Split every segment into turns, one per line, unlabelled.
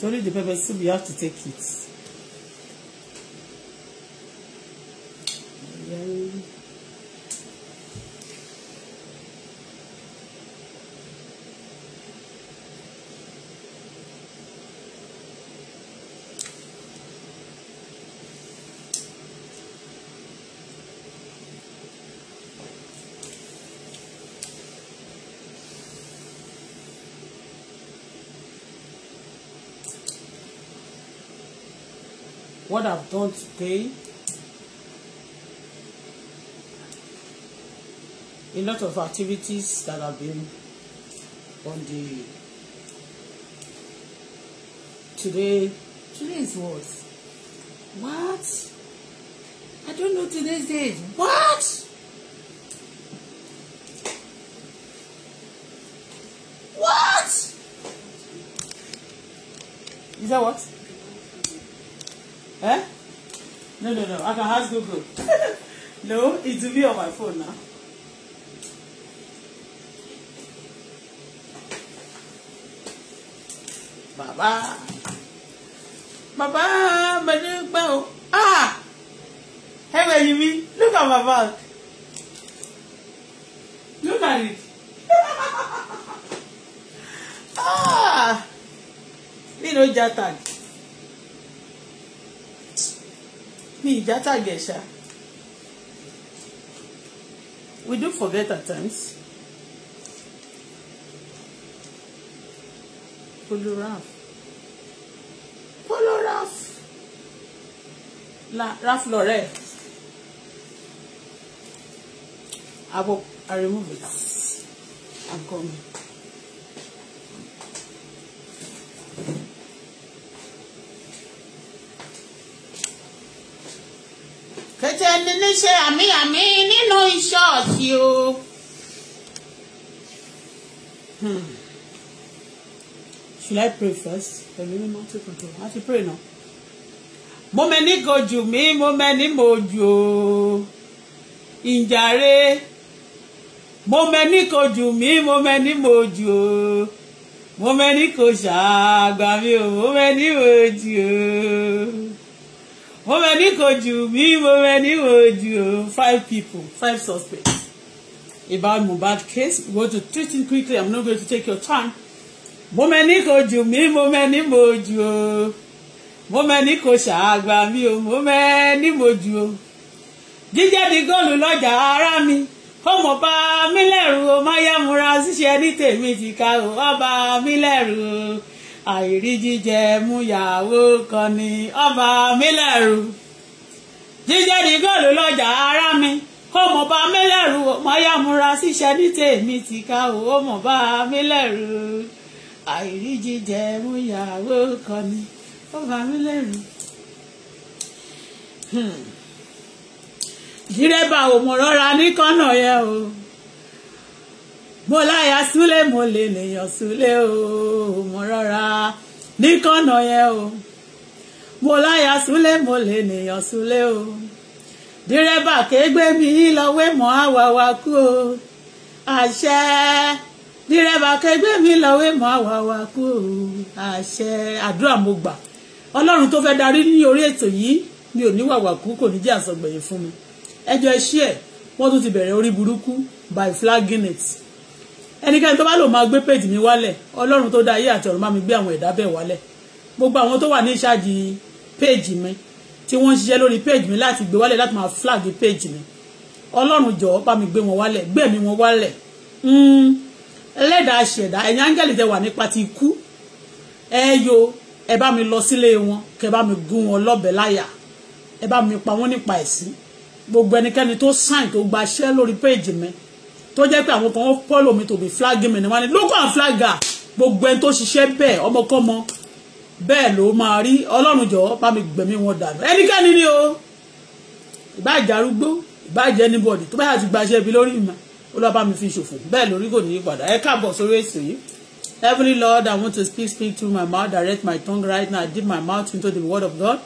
To read the paper so we have to take it. what I've done today. A lot of activities that have been on the today. Today is what? What? I don't know today's date. What? What? Is that what? Eh? No, no, no. I can ask Google. no, it's me on my phone now. Bàbá. Bàbá, my new bow. Ah! Hey, where you mean? Look at my back. Look at it. ah! Me no jatag. mi ìjà tàgẹ̀ṣà we do forget at times. Poloraf Poloraf la Ralph Lauren I will I remove it I'm coming. mi ṣe àmì àmì nínú ìṣọ́ọ̀ṣì o. Hmm. Should I pray first? Pẹ̀lú mímọ́ tí kò tó, a ti pray náà. Mo mẹ ní gojù mi, mo mẹ ní mojú o. Ìjàre. Mo mẹ ní gojù mi, mo mẹ ní mojú o. Mo mẹ ní kò ṣàgbà mi o, mo mẹ ní mojú o mo mẹ́ni kò jù mí mo mẹ́ni kò jù five people five suspects about Mohbad case we go to treat it quickly i'm not going to take your time mo mẹ́ni kò jù mí mo mẹ́ni mo jù o mo mẹ́ni kò ṣàgbà mí o mo mẹ́ni mo jù o jíjẹ́ di góòlù lọ́jà ara mi ó mọ̀ bá mi lẹ́rù o má yá múra ṣíṣe ní tèmi ti ká o wá bá mi lẹ́rù o àìrí jíjẹ mú yàwó kan ni ọba mílẹ̀rù jíjẹ́ ní góòlù lọ́jà ara mi kó mo bá mílẹ̀rù mo yá múra síṣẹ́ ní tèmi ti ká o mo bá mílẹ̀rù àìrí jíjẹ mú yàwó kan ni ọba mílẹ̀rù. Hmm. dírẹ́bà ò mọ̀ rọra ní kọ́nà yẹn o. mo láyà súlé mo lè lèèyàn súlé o mo rọra níkànnà yẹn o mo láyà súlé mo lè lèèyàn o dírẹ́bà kégbè mi lọ́wọ́ mọ́ àwàwà kú o àṣẹ mi mọ́ àwàwà kú o àṣẹ ọlọ́run tó fẹ́ ní orí ètò yìí mi kò ní fún mi orí by flagging it ẹnikẹ́ni tó bá lò máa gbé péjì mi wálẹ̀ ọlọ́run tó dá ayé àti ọ̀run máa mi gbé àwọn ẹ̀dá bẹ́ẹ̀ wálẹ̀ gbogbo àwọn tó wà ní ìṣáàjì péjì mi tí wọ́n ń ṣiṣẹ́ lórí péjì mi láti gbé wálẹ̀ láti máa flag péjì mi ọlọ́run jọ̀ọ́ bá mi gbé wọn wálẹ̀ gbẹ̀mí wọn wálẹ̀ hmm, ẹlẹ́dàá ṣẹ̀dá ẹ̀yin áńgẹ́lì tẹ wà nípa ti ikú ẹ yo ẹ bá mi lọ sílé wọn kẹ bá mi gún wọn lọ́bẹ̀ láyà ẹ bá mi pa wọn nípa ẹ̀sìn gbogbo ẹnikẹ́ni tó sáìn tó gbaṣẹ́ lórí péjì mi tó jẹ́ pé àwọn kan follow me to be flagging me ni wọ́n ní look and flagger gbogbo ẹni tó ṣiṣẹ́ bẹ́ẹ̀ ọmọkọ́mọ bẹ́ẹ̀ ló máa rí ọlọ́run jọ̀ọ́ bá mi gbẹ̀mí wọn dànù ẹnikẹ́ni ni o ìbáàjẹ́ arúgbó ìbáàjẹ́ anybody tó báyà ti gbaṣẹ́ ibi lórí mi ó lọ́ọ́ bá mi fi ṣòfò bẹ́ẹ̀ lórí kò ní í padà ẹ káàbọ̀ sórí èsì yìí heavenly lord i want to speak speak through my mouth direct my tongue right now i dip my mouth into the word of god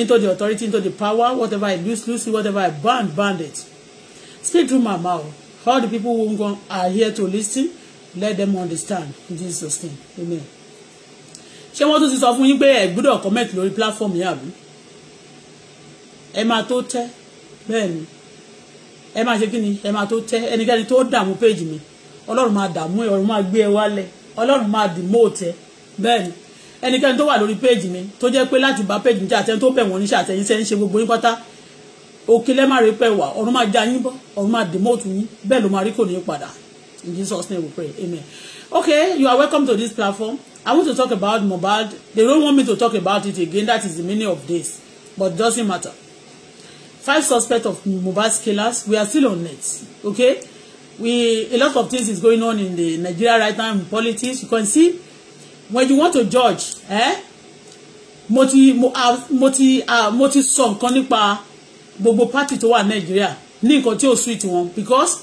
into the authority into the power whatever i lose lose whatever i burn, burn it speak through my mouth all the people who are here to listen let them understand in Jesus name amen. ṣé wọ́n tún ti sọ fún yín pé ẹ gbọ́dọ̀ comment lórí platform yìí àbí ẹ máa tó tẹ́ bẹ́ẹ̀ ni ẹ máa ṣe kí ni ẹ máa tó tẹ́ ẹnikẹ́ni tó dààmú péjì mi ọlọ́run máa dààmú ẹ ọ̀run máa gbé ẹ wálẹ̀ ọlọ́run máa dì mọ́ òtẹ́ bẹ́ẹ̀ ni ẹnikẹ́ni tó wà lórí péjì mi tó jẹ́ pé láti bá péjì mi jẹ́ àtẹ́ni tó bẹ̀ wọ́n níṣẹ́ àtẹ́yìn sẹ́ ń ṣe gbogbo yín pátá òkè lẹ́ máa rí pẹ́ wà ọ̀run máa já yín bọ́ ọ̀run máa demote yín bẹ́ẹ̀ ló máa rí kò ní padà in Jesus name we pray amen okay you are welcome to this platform I want to talk about Mohbad they don't want me to talk about it again that is the meaning of this but it doesn't matter five suspects of Mohbad's killers we are still on net okay we a lot of things is going on in the Nigeria right now in politics you can see when you want to judge eh mo ti mo ah, ti ah, mo ti sọ nǹkan nípa gbogbo party tó wà nàìjíríà ní nǹkan tí ò sweet wọn because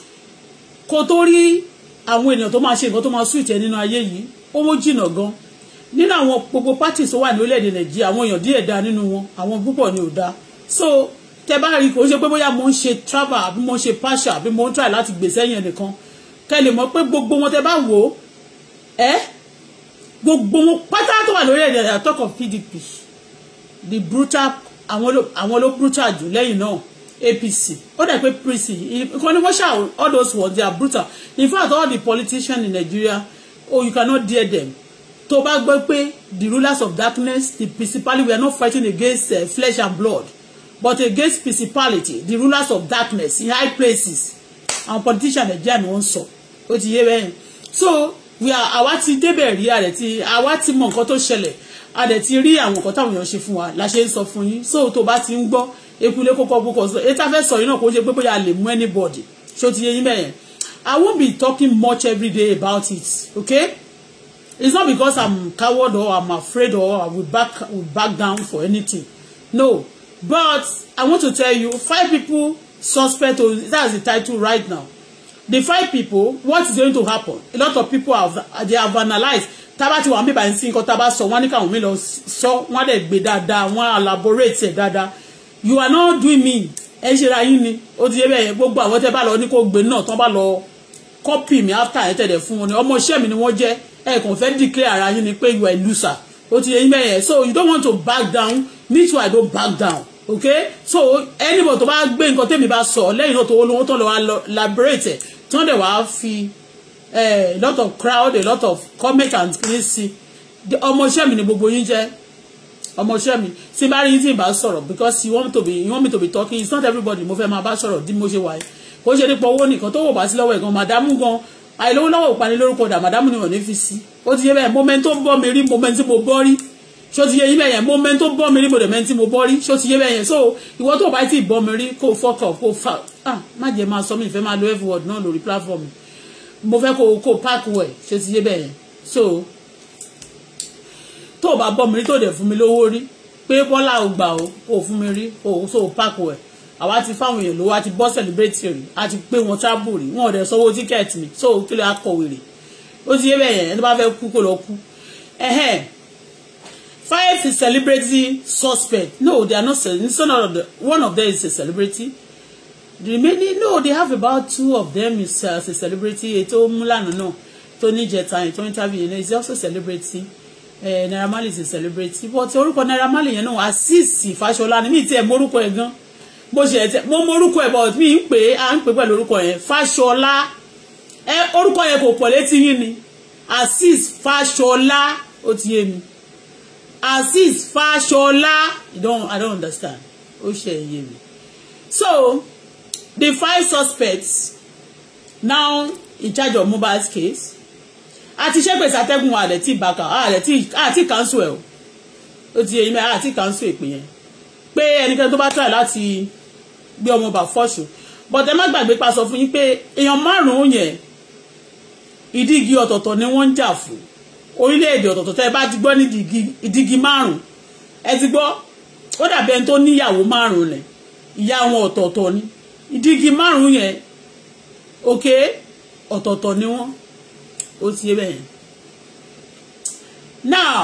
kò tó rí àwọn ènìyàn tó máa ṣe nǹkan tó máa sweet ẹ nínú ayé yìí owó jìnnà gan nínú àwọn gbogbo party tó wà ní orílẹ̀-èdè nàìjíríà àwọn èèyàn díẹ̀ dá nínú wọn àwọn púpọ̀ ni ò dá so tẹ bá rí kò ṣe pé bóyá mo ń ṣe travel àbí mo ń ṣe partial àbí mo ń try láti gbèsè ẹ̀yìn ẹnìkan kẹ lè mọ̀ pé gbogbo wọn tẹ bá wò ó ẹ gbogbo wọn pátá tó wà lórí ẹ̀dẹ̀ àtọ́kọ̀ PDP the brutal àwọn ló brutal jù lẹ́yìn náà APC ó dẹ̀ pé PC ìkànnì wọ́n ṣá all those words they are brutal in fact all the politicians in Nigeria oh you cannot dare them tó bá gbọ́ pé the rulers of darkness the principality we are not fighting against uh, flesh and blood but against principality the rulers of darkness in high places àwọn politicians Nigeria ni wọ́n sọ ó ti yé bẹ́ẹ̀ so we are àwa ti débẹ̀ rí àrẹ̀ tí àwa ti mọ nǹkan tó ṣẹlẹ̀ a dẹ̀ ti rí àwọn nǹkan táwọn èèyàn ṣe fún wa la ṣe ń sọ fún yín so tó bá ti ń gbọ́ ekule kókó kókó sọ èyí tá sọ yìí náà kò ṣe pé bóyá a lè mú anybody ṣó ti yé yín bẹ́ẹ̀ I won't be talking much every day about it okay it's not because I'm coward or I'm afraid or I will back will back down for anything no but I want to tell you five people suspect or that's the title right now the five people what is going to happen a lot of people have they have analysed tábà ti wà ń bíbá sí nǹkan tábà sọ wọn ní káwọn mi lọ sọ wọn dẹ̀ gbé dáadáa wọn elaborate ẹ̀ dáadáa you are not doing me ẹ ṣe ra yín ni ó ti yé bẹ́ẹ̀ gbogbo àwọn tẹ́ bá lọ ní kó gbé náà tán bá lọ copy mi after ẹ̀ tẹ̀lẹ̀ fún wọn ni ọmọ iṣẹ́ mi ni wọ́n jẹ́ ẹ̀ kàn fẹ́ declare ara yín ni pé you are a loser ó ti yé yín bẹ́ẹ̀ so you don't want to back down me too I don't back down okay so anybody tó bá gbé nǹkan tẹ́mi bá sọ lẹ́yìn náà tó wọ́n lọ́wọ́ tó lọ́wọ́ laborate tán dẹ̀ wá fi a eh, lot of crowd a lot of comment and crazy ọmọọṣẹ́ mi ni gbogbo yín jẹ́ ọmọọṣẹ́ mi tí bá rí tí n bá sọ̀rọ̀ because you want me to be you want me to be talking it's not everybody mo fẹ́ máa bá sọ̀rọ̀ bí mo ṣe wà yìí ṣe nípa owó nìkan tó wò bá sí lọ́wọ́ ẹ̀gan màdámù gan àìlówó lọ́wọ́ òpani lórúkọ dà màdámù ni wọ́n ní fi sí ó ti yé bẹ́ẹ̀ moment tó bọ́ mi rí moment tí mo bọ́ rí ṣó ti yé yín bẹ́ẹ̀ yẹn moment tó bọ́ mi rí moment tí mo bọ́ rí ṣó ti yé bẹ́ẹ̀ yẹn so ìwọ tó bá ti bọ́ mi rí kó fọ́kọ̀ kó fà ah má jẹ́ máa sọ mi ìfẹ́ máa lo f word náà lórí platform mi mo fẹ́ kó kó páàkì ṣe ti yé bẹ́ẹ̀ so tó o bá bọ́ mi rí tó dẹ̀ fún mi lówó rí pé bọ́lá ò gbà ó kó fún mi rí o so páàkì wẹ̀ àwa ti fáwọn èèyàn lówó a ti bọ́ celebrate rí a ti pé wọn travel rí wọn ò dẹ̀ sanwó tíkẹ́ẹ̀tì mi so kí ló akọ̀wé rè ó ti yé bẹ́ẹ̀ yẹn ẹni bá fẹ́ kú kó lọ kú five is celebrity suspect no they are not it's not one of them is a celebrity the remaining no they have about two of them is uh, as a celebrity ètò múlànà náà tó níjẹta yẹn tó interview yẹn is also celebrity eh, Naira Marley is a celebrity but orúkọ Naira Marley yẹn náà Azeez Fashola ni mi tiẹ̀ morúkọ ẹ̀ gan mo ṣe ẹ̀tẹ̀ mo morúkọ ẹ̀ but mi ń pè é à ń pè pẹ̀lú orúkọ yẹn Fashola ẹ eh, orúkọ yẹn kò pọ̀ létí yín ni Azeez Fashola ó ti yé mi Azeez Fashola you don't I don't understand ó ṣe yé mi so. The five suspects now in charge of Mohbad's case àti ṣẹ́gbẹ̀ sátẹ́gùn ààrẹ tí ìbáka àti kanṣu ẹ̀ o ó ti yẹ yín àti kanṣu ìpín yẹn pé ẹnikẹ́ni tó bá try láti gbé ọmọ bá fọ́ṣù but ẹ má gbàgbé pa sọ fún yín pé èèyàn márùn-ún yẹn ìdígi ọ̀tọ̀ọ̀tọ̀ ni wọ́n ń jà fún orílẹ̀-èdè ọ̀tọ̀ọ̀tọ̀ tẹ́ ẹ bá ti gbọ́ ní ìdígi márùn-ún ẹ ti gbọ́ ó dàbí ẹni tó níyàwó márùn-ún lẹ̀ ìyá wọn ọ̀tọ̀ọ̀tọ̀ ni ìdígi márùn-ún yẹn òkè ọ̀tọ̀ọ̀tọ̀ ni wọ́n ó ti yé bẹ́ẹ̀ now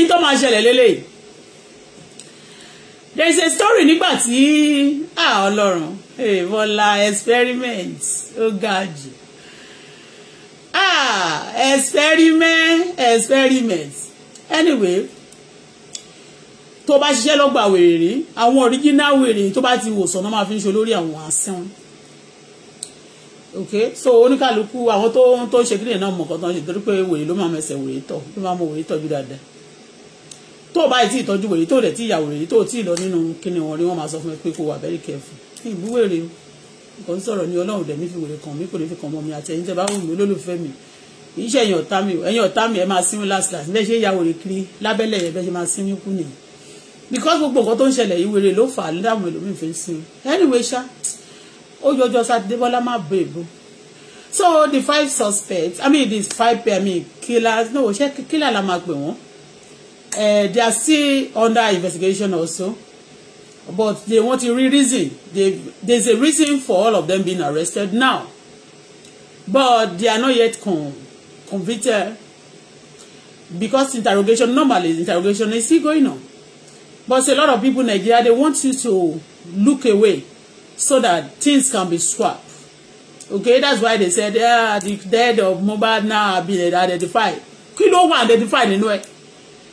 ìtọ́ máa ṣẹlẹ̀ lélẹ́yìí there is a story nígbà tí ah ọlọ́run hey, bọ́lá experiment ó ga jù ah experiment experiment anyway tó bá ṣiṣẹ́ lọ́gbà wèrè rí àwọn original wèrè tó bá ti wòsàn náà máa fi ń ṣe olórí àwọn asán ok so oníkàlùkù àwọn tó ń tó ṣe kílẹ̀ náà mọ̀ kọ́ tó ń ṣe torí pé wèrè ló máa mẹsẹ̀ wèrè tọ̀ ló máa mọ wèrè tọ́jú dáadáa tó bá ti ìtọ́jú wèrè tó dẹ̀ tí ìyàwó wèrè tó tí ì lọ nínú kíni wọn rí wọn máa sọ fún mi pé kó wà very careful ìbú wèrè kò ń sọ̀rọ̀ ní ọlọ́run dẹ̀ nífi wèrè kàn mí kò ní fi kàn mọ́ mi àti ẹ̀yin tẹ́ bá wù mí olólùfẹ́ mi kì í ṣe ẹ̀yin ọ̀tá mi ẹ̀yin ọ̀tá mi ẹ̀ máa sinmi last last bẹ́ẹ̀ ṣe ìyàwó rẹ̀ kiri lábẹ́lẹ̀ yẹn bẹ́ẹ̀ ṣe máa sinmi kú nìyẹn because gbogbo nǹkan tó ń ṣẹlẹ̀ yìí wèrè ló fà á láwọn ẹlòmíì fi ń sin anyway ṣá ó yọjọ́ sátidé bọ́lá má bẹ̀ bó so the five suspects i mean the five i mean killers no ṣé killer la máa pè wọ́n eh, they are still under investigation also but they want a real reason they there is a reason for all of them being arrested now but they are not yet con convicted because interrogation normally interrogation is still going on But a lot of people in Nigeria, they want you to look away so that things can be swapped. Okay, that's why they said ah, the dead of mobile now have been identified. Kilo one wà identified in way.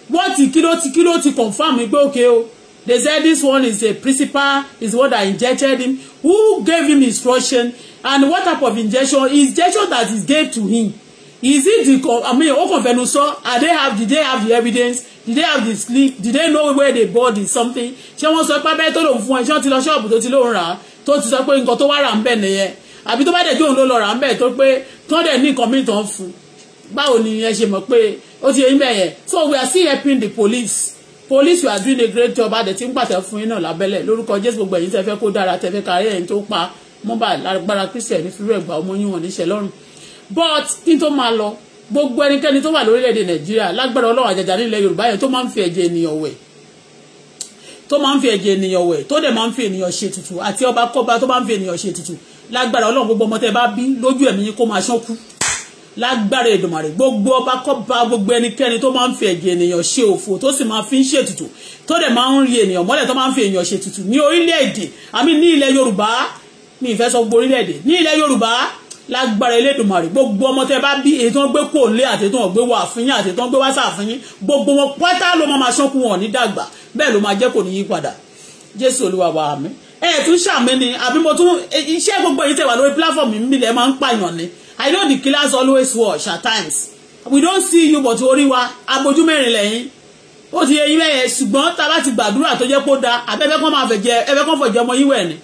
What ti kilo? ló kilo to confirm pé okay o. They said this one is a principal, is what I injected him. Who gave him instruction? And what type of injection? Injection that is gave to him is it the I mean ó kàn fẹnu sọ are they have did they have the evidence did they have the sleep did they know where they bought the something ṣé wọ́n sọ pé abẹ́rẹ́ tó lòun fún ẹ ṣé wọ́n ti lọ ṣọ́ọ̀bù tó ti lóun rà tó ti sọ pé nǹkan tó wá rà ń bẹ̀ nìyẹn àbí tó bá dẹ̀ jóun ló lọ rà ń bẹ̀ tó pé tó dẹ̀ ní nǹkan mìíràn fún báwo ni ẹ ṣe mọ̀ pé ó ti yẹn bẹ̀yẹn so we are still helping the police police you are doing a great job adẹ̀ tí ń pàṣẹ fún yín náà lábẹ́lẹ̀ lórúkọ Jésù gbogbo ẹ̀yin tẹ́ fẹ́ kó dára tẹ́ fẹ́ kárí ẹ̀yin tó pa Mohbad lágbára Kristian ní fúrẹ́gbà ọmọ yín wọn níṣẹ́ lọ́rùn but kí n tó máa lọ gbogbo ẹnikẹ́ni tó wà lórílẹ̀‐èdè nàìjíríà lágbára ọlọ́run àjàjà nílẹ̀ yorùbá yẹn tó máa ń fi ẹ̀jẹ̀ ènìyàn wẹ̀ tó máa ń fi ẹ̀jẹ̀ ènìyàn wẹ̀ tó dẹ̀ máa ń fi ènìyàn ṣe ètùtù àti ọba kọ́ba tó máa ń fi ènìyàn ṣe ètùtù lágbára ọlọ́run gbogbo ọmọ tẹ́ bá bí lójú ẹ̀mí yín kó máa ṣán kú lágbára Èdùmàrè gbogbo ọba kọ́ba gbogbo ẹnikẹ́ni tó máa ń fi ẹ̀jẹ̀ ènìyàn ṣe òfò tó sì máa fi ń ṣe ètùtù tó dẹ̀ máa ń rí ènìyàn mọ́lẹ̀ tó máa ń fi ènìyàn ṣe ètùtù ní orílẹ̀-èdè àmì ní ilẹ̀ yorùbá mi ìfẹ́ orílẹ̀-èdè ní ilẹ̀ yorùbá lágbára elédùnmarè gbogbo ọmọ tẹ bá bí èyí tó ń gbé kò lé àti tó ń gbé wà fún yín àti tó ń gbé wá sàfún yín gbogbo wọn pátá ló máa ṣánkú wọn ní dàgbà bẹ́ẹ̀ ló máa jẹ́ kò ní yí padà jésù olúwa wa àmín ẹ tún ṣàmì ni àbí mo tún iṣẹ́ gbogbo èyí tẹ wà lórí platform mi lẹ máa ń pààyàn ni i know the killers always watch at times we don't see you but orí wa abojú mẹ́rin lẹ́yìn ó ti yẹ yín lẹ́yìn ṣùgbọ́n tá a bá ti gbàdúrà tó jẹ́ kó da àbẹ́fẹ́ kan máa fẹ̀jẹ̀ ẹfẹ́ kan fẹ̀jẹ̀ ọmọ yín wẹ̀ ni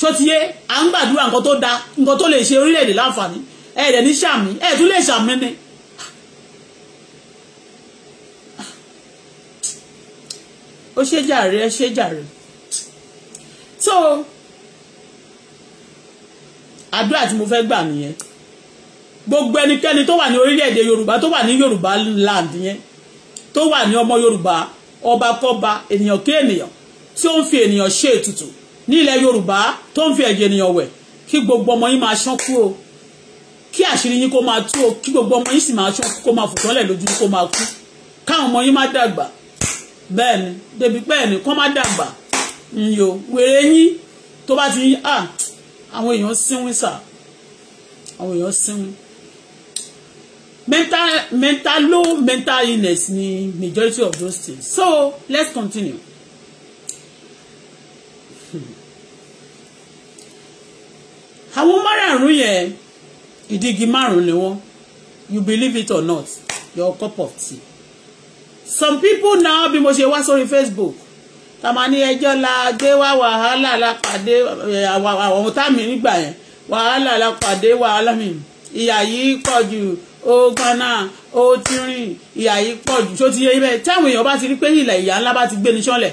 ṣótiyé à ń gbàdúrà nǹkan tó da nǹkan tó lè ṣe orílẹ̀-èdè láǹfààní ẹ̀ rẹ̀ ní sàmì ẹ̀ tún lè sàmì ni. ó ṣe jàre ẹ ṣe jàre so àdúrà tí mo fẹ́ gbà nìyẹn gbogbo ẹnikẹ́ni tó wà ní orílẹ̀-èdè yorùbá tó wà ní yorùbá land yẹn tó wà ní ọmọ yorùbá ọba kọba ènìyàn kí ènìyàn tí ó ń fi ènìyàn ṣe ètùtù ní ilẹ̀ yorùbá tó ń fi ẹ̀jẹ̀ ènìyàn wẹ̀ kí gbogbo ọmọ yín máa ṣán kú o kí àṣírí yín kó máa tú o kí gbogbo ọmọ yín sì máa ṣán kú kó máa fòtán lójú kó máa kú káwọn ọmọ yín má dàgbà bẹ́ẹ̀ ni débi bẹ́ẹ̀ ni kán má dàgbà nyo wèrè yín tó bá ti yín à àwọn èèyàn sínwín sà àwọn èèyàn sínwín mental mental low mental illness ni majority of those things so let's continue. àwọn márààrún yẹn ìdígi márùn ni wọ́n you believe it or not your cup of tea some people now bí mo ṣe wá sórí Facebook tamani ẹjọ́ la dé wá wàhálà la pàdé eh, àwọn táàmì nígbà yẹn wàhálà la pàdé wàhálà mi ìyà yìí pọ̀ jù ó gánà ó tírìn ìyà yìí pọ̀ jù tó ti yẹ ibẹ̀ táwọn èèyàn bá ti rí pé ilẹ̀ ìyà ńlá bá ti gbé ní sọ́lẹ̀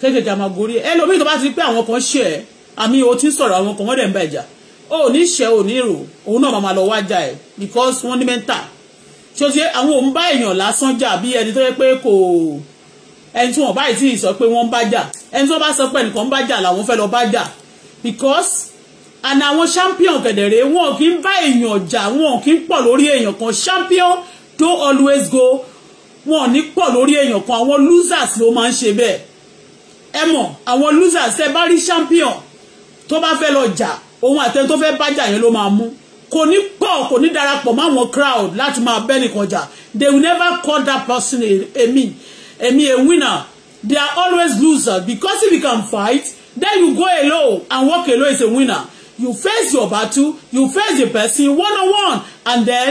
kéékèèké àmàgórí ẹ lómi tó bá ti rí pé àwọn kan ṣe ẹ àmì o ti ń sọ̀rọ̀ àwọn kan wọ́n dẹ̀ ń bá ẹ̀jà ó oh, ní ṣe ò ní rò òun náà màmá lọ wájà ẹ because wọ́n ní mẹ́ta ṣoṣe àwọn òun bá èèyàn lásán jà bí ẹni tó yẹ pé kò ẹni tí wọ́n báyìí tí ì sọ pé wọ́n bá jà ẹni tí wọ́n bá sọ pé ẹnìkan bá jà làwọn fẹ́ lọ bá jà because àná àwọn champion kẹ̀dẹ̀rẹ̀ wọn kì í bá èèyàn jà wọn kì í pọ̀ lórí èèyàn kan champion do always go wọn ní pọ̀ lórí èèyàn kan àwọn losers ló máa ń ṣe bẹ́ẹ̀ ẹ mọ̀ àwọn losers ẹ bá rí champion tó bá fẹ́ lọ jà òun àtẹni tó fẹ́ bájà yẹn ló máa mú kò ní pọ̀ kò ní darapọ̀ mọ́ àwọn crowd láti máa bẹ́ nìkan jà they will never call that person a, a mean a me a winner they are always losers because if you can fight then you go alone and walk alone as a winner you face your battle you face the person one on one and then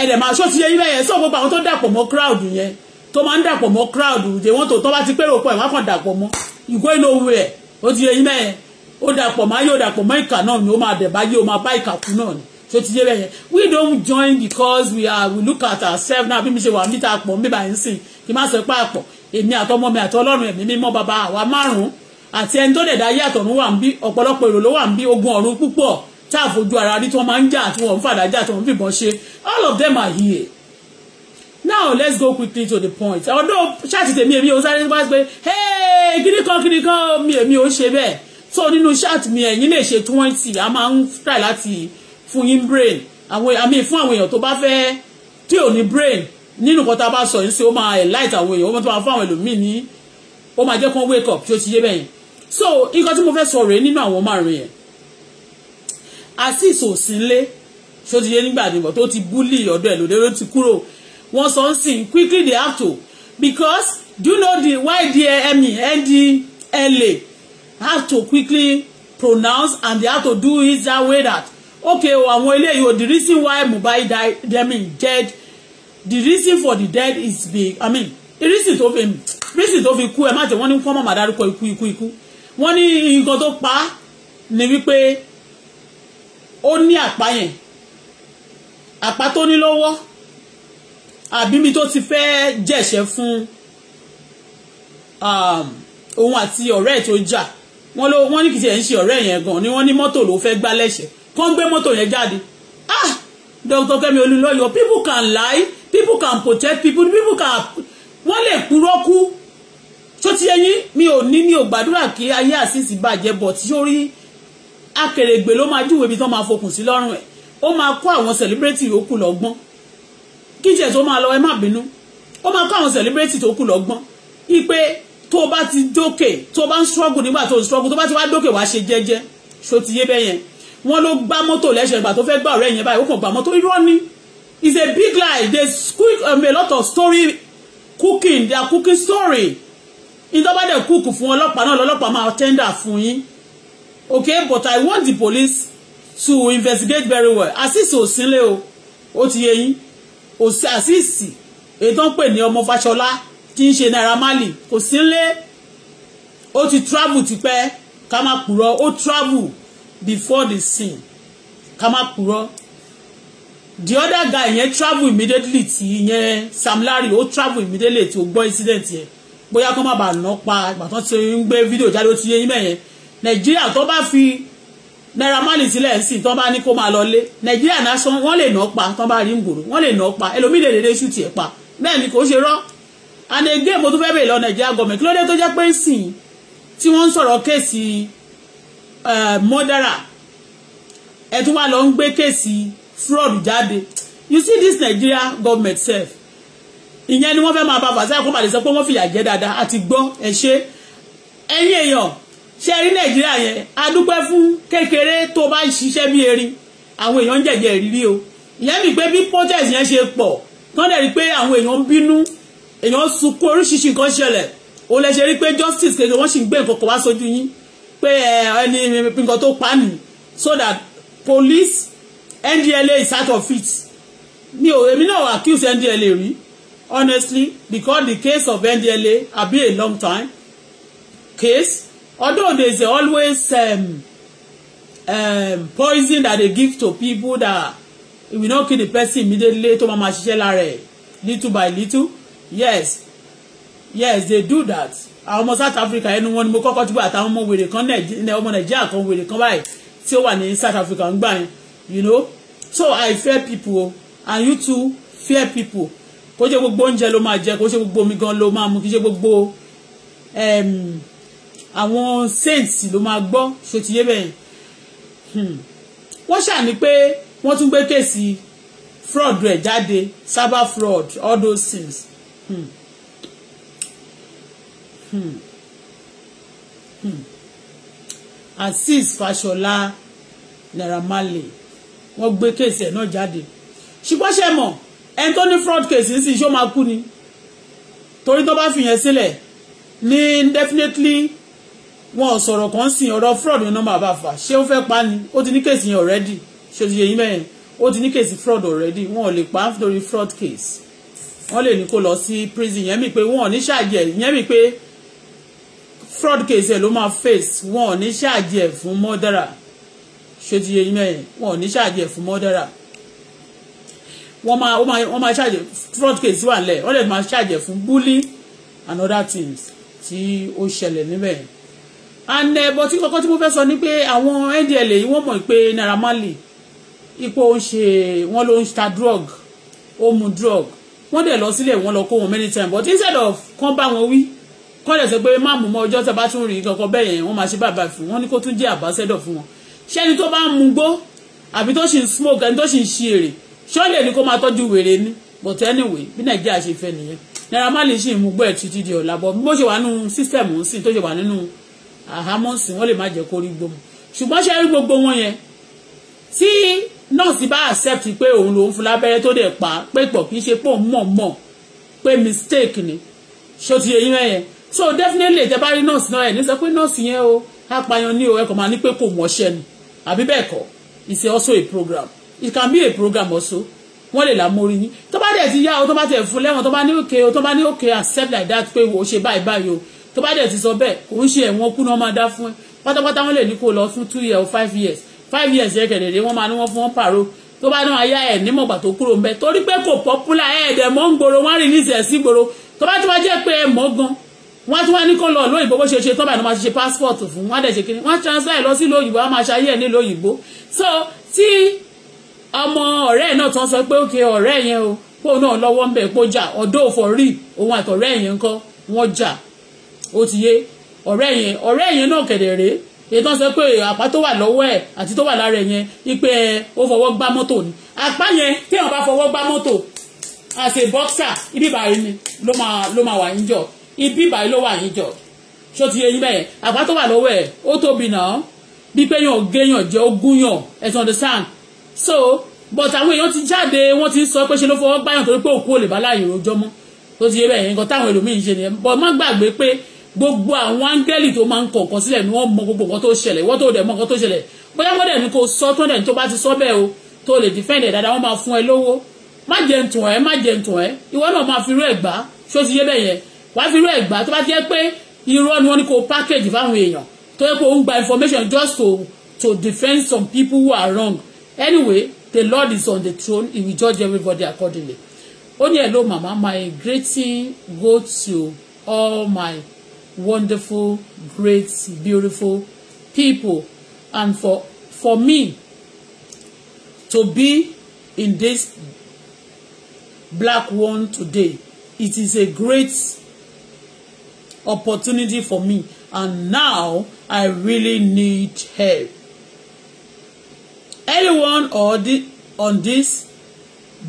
ẹ̀rẹ̀ máa ṣó ti yẹ ilé yẹn sọ gbogbo àwọn tó dàpọ̀ mọ́ crowd yẹn tó máa ń dàpọ̀ mọ́ crowd jẹ́ wọ́n tó tọ́ bá ti pérò pọ̀ ẹ̀ wọ́n á kàn dàpọ̀ mọ́ you go alone where ó ti yẹ ilé yẹn ó dàpọ̀ máa yóò dàpọ̀ mọ́ ìkà náà ni ó máa dẹ̀bá yé máa bá ìkà kú náà ni tó ti yé bẹ́yẹn we don't join because we are we look at ourselves now. bí mi ṣe wà níta àpọ̀ mi báyìí ń sìn kí n má sọ pé àpọ̀ èmi àtọmọ mi àti ọlọ́run ẹ̀mí mímọ́ bàbá àwa márùn-ún àti ẹni tó dẹ̀dá yé àtọ̀run wà ń bí ọ̀pọ̀lọpọ̀ èrò ló wà ń bí ogun ọ̀run púpọ̀ tá a fojú ara rí tí wọ́n máa ń jà tí wọ́n ń fàdájà tí wọ́n ń fìbọn ṣe all of them are here now let's go quickly to the point although ṣáàtì tèmi èmi ò sáré wá pé hey kiri kan kiri kan mi èmi ò ṣe bẹ́ẹ̀ so nínú chat mi ẹ̀yin lè ṣe twenty a máa ń try láti fún yín brain àwọn àmì fún àwọn èèyàn tó bá fẹ́ tí ò ní brain nínú nǹkan tá a bá sọ yín sí ó máa enlight àwọn èèyàn ó máa tó máa fún àwọn ẹlòmíì ní ó máa jẹ́ kán wake up tí ó ti yé bẹ́yẹn so nǹkan tí mo fẹ́ sọ rèé nínú àwọn márùn yẹn asis òsínlé tí ó ti yé nígbà nígbà tó ti búlì ọ̀dọ̀ ẹ̀ lòdì ló ti kúrò wọ́n sọ ń sìn quickly they have to because do you know the why the ẹ̀mí e ndla have to quickly pronounce and they have to do it that way that okay o oh, àwọn eléyìí o oh, the reason why Mohbad died i mean dead the reason for the dead is big i mean the reason tó fi reason tó fi kú ẹ má jẹ wọ́n ní kọ́ mọ̀mọ́ dárúkọ ikú ikú ikú wọ́n ní nǹkan tó pa á ni wípé ó ní àpá yẹn àpá tó ní lọ́wọ́ àbí mi tó ti fẹ́ jẹ̀ṣẹ̀ fún Um. àti ọ̀rẹ́ ẹ̀ tó jà. Ja wọ́n ló wọ́n ní kìí ẹ̀ ń ṣe ọ̀rẹ́ yẹn gan ni wọ́n ní mọ́tò ló fẹ́ gbá lẹ́sẹ̀ kó ń gbé mọ́tò yẹn jáde ah Dr. Kẹ́mi Olúnlọ́yọ̀ people can lie people can protect people people can wọ́n lè purọ́ kú tó ti ẹyin mi ò ní mi ò gbàdúrà kí ayé àṣìṣì bàjẹ́ bọ̀ tí ó rí akèrègbè ló máa júwèé ibi tó máa fokùn sí lọ́rùn ẹ̀ ó máa kó àwọn celebrity yòókù lọ́gbọ́n kíjẹ̀ tó máa lọ ẹ má bínú ó máa kó àwọn celebrity tó kù lọ́gbọ́n ipe tó bá ti dókè tó bá ń struggle nígbà tó ń struggle tó bá ti wá dókè wá ṣe jẹ́jẹ́ So ti yé bẹ́yẹn wọ́n ló gbá mọ́tò lẹ́sẹ̀ ìgbà tó fẹ́ gbá ọ̀rẹ́ yẹn báyìí ó kàn gbá mọ́tò irọ́ ni it's a big lie they squeak um, a lot of story cooking their cooking story ìjọba dẹ̀ cook fún ọlọ́pàá náà lọ́lọ́pàá máa tender fún yín okay but I want the police to investigate very well àṣìṣe òsínlẹ̀ o ó ti yé yín àṣìṣe èyí tó ń pè ní ọmọ Fáṣọlá tí ń ṣe Naira Marley kò sí nílé ó ti travel tipẹ́ ká má purọ́ ó travel before the scene ká má purọ́ the other guy yẹn travel immediately tí yẹn Sam Larry ó travel immediately tí ó gbọ́ incident yẹn bóyá kó má bàa ná pa ìgbà tó ti ń gbé fídíò jáde ó ti yé yín mẹ́yẹn nàìjíríà tó bá fi Naira Marley sílẹ̀ sí tó bá ní kó máa lọlé nàìjíríà náà wọ́n lè ná pa tó bá rí ń gbòòrò wọ́n lè ná pa ẹlòmíì lè dédé ṣùtì ẹ̀ pa bẹ́ẹ̀ ni kò ṣe rọ́ and again mo tún fẹ́ bèèrè lọ nàìjíríà gọọmẹ̀ kí ló dé tó jẹ́ pé ń sìn tí wọ́n ń sọ̀rọ̀ kéèsì mọ́dàrà ẹ̀ tún wá lọ ń gbé kéèsì fraud jáde you see this Nigeria government sef ìyẹn ni wọ́n fẹ́ máa bá fàṣẹ kó bàlẹ̀ sọ pé wọ́n fìyà jẹ dáadáa àti gbọ́ ẹ ṣe ẹ̀yin èèyàn ṣe rí Nàìjíríà yẹn adúpẹ́ fún kékeré tó bá ń ṣiṣẹ́ bí erin àwọn èèyàn ń jẹ̀jẹ̀ rírí o ìyẹn mi pé bí protest yẹn ṣe pọ̀ tán lè rí pé àwọn èèyàn ń bínú èèyàn sunkún oríṣiríṣi nǹkan ṣẹlẹ̀ o lè ṣe rí pé justice kékeré wọ́n sì ń gbé nǹkan kan wá sójú yín pé ẹni nǹkan tó pa nì so that police NDLA is out of it mi ò èmi náà accuse NDLA rí honestly because the case of NDLA have been a long time case although there is always um, um, poison that they give to people that if you no kill the person immediately tó máa ma ṣiṣẹ́ lára ẹ̀ little by little yes yes they do that àwọn ọmọ South Africa ẹnu wọn ni mo kọ́kọ́ tí gbà àtàwọn ọmọ wèrè kan ọmọ Nàìjíríà kan wèrè kan báyìí tí ó wà ní South Africa ń gbà yẹn you know so I fear people and you too fear people kó ṣe gbogbo oúnjẹ ló máa jẹ kó ṣe gbogbo omi gan ló máa mu kí ṣe gbogbo àwọn saints ló máa gbọ́ ṣe ti yé bẹ́ẹ̀ hmm. wọ́n ṣàní pé wọ́n tún gbé kéèsì fraud rẹ̀ jáde cyber fraud all those things Hmm. Hmm. Hmm. Azeez Fashola Naira Marley wọ́n gbé kéèsì ẹ̀ náà jáde ṣùgbọ́n mọ̀ ẹni tó ní fraud case sì ṣó máa kú ni torí tó bá fi yẹn sílẹ̀ ní definitely wọn ò sọ̀rọ̀ kan sìn ọ̀rọ̀ fraud yẹn náà máa bá fà ṣé ó fẹ́ pa ni ó ti ní kéèsì yẹn already ṣé ó ti yẹ yín mẹ́yìn ó ti ní kéèsì fraud already wọn ò lè pa á nítorí fraud case wọ́n lè ní kó lọ sí prison yẹn mi pé wọ́n ò ní ṣáàjì ẹ̀ yẹn mi pé fraud case ẹ̀ ló máa face wọ́n ò ní ṣáàjì fún murderer ṣé ti mẹ́yìn wọ́n ní ṣáàjì fún murderer wọ́n máa wọ́n máa wọ́n fraud case wà nílẹ̀ wọ́n lè máa ṣáàjì ẹ̀ fún bully and other things tí ó ṣẹlẹ̀ níbẹ̀ and ẹ̀bọ̀ tí kọ́kọ́ tí mo fẹ́ sọ ni pé àwọn ndla yìí wọ́n mọ̀ pé Naira Marley ipò ń ṣe wọ́n ló ń ta drug ó mu drug wọ́n dẹ̀ lọ sílẹ̀ wọ́n lọ kó wọn many times but instead of kán bá wọn wí kán dẹ̀ sọ pé má mú mọ́ ọjọ́ tẹ bá tún rìn kankan bẹ́ẹ̀ yẹn wọ́n máa ṣe bàbá fún wọn ní kó tún jẹ́ àbáṣẹ́dọ̀ fún wọn ṣẹ́ni tó bá ń mu gbó àbí tó sì ń smoke ẹni tó sì ń ṣe èrè ṣọ́ọ̀lẹ̀ ni kó máa tọ́jú wèrè ni but anyway bí nàìjíríà ṣe fẹ́ nìyẹn Naira Marley sì ń mú gbọ́ ẹ̀ títí di ọ̀la bọ́ bó ṣe wà nínú system ń sìn tó ṣe wà nínú àhámọ́ ń sìn wọ́n lè má jẹ́ kó rí gbóhùn ṣùgbọ́n ṣe rí gbogbo wọn yẹn tí nọ́ọ̀sì bá accept pé òun lòún fún lábẹ́rẹ́ tó dẹ̀ pa pé pọ̀ kì í ṣe pé òun pé mistake ni ṣó ti yẹyin mẹ́yẹn so definitely tẹ bá rí nọ́ọ̀sì náà ẹ̀ ní sọ pé nọ́ọ̀sì yẹn o apààyàn ní o ẹ̀kọ́ máa ní pé kò mọ̀ṣẹ́ ni àbí bẹ́ẹ̀ kọ́ it's also a program it can be a program also wọ́n lè lámórí yín tó bá dẹ̀ ti yá o tó bá tẹ̀ fún lẹ́wọ̀n tó bá ní òkè o tó bá ní òkè accept like that pé o ṣe báyìí báyìí o tó bá dẹ̀ ti sọ bẹ́ẹ̀ kò ń ṣe ẹ̀wọ̀n kú náà máa dá fún ẹ pátápátá wọn lè ní kó lọ fún two years or five years five years yẹ kẹ̀dẹ̀dẹ̀ wọ́n máa ní wọ́n fún wọn pààrọ̀ tó bá náà ayá ẹ̀ nímọ̀gbà tó kúrò ńbẹ torí pé kò popular ẹ̀ dẹ̀ mọ́ ń gbòòrò wọ́n release ẹ̀ sí gbòòrò tó bá tí wọ́n jẹ́ pé ẹ̀ mọ́ gan wọ́n tún wá ní kó lọ lóyìnbó bó ṣe ṣe tọ́ba ni wọ́n ti ṣe passport fún wọ́n dẹ̀ ṣe kiri wọ́n transfer lọ sí lóyìnbó wọ́n máa ṣayé ẹ̀ ní lóyìnbó so tí ọmọ ọ̀rẹ́ ẹ̀ náà tán sọ pé òkè ọ̀rẹ́ yẹn o kó náà lọ́wọ́ ńbẹ̀ kó jà ọ̀dọ́ òfò rí òun àtọ̀rẹ́ yẹn ńkọ́ wọ́n jà ó ti yé ọ̀rẹ́ yẹn ọ̀rẹ́ yẹn náà kẹ̀dẹ̀ rèé èyí tó ń sọ pé àpá tó wà lọ́wọ́ ẹ̀ àti tó wà lára ẹ̀ yẹn wípé ó fọwọ́ gbá mọ́tò ni àpá yẹn téèyàn bá fọwọ́ gbá mọ́tò as a boxer ibi báyìí ni ló máa ló máa wà níjọ ibi báyìí ló wà níjọ ṣó ti yẹ yín bẹ́ẹ̀ àpá tó wà lọ́wọ́ ẹ̀ ó tóbi náà bí pé yàn géyàn jẹ́ ogún yàn ẹ̀sùn understand so but àwọn èèyàn ti jáde wọ́n ti sọ pé ṣe ló fọwọ́ gbáyàn torí pé òkú ò lè bá láàyè rojọ́ mọ́ tó ti yẹ bẹ́ẹ̀ nǹkan táwọn ẹlòmíín ṣe nìyẹn but má gbàgbé pé gbogbo àwọn áńgẹ́lì tó máa ń kọ nǹkan sílẹ̀ ni wọ́n mọ gbogbo nǹkan tó ṣẹlẹ̀ wọ́n tó dẹ̀ mọ nǹkan tó ṣẹlẹ̀ bóyá wọ́n dẹ̀ ní kó sọ tó dẹ̀ ní tó bá ti sọ bẹ́ẹ̀ o tó lè defend ẹ̀ dáadáa wọ́n máa fún ẹ lówó má jẹ ntùn ẹ má jẹ ntùn ẹ ìwọ náà máa fi irú ẹ̀ gbá ṣó ti yé bẹ́ẹ̀ yẹn wàá fi irú ẹ̀ gbá tó bá ti yẹ pé irọ́ ni wọ́n ní kó package fáwọn èèyàn tó yẹ kó ń gba information just to to defend some people who are wrong anyway the Lord is on the throne he will judge everybody accordingly ó ní ẹ̀ ló màmá my greeting go to all my wonderful, great, beautiful people. And for, for me to be in this black one today, it is a great opportunity for me. And now I really need help. Anyone on this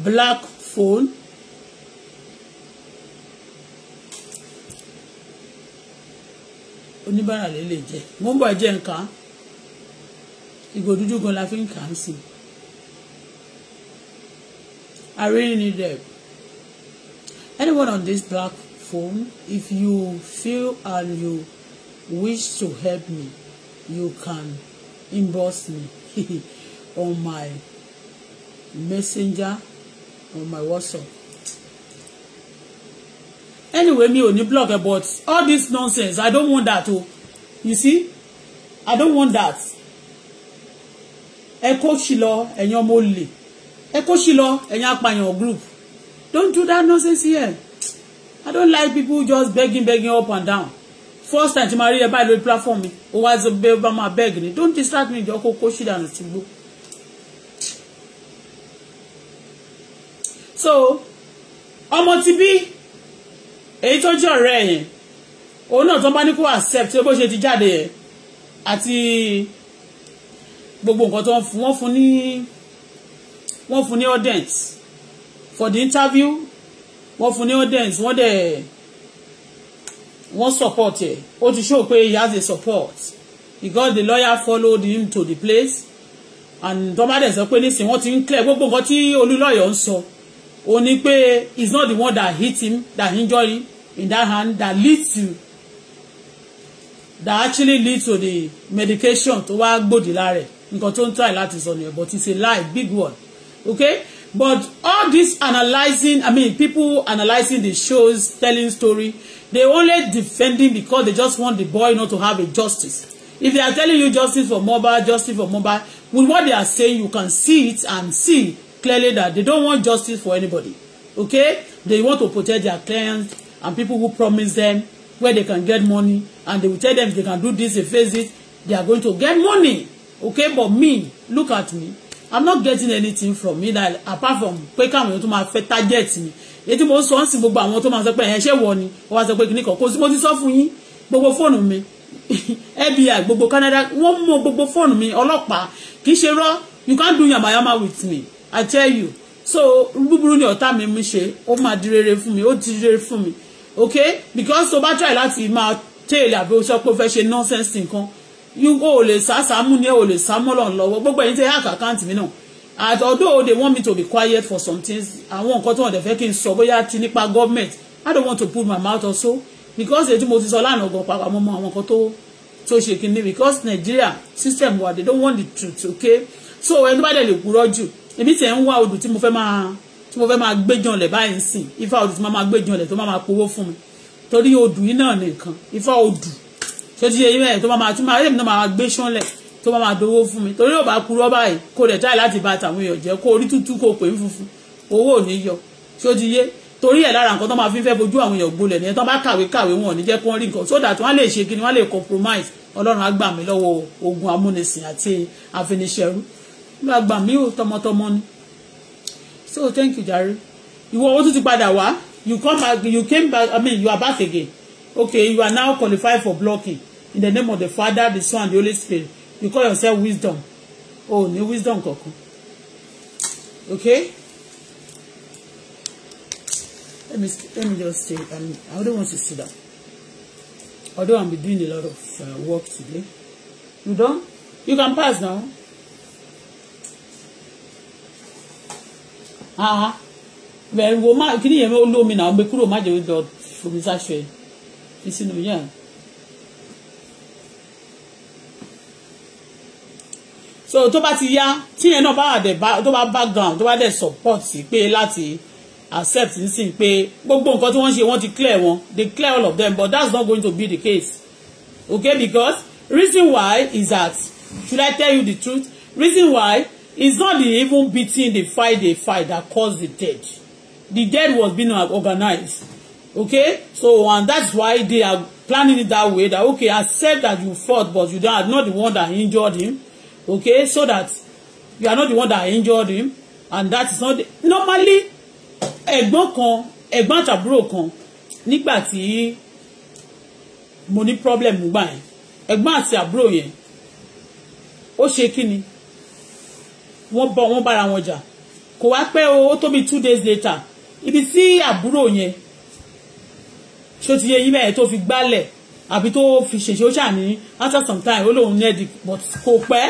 black phone oníbàárà lè lè jẹ mo ń bọ̀ jẹ́ nǹkan ìgò gan la fi ń kà á sí i really need help anyone on this black phone if you feel and you wish to help me you can inbox me on my messenger on my whatsapp anyway me ò ní blog ẹ but all this nonsense i don't want that oh. you see i don't want that ẹ shilo sí lọ ẹ̀yin ọmọ olè ẹ kó group don't do that nonsense here i don't like people just begging begging up and down first time ti marry a ẹ báyìí platform me. ó wá ṣe bẹ́ẹ̀ bá máa don't distract me jọ kó kó sí dànù sí gbó. so ọmọ ti be? èyí tó jẹ́ ọ̀rẹ́ yẹn òun náà tó bá ní kó accept bó ṣe ti jáde yẹn àti gbogbo nǹkan tó ń fún wọ́n fún ní wọ́n fún ní audience for the interview wọ́n fún ní audience wọ́n dẹ̀ wọ́n support ẹ̀ ó ti show pé he has a support because the lawyer followed him to the place and tọ́mádẹ̀ sọ pé nísìnyí wọ́n ti ń clear gbogbo nǹkan tí olúlọ́yọ̀ ń sọ ó ní pé he is not the one that hit him that injured him in that hand that leads to that actually lead to the medication to wá gbòdì lára ẹ̀ nǹkan tó ń try láti sọ nìyẹn but it's a lie big one okay but all this analysing i mean people analysing the shows telling story they only defending because they just want the boy not to have a justice if they are telling you justice for Mohbad justice for Mohbad with what they are saying you can see it and see clearly that they don't want justice for anybody okay they want to protect their clients and people who promise them where they can get money and they will tell them they can do this they face it they are going to get money okay but me look at me i'm not getting anything from me that apart from pé káwọn èèyàn tó máa fẹ́ target mi èyí tí mo sọ ń sin gbogbo àwọn tó máa sọ pé ẹ̀ ṣé wọ ni wọ́n wá sọ pé kìnnìkan kò sí mo ti sọ fún yín gbogbo fóònù mi FBI gbogbo Canada wọ́n mọ gbogbo fóònù mi ọlọ́pàá kì í ṣe rọ́ you can't do yamayama with me i tell you so búburú ni ọ̀tá mi mi ṣe ó máa di rere fún mi ó ti rere fún mi okay because tó bá try láti máa tẹ̀lé àbí o sọ fẹ́ ṣe nonsense nǹkan o lè sá sámú ni o lè sá mọ́lọ̀ lọ́wọ́ gbogbo ẹ̀yin tẹ́ hack account mi náà at although they want me to be quiet for some things àwọn nǹkan tí wọ́n dẹ̀ fẹ́ kí n sọ bóyá ti nípa government I don't want to put my mouth also because ètò mo ti sọ lánàá gan pàápàá mo mọ àwọn nǹkan tó tó ṣe kí n ní because Nigeria system wa they don't want the truth okay so ẹni bá dẹ̀ lè purọ́ jù èmi tẹ̀ ń wá odò tí mo fẹ́ máa tí mo fẹ́ máa gbẹ́jọ́ lẹ̀ báyìí ń sìn ifá odù tí mo máa gbẹ́jọ́ lẹ̀ tó máa máa powó fún mi torí odù yìí náà nìkan ifá odù tó ti ṣe yí mẹ́rin tó máa máa tún máa èmi náà máa gbé ṣánlẹ̀ tó máa máa dowó fún mi torí ò bá purọ́ báyìí kó rẹ̀ táì láti ba tàwọn èèyàn jẹ́ kó orí tútù kó pè ń funfun owó ò ní yọ tó ti yé torí ẹ̀ lára nǹkan tó máa fi fẹ́ fojú àwọn èèyàn gbolẹ̀ nìyẹn tó bá kàwé kàwé wọn ò ní jẹ́ kó wọ́n rí nǹkan so that wọ́n lè ṣe kí ni wọ́n lè compromise ọlọ́run á gbà mí lọ́wọ́ ogun amúnisìn àti àfinisẹ́rú wọ́n á gbà mí tọmọtọmọ ni so thank you jare ìwọ o tún ti padà wá you come back you came back i mean you are back again okay you are now qualified for blocking in the name of the father the son and the holy spirit you call yourself wisdom oh, ní wisdom kankan okay let me let me just say i um, i don't want to sit down although i'm be doing a lot of uh, work today you don you can pass now. bẹ́ẹ̀ wo má kí ni yẹn ó lómi náà gbé kúrò má jẹ́ lọ fomi sáṣọ ẹ̀ fi sínú yẹn. so tó bá ti yá tíyẹn náà bá àdẹ̀ bá tó bá background tó bá dẹ̀ support pé láti accept nísìnyí pé gbogbo nǹkan tí wọ́n ṣe wọ́n ti clear wọn they clear all of them but that's not going to be the case okay because reason why is that should I tell you the truth reason why It's not the even beating the fight they fight that caused the death. The death was being organized. Okay? So, and that's why they are planning it that way. That, okay, I said that you fought, but you are not the one that injured him. Okay? So that you are not the one that injured him. And that is not... The, normally, ẹ̀gbọ́n kan ẹ̀gbọ́n àtàbúrò kan nígbà tí mo ní problem gbà yẹn ẹ̀gbọ́n àti àbúrò yẹn ó ṣe kí ni wọ́n bọ̀ wọ́n bára wọn jà kò wá pẹ́ o ó tó two days later ibi tí àbúrò yẹn ṣó ti yé yín bẹ́ẹ̀ tó fi gbálẹ̀ àbí tó fi ṣèṣe ó ṣà after some time ó lóun nẹ́ẹ̀dì but kò pẹ́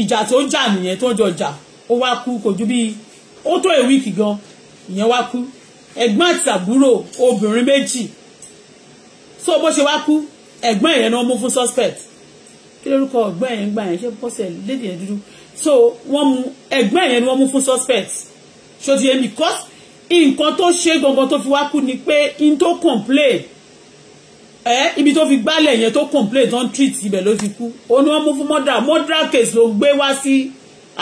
ìjà tó jà nìyẹn tó ń jọ jà ó wá kú kò ju bíi ó tó a week gan ìyẹn wá kú ẹ̀gbọ́n àti àbúrò obìnrin méjì so bó ṣe wá kú ẹ̀gbọ́n yẹn ni wọ́n mú fún suspect kí lórúkọ ẹ̀gbọ́n yẹn gbà yẹn ṣe pọ́sẹ̀ lédè dúdú so wọ́n mú ẹ̀gbọ́n yẹn ni wọ́n mú fún suspect ṣó ti because nǹkan tó ṣe gangan tó fi wá kú ni pé n tó complain ẹ ibi tó fi gbálẹ̀ yẹn tó complain tó treat ibẹ̀ ló fi kú ó ní wọ́n mú fún murder murder case ló gbé wá sí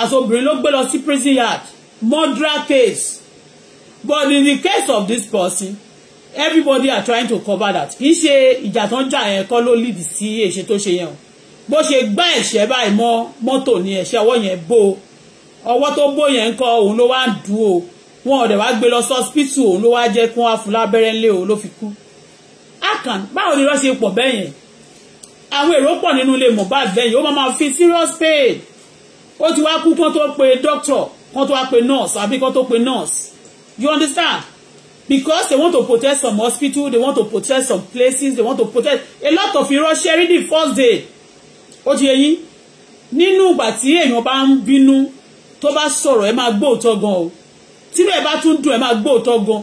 àsobìnrin ló gbé lọ sí prison yard murder case but in the case of this person everybody are trying to cover that kì í ṣe ìjà tó ń jà yẹn kọ́ ló lead sí èṣe tó ṣe yẹn o bó ṣe gbá ẹ̀ṣẹ́ báyìí mọ́ mọ́tò ni ẹ̀ṣẹ́ ọwọ́ yẹn bó ọwọ́ tó bó yẹn ń kọ òun ló wá ń dùn o wọn ò dẹ̀ wá gbé lọ sọ́spítù òun ló wá jẹ́ kí wọ́n á fún lábẹ́rẹ́ ńlẹ̀ òun ló fi kú. akàn báwo ni wọ́n ṣe pọ̀ bẹ́ẹ̀ yẹn àwọn èrò pọ̀ nínú ilé Mohbad bẹ́ẹ̀ yẹn ó máa máa fi serious pain ó ti wá kú kán tó pe doctor kán tó wá pe nurse àbí kán tó pe nurse you understand because they want to protect some hospital they want to protect some places they want to protect a lot of irọ́ sharing the first day ó ti yẹ yín nínú ìgbà tí èèyàn bá ń bínú tó bá sọ̀rọ̀ ẹ máa gbóòótọ́ gan o tílẹ̀ bá tún dùn ẹ máa gbóòótọ́ gan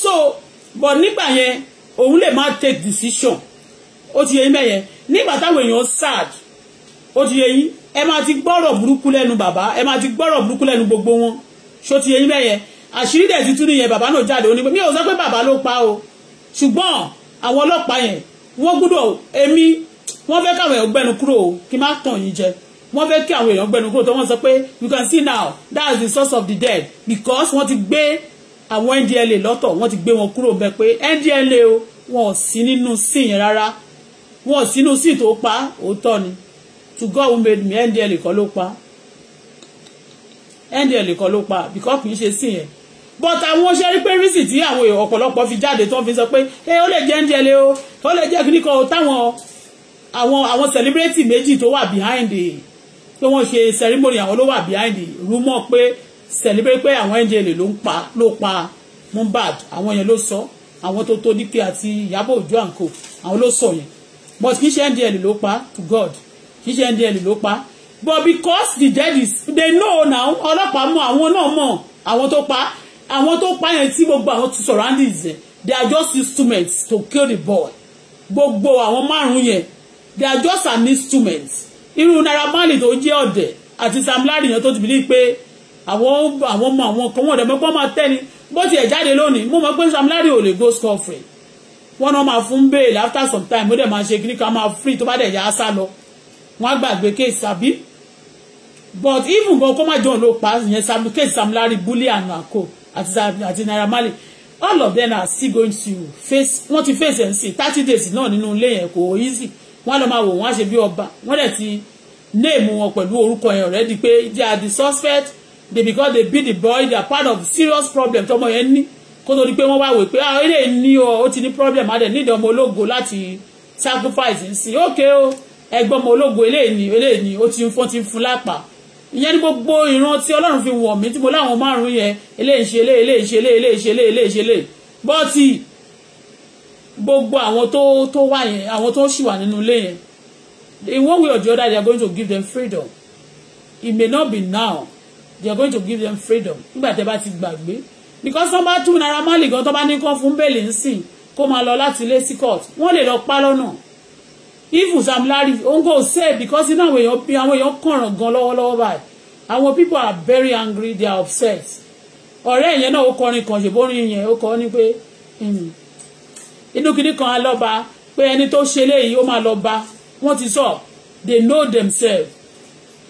so but nígbà yẹn òun lè má take decision ó ti yẹ yín bẹ́yẹn nígbà táwọn èèyàn sad ó ti yẹ yín ẹ máa ti gbọ́rọ̀ burúkú lẹ́nu bàbá ẹ máa ti gbọ́rọ̀ burúkú lẹ́nu gbogbo wọn ṣó ti yẹ yín bẹ́yẹn àṣírí dẹ̀ ti tún nìyẹn bàbá náà jáde ó ní mi ò sọ pé bàbá ló pa o ṣùgbọ́n àwọn ọlọ́pàá yẹn wọ́n gbọ́dọ̀ èmi wọ́n fẹ́ káwọn èèyàn gbẹ́nu kúrò o kí n má tàn yín jẹ wọ́n fẹ́ kí àwọn èèyàn gbẹ́nu kúrò tó wọ́n sọ pé you can see now that is the source of the dead because wọ́n ti gbé àwọn ndla lọ́tọ̀ wọ́n ti gbé wọn kúrò bẹ́ẹ̀ pé ndla o wọn ò sí nínú sin yẹn rárá wọn ò sí nínú sin tó pa òótọ́ ni to God who made me ndla kọ́ ló pa ndla kọ́ ló pa because kì í ṣe sin yẹn but àwọn ṣe rí pé rísì tí àwọn ọ̀pọ̀lọpọ̀ fi jáde tó fi sọ pé eh, ó lè jẹ́ ndla o ó lè jẹ́ kíníkan o táwọn àwọn àwọn celebrity méjì tó wà behind the pé wọ́n ṣe ceremony àwọn ló wà behind the rumor pé celebrate pé àwọn NGL ló ń pa ló pa Mohbad àwọn yẹn ló sọ àwọn tó tó dípẹ́ àti Ìyábọ̀ Òjó àǹkò àwọn ló sọ yẹn but kì í ṣe NGL ló pa to God kì í ṣe NGL ló pa but because the judges they know now ọlọ́pàá mọ àwọn náà mọ àwọn tó pa àwọn tó pa yẹn tí gbogbo àwọn surroundings yẹn they are just instruments to kill the boy gbogbo àwọn márùn yẹn they are just an instrument irú Naira Marley tó jẹ́ ọ̀dẹ̀ àti Sam Larry yẹn tó ti bìlí pé àwọn àwọn ọmọ àwọn kan wọn ọ̀dẹ̀ mọ́pọ́ máa tẹ́ni bó tiẹ̀ jáde lónìí mo mọ̀ pé Sam Larry ò lè go score free wọn náà máa fún bail after some time ó dẹ̀ máa ṣe kíní ká máa free tó bá dẹ̀ yà á sá lọ wọn á gbàgbé case àbí but even gan kó má jọ ló pa yẹn case Sam Larry Bully and Akko àti Naira Marley all of them are still going to face wọ́n ti face ẹ̀ sí thirty days náà nínú ilé yẹn kò easy wọ́n lọ máa wò wọ́n á ṣe bí ọba wọ́n dẹ̀ ti name wọn pẹ̀lú orúkọ yẹn already pé they are the suspect they because they beat the boy they are part of serious problem tọmọ yẹn ní kó tó di pé wọ́n wá wò pé ah eré ní ọ ó ti ní problem adẹ̀ nídìí ọmọ ológo láti sacrifice ń sìn ókè o ẹgbọ́n ọmọ ológo eléyìí ni eléyìí ni ó ti ń fọ́n ti ń fún lápá ìyẹn ní gbogbo ìran tí ọlọ́run fi wọ̀ mí tí mo láwọn márùn-ún yẹn eléyìí ṣe eléyìí ṣe eléyìí ṣe eléyìí ṣe eléyìí ṣe eléyìí bọ́ọ̀tì gbogbo àwọn tó tó wà yẹn àwọn tó ṣì wà nínú ilé yẹn in one way or the other they are going to give them freedom it may not be now they are going to give them freedom nígbà tẹ́ bá ti gbàgbé because tó bá tún Naira Marley gan tó bá ní kán fún bẹ́ẹ̀lì ńsìn kó máa lọ láti ilé sí court wọ́n lè lọ pa lọ́nà if Sam Larry òun kò save because iná àwọn èèyàn bí àwọn èèyàn kànràn gan lọ́wọ́lọ́wọ́ báyìí àwọn people are very angry they are upset ọ̀rẹ́ yẹn náà ó kọrin kan ṣèbórin yẹn ó kọ ní pé hmm inú kìíní kan alọ́ba pé ẹni tó ṣe léyìí ó máa lọ bá wọ́n ti sọ they know themselves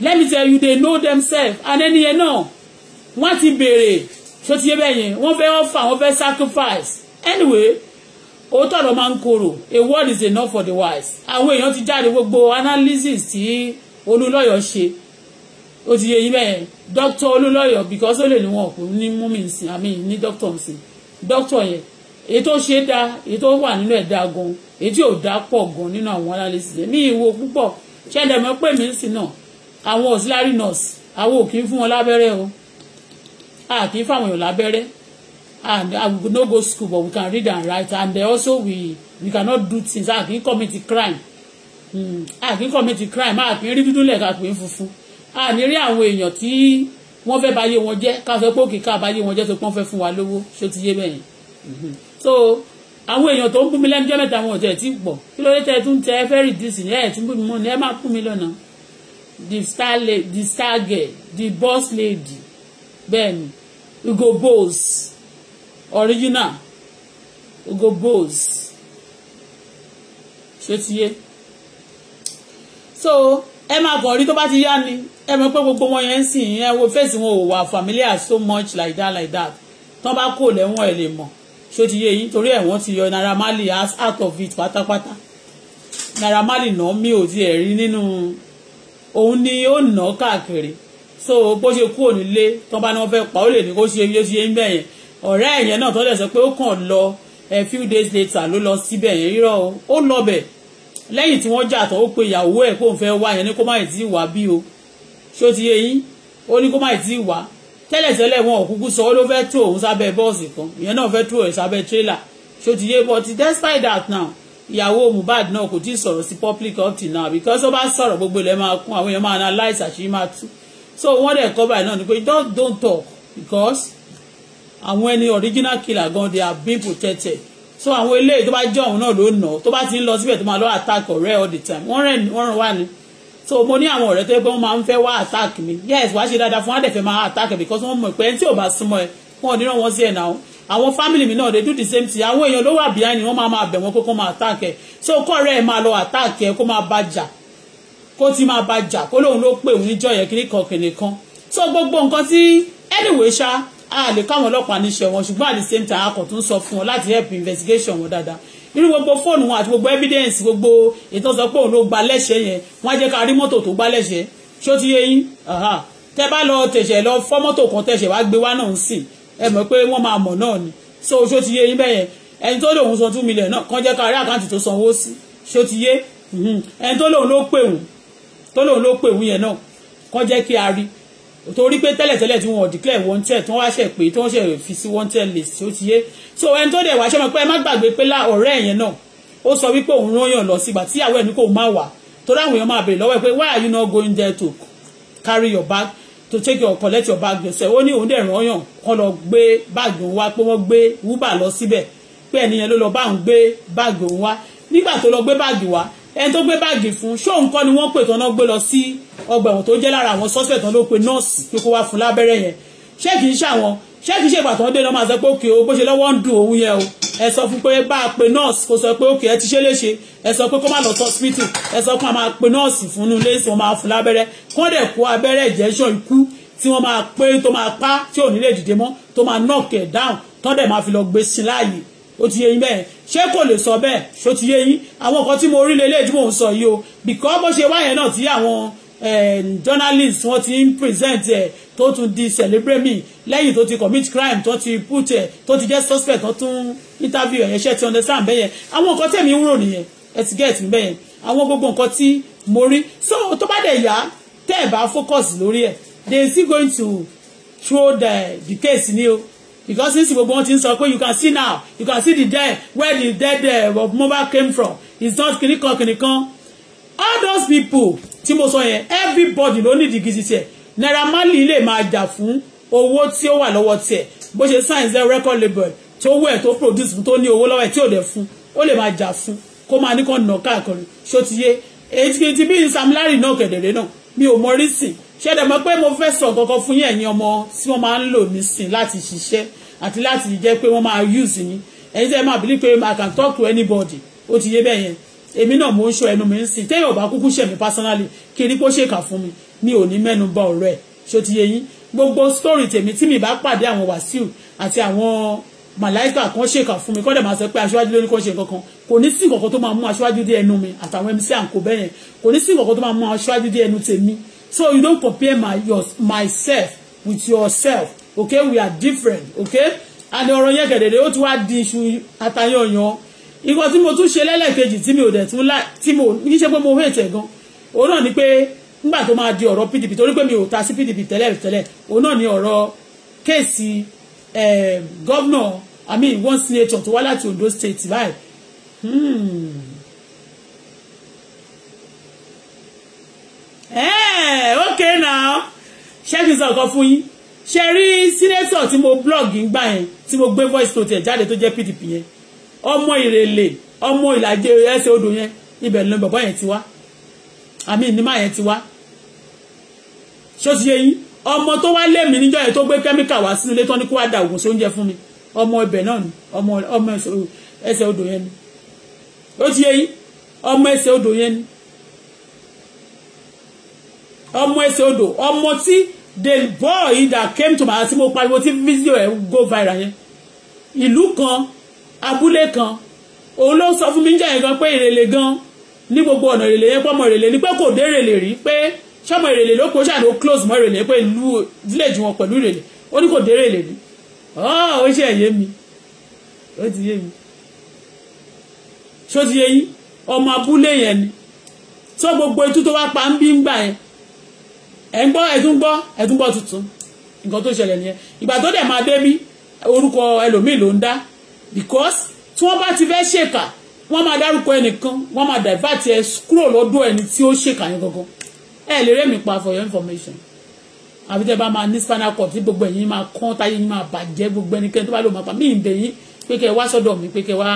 let me tell you they know themselves and ẹni yẹn náà wọ́n ti béèrè ṣó ti yé bẹ́ẹ̀ yẹn wọ́n fẹ́ offer wọ́n fẹ́ sacrifice anyway òótọ́ ọ̀rọ̀ máa ń korò a word is enough for the wise àwọn èèyàn ti jáde gbogbo analysis tí olúlọ́yọ̀ ṣe ó ti yé yín bẹ́ẹ̀ doctor olúlọ́yọ̀ because ó lè ní wọn kò ní mú mi nsìn àmì ní doctor nsìn doctor yẹn èyí tó ṣe dáa èyí tó wà nínú ẹ̀ dáa gan èyí tí ò dáa pọ̀ gan nínú àwọn analysis mi ìwo púpọ̀ ṣẹlẹ̀ mọ́ pé mi sì náà àwọn auxiliary nurse àwọn ò kì í fún wọn lábẹ́rẹ́ o a kì í fáwọn èèyàn lábẹ́rẹ́ and I will no go school but we can read and write and also we we cannot do things a kì í commit crime hmm. a kì í commit crime a kì í rí dúdú lẹ́ka pé funfun a ní rí àwọn èèyàn tí wọ́n fẹ́ báyé wọn jẹ́ ká sọ pé òkè ká báyé wọn jẹ́ tó pọ́n fẹ́ fún wa lówó ṣó ti yé bẹ́yẹn. Mm-hmm so àwọn èèyàn tó ń bú mi lẹ́njọ́ mẹ́ta àwọn ọ̀jọ̀ ẹ̀ tí ń pọ̀ kí ló dé tẹ́ ẹ tún tẹ ẹ fẹ́ rìdíìsì ẹ tún bú mi mọ́ ni ẹ máa kú mi lọ́nà the star lady the star girl the boss lady bẹ́ẹ̀ ni ugo boss original ugo boss ṣé ti yé so ẹ máa kàn rí tó bá ti yá ni ẹ mọ̀ pé gbogbo wọn yẹn ń sìn ẹ wo fèsì wọn ò wà familiar so much like that like that tán bá kò lẹ́wọ̀n ẹ̀ lè mọ̀ ṣó ti yé yín torí ẹ̀ wọ́n ti yọ Naira Marley out of it pátápátá Naira Marley nà mí ò tiẹ̀ rí nínú òun ni ó nà káàkiri so bó ṣe kúrò nílé tó bá ní wọ́n fẹ́ pa ó lè ní kó ṣe bí ó ṣe ń bẹ̀ yẹn ọ̀rẹ́ ẹ̀yẹn náà tó lè sọ pé ó kàn lọ a few days later ló lọ síbẹ̀ yẹn rírọ̀ ó lọ bẹ̀ lẹ́yìn tí wọ́n jà tó ó pe ìyàwó ẹ̀ kó n fẹ́ wá yẹn ní kó má ì tí ì wá bí o ṣó ti yé yín ó ní kó má ì tí ì wá tẹ́lẹ̀tẹ́lẹ̀ wọn ò kúkú sọ ó ló fẹ́ tú òun sábẹ́ bọ́ọ̀sì kan ìyẹn náà fẹ́ tú òun sábẹ́ tírélà ṣó ti yé but despite that now ìyàwó Mohbad náà kò tí ì sọ̀rọ̀ sí public up till now because ó bá sọ̀rọ̀ gbogbo ilẹ̀ máa kún àwọn èèyàn máa analyse àṣírí máa tú so wọ́n dẹ̀ cover ẹ̀ náà ni pé just don't talk because àwọn ẹni original killer gan they are being protected so àwọn eléyìí tó bá jẹ́ òun náà ló nà tó bá ti ń lọ síbẹ̀ tó máa lọ attack ọ̀rẹ́ all the time wọ́n rẹ̀ wọ́n rẹ̀ wá ni so mo ní àwọn ọ̀rẹ́ tó yẹ pé wọ́n máa ń fẹ́ wá attack mi yes wàá ṣe dáadáa fún adẹ̀fẹ́ máa attack mi because wọ́n mọ̀ pé ẹni tí ò bá súnmọ́ ẹ wọn ò ní ràn wọ́n sí ẹ̀ náà àwọn family mi náà they do the same thing àwọn èèyàn ló wà behind ni wọ́n máa máa bẹ̀ wọ́n kó kó máa attack ẹ̀ so kọ́ rẹ̀ máa lọ attack ẹ̀ kó máa bá jà kó ti máa bá jà kó lóun ló pè òun níjọ́ yẹn kiri kan kìnì kan so gbogbo nǹkan tí anyway ṣá a lè káwọn ọlọ́pàá níṣẹ́ wọn ṣùgbọ́n at the same time a kò tún sọ fún wọn láti help investigation wọn dáadáa nínú gbogbo fóònù wọn àti gbogbo evidence gbogbo ìtọ́sọ pé òun ló gba lẹ́sẹ̀ yẹn wọ́n á jẹ́ ká rí mọ́tò tó gbá lẹ́sẹ̀ ṣé ó ti yé yín tẹ́ bá lọ tẹ̀sẹ̀ lọ fọ́ mọ́tò kan tẹ̀sẹ̀ wá gbé wá náà ń sìn ẹ mọ̀ pé wọ́n máa mọ̀ náà ni so ṣé ó ti yé yín bẹ́yẹn ẹni tó lòun san two million náà kàn jẹ́ ká rí àkáǹtì tó sanwó sí ṣé ti yé mhm. ẹni tó lòun ló pè wù tó lòun ló pè wù yẹn náà kàn jẹ́ kí a rí torí pé tẹ́lẹ̀tẹ́lẹ̀ tí wọ́n declare wanted tí wọ́n wá ṣe pé tí wọ́n ṣe fi sí wanted list ó ti yé so ẹni tó dẹ̀ wá ṣe mọ̀ pé ẹ má gbàgbé pé lá ọ̀rẹ́ ẹ̀yẹn náà ó sọ wípé òun rányàn lọ sígbà tí ìyàwó ẹ̀ ní kò má wà torí àwọn èèyàn máa béèrè lọ́wọ́ ẹ̀ pé why are you not going there to carry your bag to take your collect your bag yourself ó ní òun dẹ̀ rányàn kán lọ gbé bag. òun wá pé wọ́n gbé uber lọ síbẹ̀ pé ẹnìyẹn ló lọ bá òun gbé báàgì òun wá nígbà tó lọ gbé báàgì wá ẹni tó gbé báàgì fún ṣóun kọ́ ni wọ́n pè tán náà gbé lọ sí ọgbà ẹ̀wọ̀n tó jẹ́ lára àwọn sọ́sẹ̀ tán ló pe nọ́ọ̀sì pé kó wá fún lábẹ́rẹ́ yẹn ṣé kì í ṣe àwọn ṣé kì í ṣe ìbàtàn dé náà máa sọ pé òkè o bó ṣe lọ́wọ́ ń dùn òun yẹn o ẹ sọ fún pé bá a pe nọ́ọ̀sì kó sọ pé òkè ẹ ti ṣe léṣe ẹ sọ pé kó má lọ sọ hospital ẹ sọ pé a máa pe nọ́ọ̀sì fún un lé wọn máa fún lábẹ́rẹ́ kó dẹ̀ kó abẹ́rẹ́ ìjẹ́sọ̀ ikú tí wọ́n máa pé tó máa pa tí ò ní lè dìde mọ́ tó máa knock ẹ̀ down tó dẹ̀ máa fi lọ gbé sí láàyè ó ti yẹ yín bẹ́ẹ̀ ṣé kò lè sọ bẹ́ẹ̀ ṣó ti yé yín àwọn nǹkan tí mo rí lélẹ̀ tí mò ń sọ yìí o because bó ṣe wáyẹn náà tí àwọn eh, journalists wọ́n ti ń present ẹ̀ tó tún di celebrate me lẹ́yìn tó ti commit crime tó ti put ẹ̀ tó ti jẹ́ suspect tó tún interview ẹ̀yẹ ṣe ti understand bẹ́yẹn àwọn nǹkan tẹ̀mí ń rò nìyẹn ẹ ti get mi bẹ́yẹn àwọn gbogbo nǹkan tí mo rí so tó bá dẹ̀ yá tẹ́ bá focus lórí ẹ̀ they still going to throw the, the case ní o because since gbogbo wọn ti ń sọ pé you can see now you can see the dead where the dead uh, eh, of mobile came from it's not kìnìkan kìnìkan all those people tí mo sọ yẹn everybody ló the ìdígísí tiẹ̀ Naira Marley lè máa jà fún owó tí ó wà lọ́wọ́ tiẹ̀ bó ṣe sign zero record label tó wẹ̀ to produce tó ní owó lọ́wọ́ ẹ̀ tí ò dẹ̀ fún ó lè máa jà fún kó máa ní kàn nà káàkiri ṣó ti yé èyí ti bí Sam Larry náà kẹ̀dẹ̀rẹ́ mi ò mọ rí ṣẹlẹ̀ mọ́ pé mo fẹ́ sọ kankan fún yín ẹ̀yin ọmọ tí wọ́n máa ń lò mí sìn láti ṣiṣẹ́ àti láti jẹ́ pé wọ́n máa use yín ẹ̀yin tẹ́ máa believe pé I can talk to anybody ó ti yé bẹ́ẹ̀ yẹn èmi náà mo ń sọ ẹnu mi ń sìn téèyàn ò bá kúkú ṣẹ̀mí personally kí ni kó ṣèkà fún mi mi ò ní mẹ́nu bà ọ̀rọ̀ ẹ̀ ṣó ti yé yín gbogbo story tèmi tí mi bá pàdé àwọn wàsíù àti àwọn màláìkà kan ṣèkà fún mi kọ́ dẹ̀ máa sọ pé aṣáájú ló ní kó ṣe kankan kò ní sí nǹkan tó máa mú aṣáájú dé ẹnu mi àtàwọn ẹmí sí à ń kó bẹ́yẹn kò ní sí nǹkan tó máa mú aṣáájú dé ẹnu tèmi so you don't compare my your myself with yourself okay we are different okay and ọ̀rọ̀ yẹn gẹ̀dẹ̀dẹ̀ ó ti wá di iṣu atayanyan nǹkan tí mo tún ṣe lẹ́lẹ́kejì tí mi ò dẹ̀ tún láì tí mo ní ṣe pé mo hate ẹ̀ gan òun náà ni pé nígbà tó máa di ọ̀rọ̀ PDP torí pé mi ò ta sí PDP tẹ́lẹ̀ tẹ́lẹ̀ òun náà ni ọ̀rọ̀ kéèsì eh, gọ́vnọ̀ I mean one senator tó wá láti Ondo state báyìí. Hmm. Eh, okay now ṣé kí n sọ nǹkan fún yín ṣe rí sínétọ̀ tí mo blog ń gbà yẹn tí mo gbé voice note ẹ̀ jáde tó jẹ́ pdp yẹn ọmọ ìrèlè ọmọ ìlàjẹ ẹsẹ̀ odò yẹn ibẹ̀ ló bàbá yẹn ti wá àmì ìnímà yẹn ti wá ṣó ti yé yín ọmọ tó wá lé mi níjọ́ yẹn tó gbé kẹ́míkà wá sínú ilé tó ní kó wá da ògùn sóúnjẹ fún mi ọmọ ibẹ̀ náà ni ọmọ ẹsẹ̀ odò yẹn ni ó ti yé yín ọmọ ẹsẹ̀ odò yẹn ni ọmọ ẹsẹ̀ odò ọmọ tí the boy that came to my house tí mo pariwo tí fídíò ẹ̀ go viral yẹn ìlú kan abúlé kan òun ló sọ fún mi jẹ́ ẹ̀gan pé ìrèlè gan ní gbogbo ọ̀nà ìrèlè yẹn pọ́mọ ìrèlè ni pé kò dé ìrèlè rí pé sọmọ ìrèlè ló kó ṣàdó close mọ́ ìrèlè pé ìlú village wọn pẹ̀lú ìrèlè ó ní kò dé ìrèlè rí ọ́ oh, ó ṣe ẹ̀yẹ mi ó ti yé mi ṣó ti yé yín ọmọ abúlé yẹn ni tó gbogbo etú tó wá pa ń bí ń gbà yẹn ẹ̀ ń gbọ́ ẹ̀ tún gbọ́ ẹ̀ tún gbọ́ tuntun nǹkan tó ṣẹlẹ̀ nìyẹn ìgbà tó dẹ̀ máa dé bí orúkọ ẹlòmíì ló ń dá because tí wọ́n bá ti fẹ́ ṣèkà wọ́n máa dárúkọ ẹnìkan wọ́n máa divert ẹ kúrò lọ́dọ̀ ẹni tí ó ṣèkà yẹn gangan ẹ lè rémi pa for your information àbí tẹ́ bá máa ní spinal cord tí gbogbo ẹ̀yin máa kán táyé yín máa bàjẹ́ gbogbo ẹnikẹ́ni tó bá lò máa pa mí ìdè yín pé kẹ́ wá sọ́dọ̀ mi pé kẹ́ wá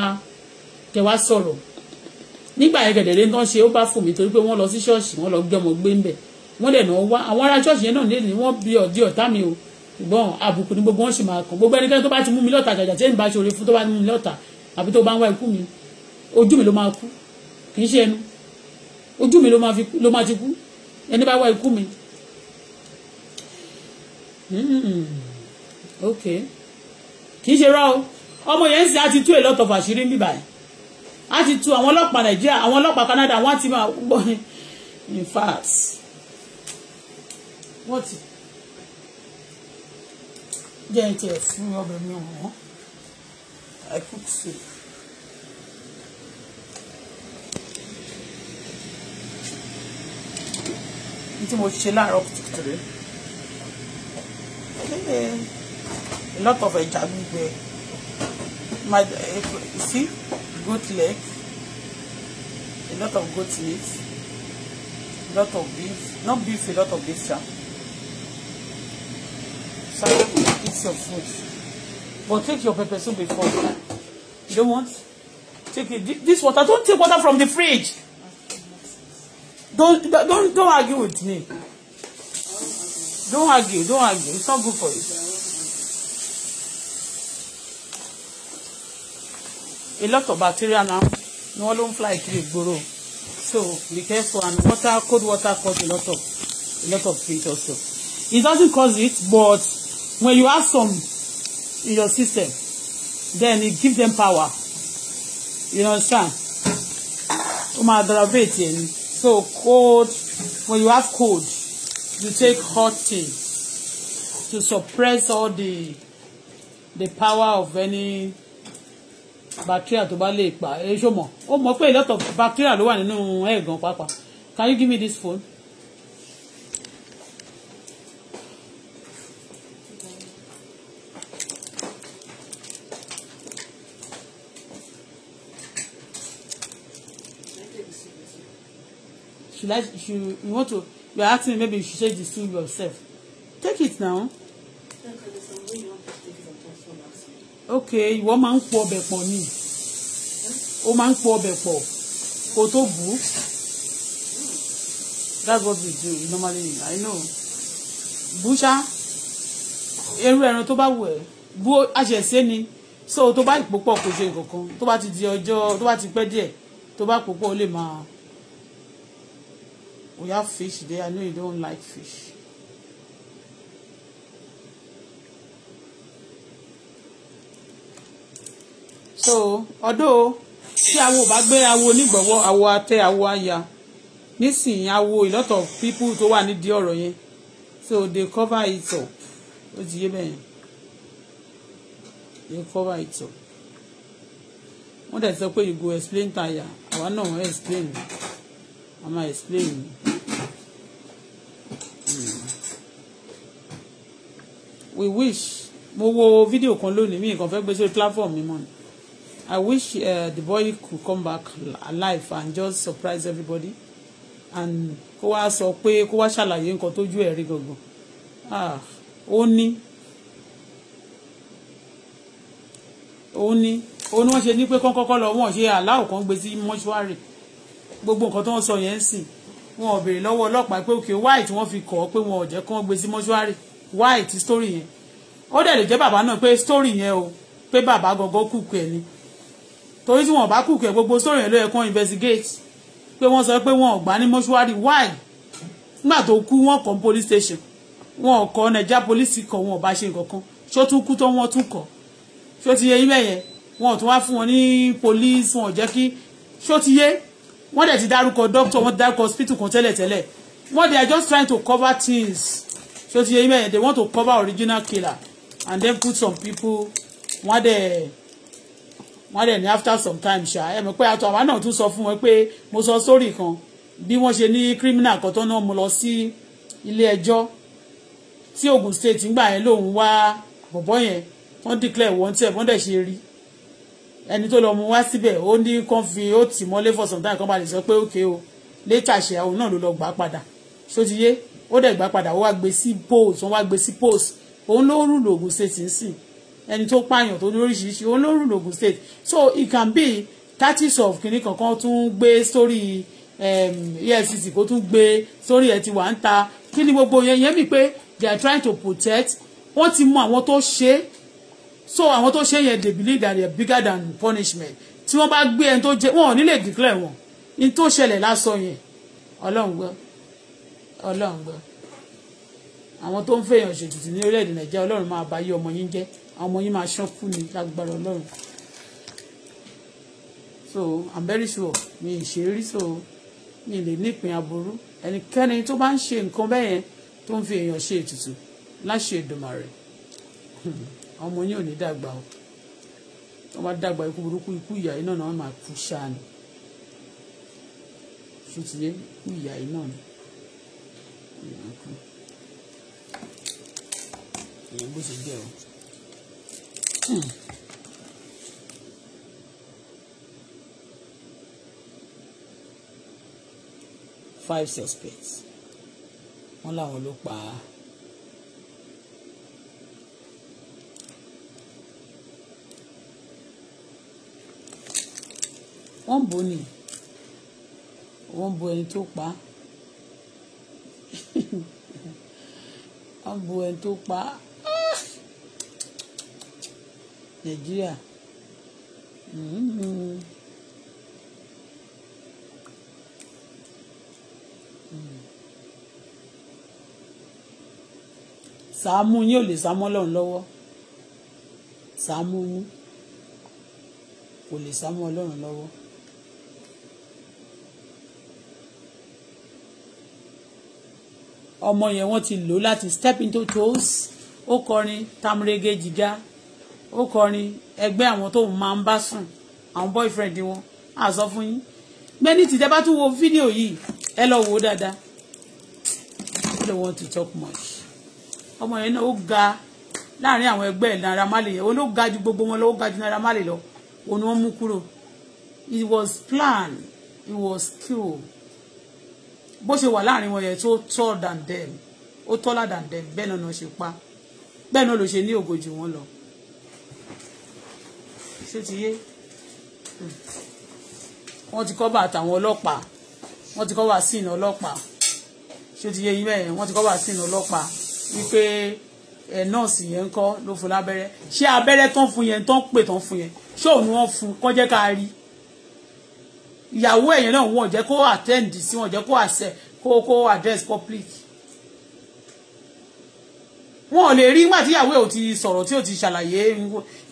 kẹ́ wá sọ̀rọ̀ nígbà yẹn gẹ̀dẹ̀rẹ́ ń tán ṣe ó bá fò mí torí pé wọ́n lọ sí ṣọ́ọ̀ṣì wọ́n lọ gbé ọmọ gbé ń bẹ̀ wọ́n dẹ̀ náà wá àwọn ará ṣọ́ọ̀ṣì yẹn náà lè ní wọ́n bí ọ̀dí ọ̀tá mi o ṣùgbọ́n àbùkù ni gbogbo wọn sì máa kàn gbogbo ẹnikẹ́ni tó bá ti mú mi lọ́tà jàjà tí èmi bá ṣe oore fún tó bá mú mi lọ́tà àbí tó bá ń wá ikú mi ojú mi ló máa kú kì í ṣe ẹnu ojú mi ló máa ti kú ẹni bá wá ikú mi. Hmm, okay kì í ṣe rá o ọmọ yẹn ń sìn á ti tú èlò ọ̀tọ̀ fàṣírí ń bíbáyìí á ti tú àwọn ọlọ́pàá Nàìjíríà àwọn ọlọ́pàá Canada wọ́n ti máa gbọ́ in fact wọ́n ti jẹ́ ẹ tiẹ̀ fún ọbẹ̀ mi wọ́n I cook soup. tí mo ṣe láàárọ̀ kùtùkùtù rẹ̀ eh, a lot of ẹja gbígbẹ my eh, see goat leg a lot of goat meat a lot of beef not beef a lot of beef sha salad, eat some food. But take your pepper soup before. You don't want? Take it. This water, don't take water from the fridge. Don't, don't, don't argue with me. Don't argue, don't argue. It's not good for you. a lot of bacteria now no wọn ló fly kiri guru. so be careful and water cold water causes a lot of a lot of heat also it doesn't cause it but When you have some in your system, then it gives them power. You understand? So cold, when you have cold, you take hot tea to suppress all the the power of any bacteria to bá lè pa ẹ ṣó mọ̀ ó mọ̀ pé a lot of bacteria ló wà nínú ẹ̀gàn pàápàá can you give me this phone. you like if you, you want to you are asking maybe you should say this to yourself take it now. okay ìwọ máa ń pò ọbẹ̀ pọ̀ ni ó máa ń pò ọbẹ̀ pọ̀ kó tó bù ú that's what we do normally i know bùṣá eru ẹran tó bá wù ẹ́ bú àṣẹṣe ni so tó bá ìpòpọ̀ kò ṣe nǹkan kan tó bá ti di ọjọ́ tó bá ti pẹ́ díẹ̀ tó bá pòpọ̀ ó lè máa. We have fish there. I know you don't like fish. So, although see, I I will. will tí awo what I awo onígbọ̀wọ́ awo atẹ́ awo aya I will. a lot of people to want it. ọ̀rọ̀ yẹn so they cover it up ó ti yé they cover it up What dẹ̀ sọ pé you go explain tire I want wọ́n explain àmà explain we wish mo wo video kan lónìí mi nǹkan fẹ́ gbé sórí platform mi mọ́ ni i wish uh, the boy could come back alive and just surprise everybody and kó wá sọ pé kó wá ṣàlàyé nǹkan tójú ẹ̀ rí gangan ah ó ní ó ní ó ní wọ́n ṣe ní pé kọ́ńkọ́kọ́ lọ wọ́n ṣe aláwọ̀ kan gbé sí mọ́ṣúárì gbogbo nǹkan tó ń sọ yẹn ń sìn wọn ò béèrè lọ́wọ́ ọlọ́pàá pé òkè why tí wọ́n fi kọ̀ ọ́ pé wọn ò jẹ́ kí wọ́n gbé sí mọ́ṣúárì why ti story yẹn ó dẹ̀ lè jẹ́ bàbá náà pé story yẹn o pé bàbá gọ́gọ́ kùkù ẹ̀ ni torí tí wọn bá kùkù ẹ̀ gbogbo story yẹn ló yẹ kán investigate pé wọ́n sọ pé wọn ò gbà ní mọ́ṣúárì why nígbà tó kú wọn kọ́ police station wọn ò kọ́ nàìjíríà police kọ́ wọn ò bá ṣe nǹkan kan ṣó tún kú tó wọn tún kọ́ ṣó ti yẹ yín mẹ́yẹn wọn ò tún wá fún wọn ní police wọn ò jẹ́ kí ṣó ti yé wọ́n dẹ̀ ti dárúkọ doctor wọ́n ti dárúkọ hospital kan tẹ́lẹ̀ tẹ́lẹ̀ wọ́n they are just trying to cover things so ti yẹn mẹ́rin they want to cover original killer and then put some people wọ́n dẹ̀ wọ́n dẹ̀ ní after some time ṣá ẹ mọ̀ pé àtọ̀ àwa náà tún sọ fún wọn pé mo sọ story kan bí wọ́n ṣe ní criminal kan tó náà mo lọ sí ilé ẹjọ́ tí Ogun State ń gbà yẹn lòun wá bọ̀bọ́ yẹn wọ́n declare wọ́n tẹ̀ wọ́n dẹ̀ ṣe rí ẹni tó lọ mú wá síbẹ̀ ó ní kán fi ó tì mọ́lé for some time kán bá lè sọ pé ókè o later ṣe àwọn náà ló lọ gbà padà ṣótiyé ó dẹ̀ gbà padà ó wá gbé sí post wọ́n wá gbé sí post òun ló rù lògùn state ń sìn ẹni tó pààyàn tó ní oríṣiríṣi òun ló rù lògùn state so it can be thirties of kìnnì kankan tún gbé sórí EFCC ehm, e kó tún gbé sórí ẹ̀ ti wà ń ta kí ni gbogbo yẹn yẹn mi pé they are trying to protect wọ́n ti mú àwọn tó ṣe é so àwọn tó ṣe yẹn they believe that they are bigger than punishment tí wọ́n bá gbé ẹni tó jẹ wọn ò ní lè declare wọn ní tó ṣẹlẹ̀ lásán yẹn ọlọ́run gbọ́ ọlọ́run gbọ́ àwọn tó ń fèèyàn ṣètùtù ní orílẹ̀-èdè nàìjíríà ọlọ́run máa bá yí ọmọ yín jẹ́ àwọn ọmọ yín máa ṣán kú ní lágbára ọlọ́run so i'm very sure mi ì ṣe rí so mi lè nípìn aburú ẹnikẹ́ni tó bá ń ṣe nǹkan bẹ́yẹn tó ń fi èèyàn ṣe ètùtù láṣẹ Èdùmàrè. àwọn ọmọ yín ò ní dàgbà o wọ́n bá dàgbà ikú burúkú ikú ìyá iná náà wọ́n máa kú ṣáà ni ṣùtìyẹ ikú ìyá iná ni ìyá kú ìyẹn bó ṣe jẹ́ o. five suspects wọ́n láwọn ló pa á. wọ́n bò ní wọ́n bò ẹni tó pa wọ́n bò ẹni tó pa Nàìjíríà. Mm-hmm. sàámú yín ò lè sá mọ́ ọlọ́run lọ́wọ́ sàámú yín kò lè sá ọlọ́run lọ́wọ́. ọmọ yẹn wọ́n ti lò láti step into toes ó kọrin tamurege jìgá ó kọrin ẹgbẹ́ àwọn tó máa ń bá sùn àwọn boyfriend wọn á sọ fún yín gbẹ́ni tìjẹ́ bá tún wo fídíò yìí ẹ lọ wò ó dáadáa I don't want to talk much ọmọ yẹn náà ó ga láàrin àwọn ẹgbẹ́ ẹ̀ Naira Marley yẹn òun ló ga ju gbogbo wọn lọ ó ga ju Naira Marley lọ òun ni wọ́n mú kúrò it was planned it was cool bó ṣe wà láàrin wọn yẹn tó tall than them ó taller than them bẹ́ẹ̀ náà ló ṣe pa bẹ́ẹ̀ náà ló ṣe ní ògo jù wọ́n lọ ṣé ti yé hmm. wọ́n ti kọ́ bá àtàwọn ọlọ́pàá wọ́n ti kọ́ bá sínú ọlọ́pàá ṣé ti yé yín bẹ́ẹ̀ wọ́n ti kọ́ bá sínú ọlọ́pàá wípé ẹ̀ eh, nọ́ọ̀sì yẹn ń kọ́ ló fún lábẹ́rẹ́ ṣé abẹ́rẹ́ tán fún yẹn tán pè tán fún yẹn ṣé òun wọn fún kọ́jẹ́ ká rí ìyàwó ẹ̀yẹn náà wọ́n jẹ́ kó attend sí wọn jẹ́ kó àṣẹ kó kó address public wọn ò lè rí nígbà tí ìyàwó ò ti sọ̀rọ̀ tí ò ti ṣàlàyé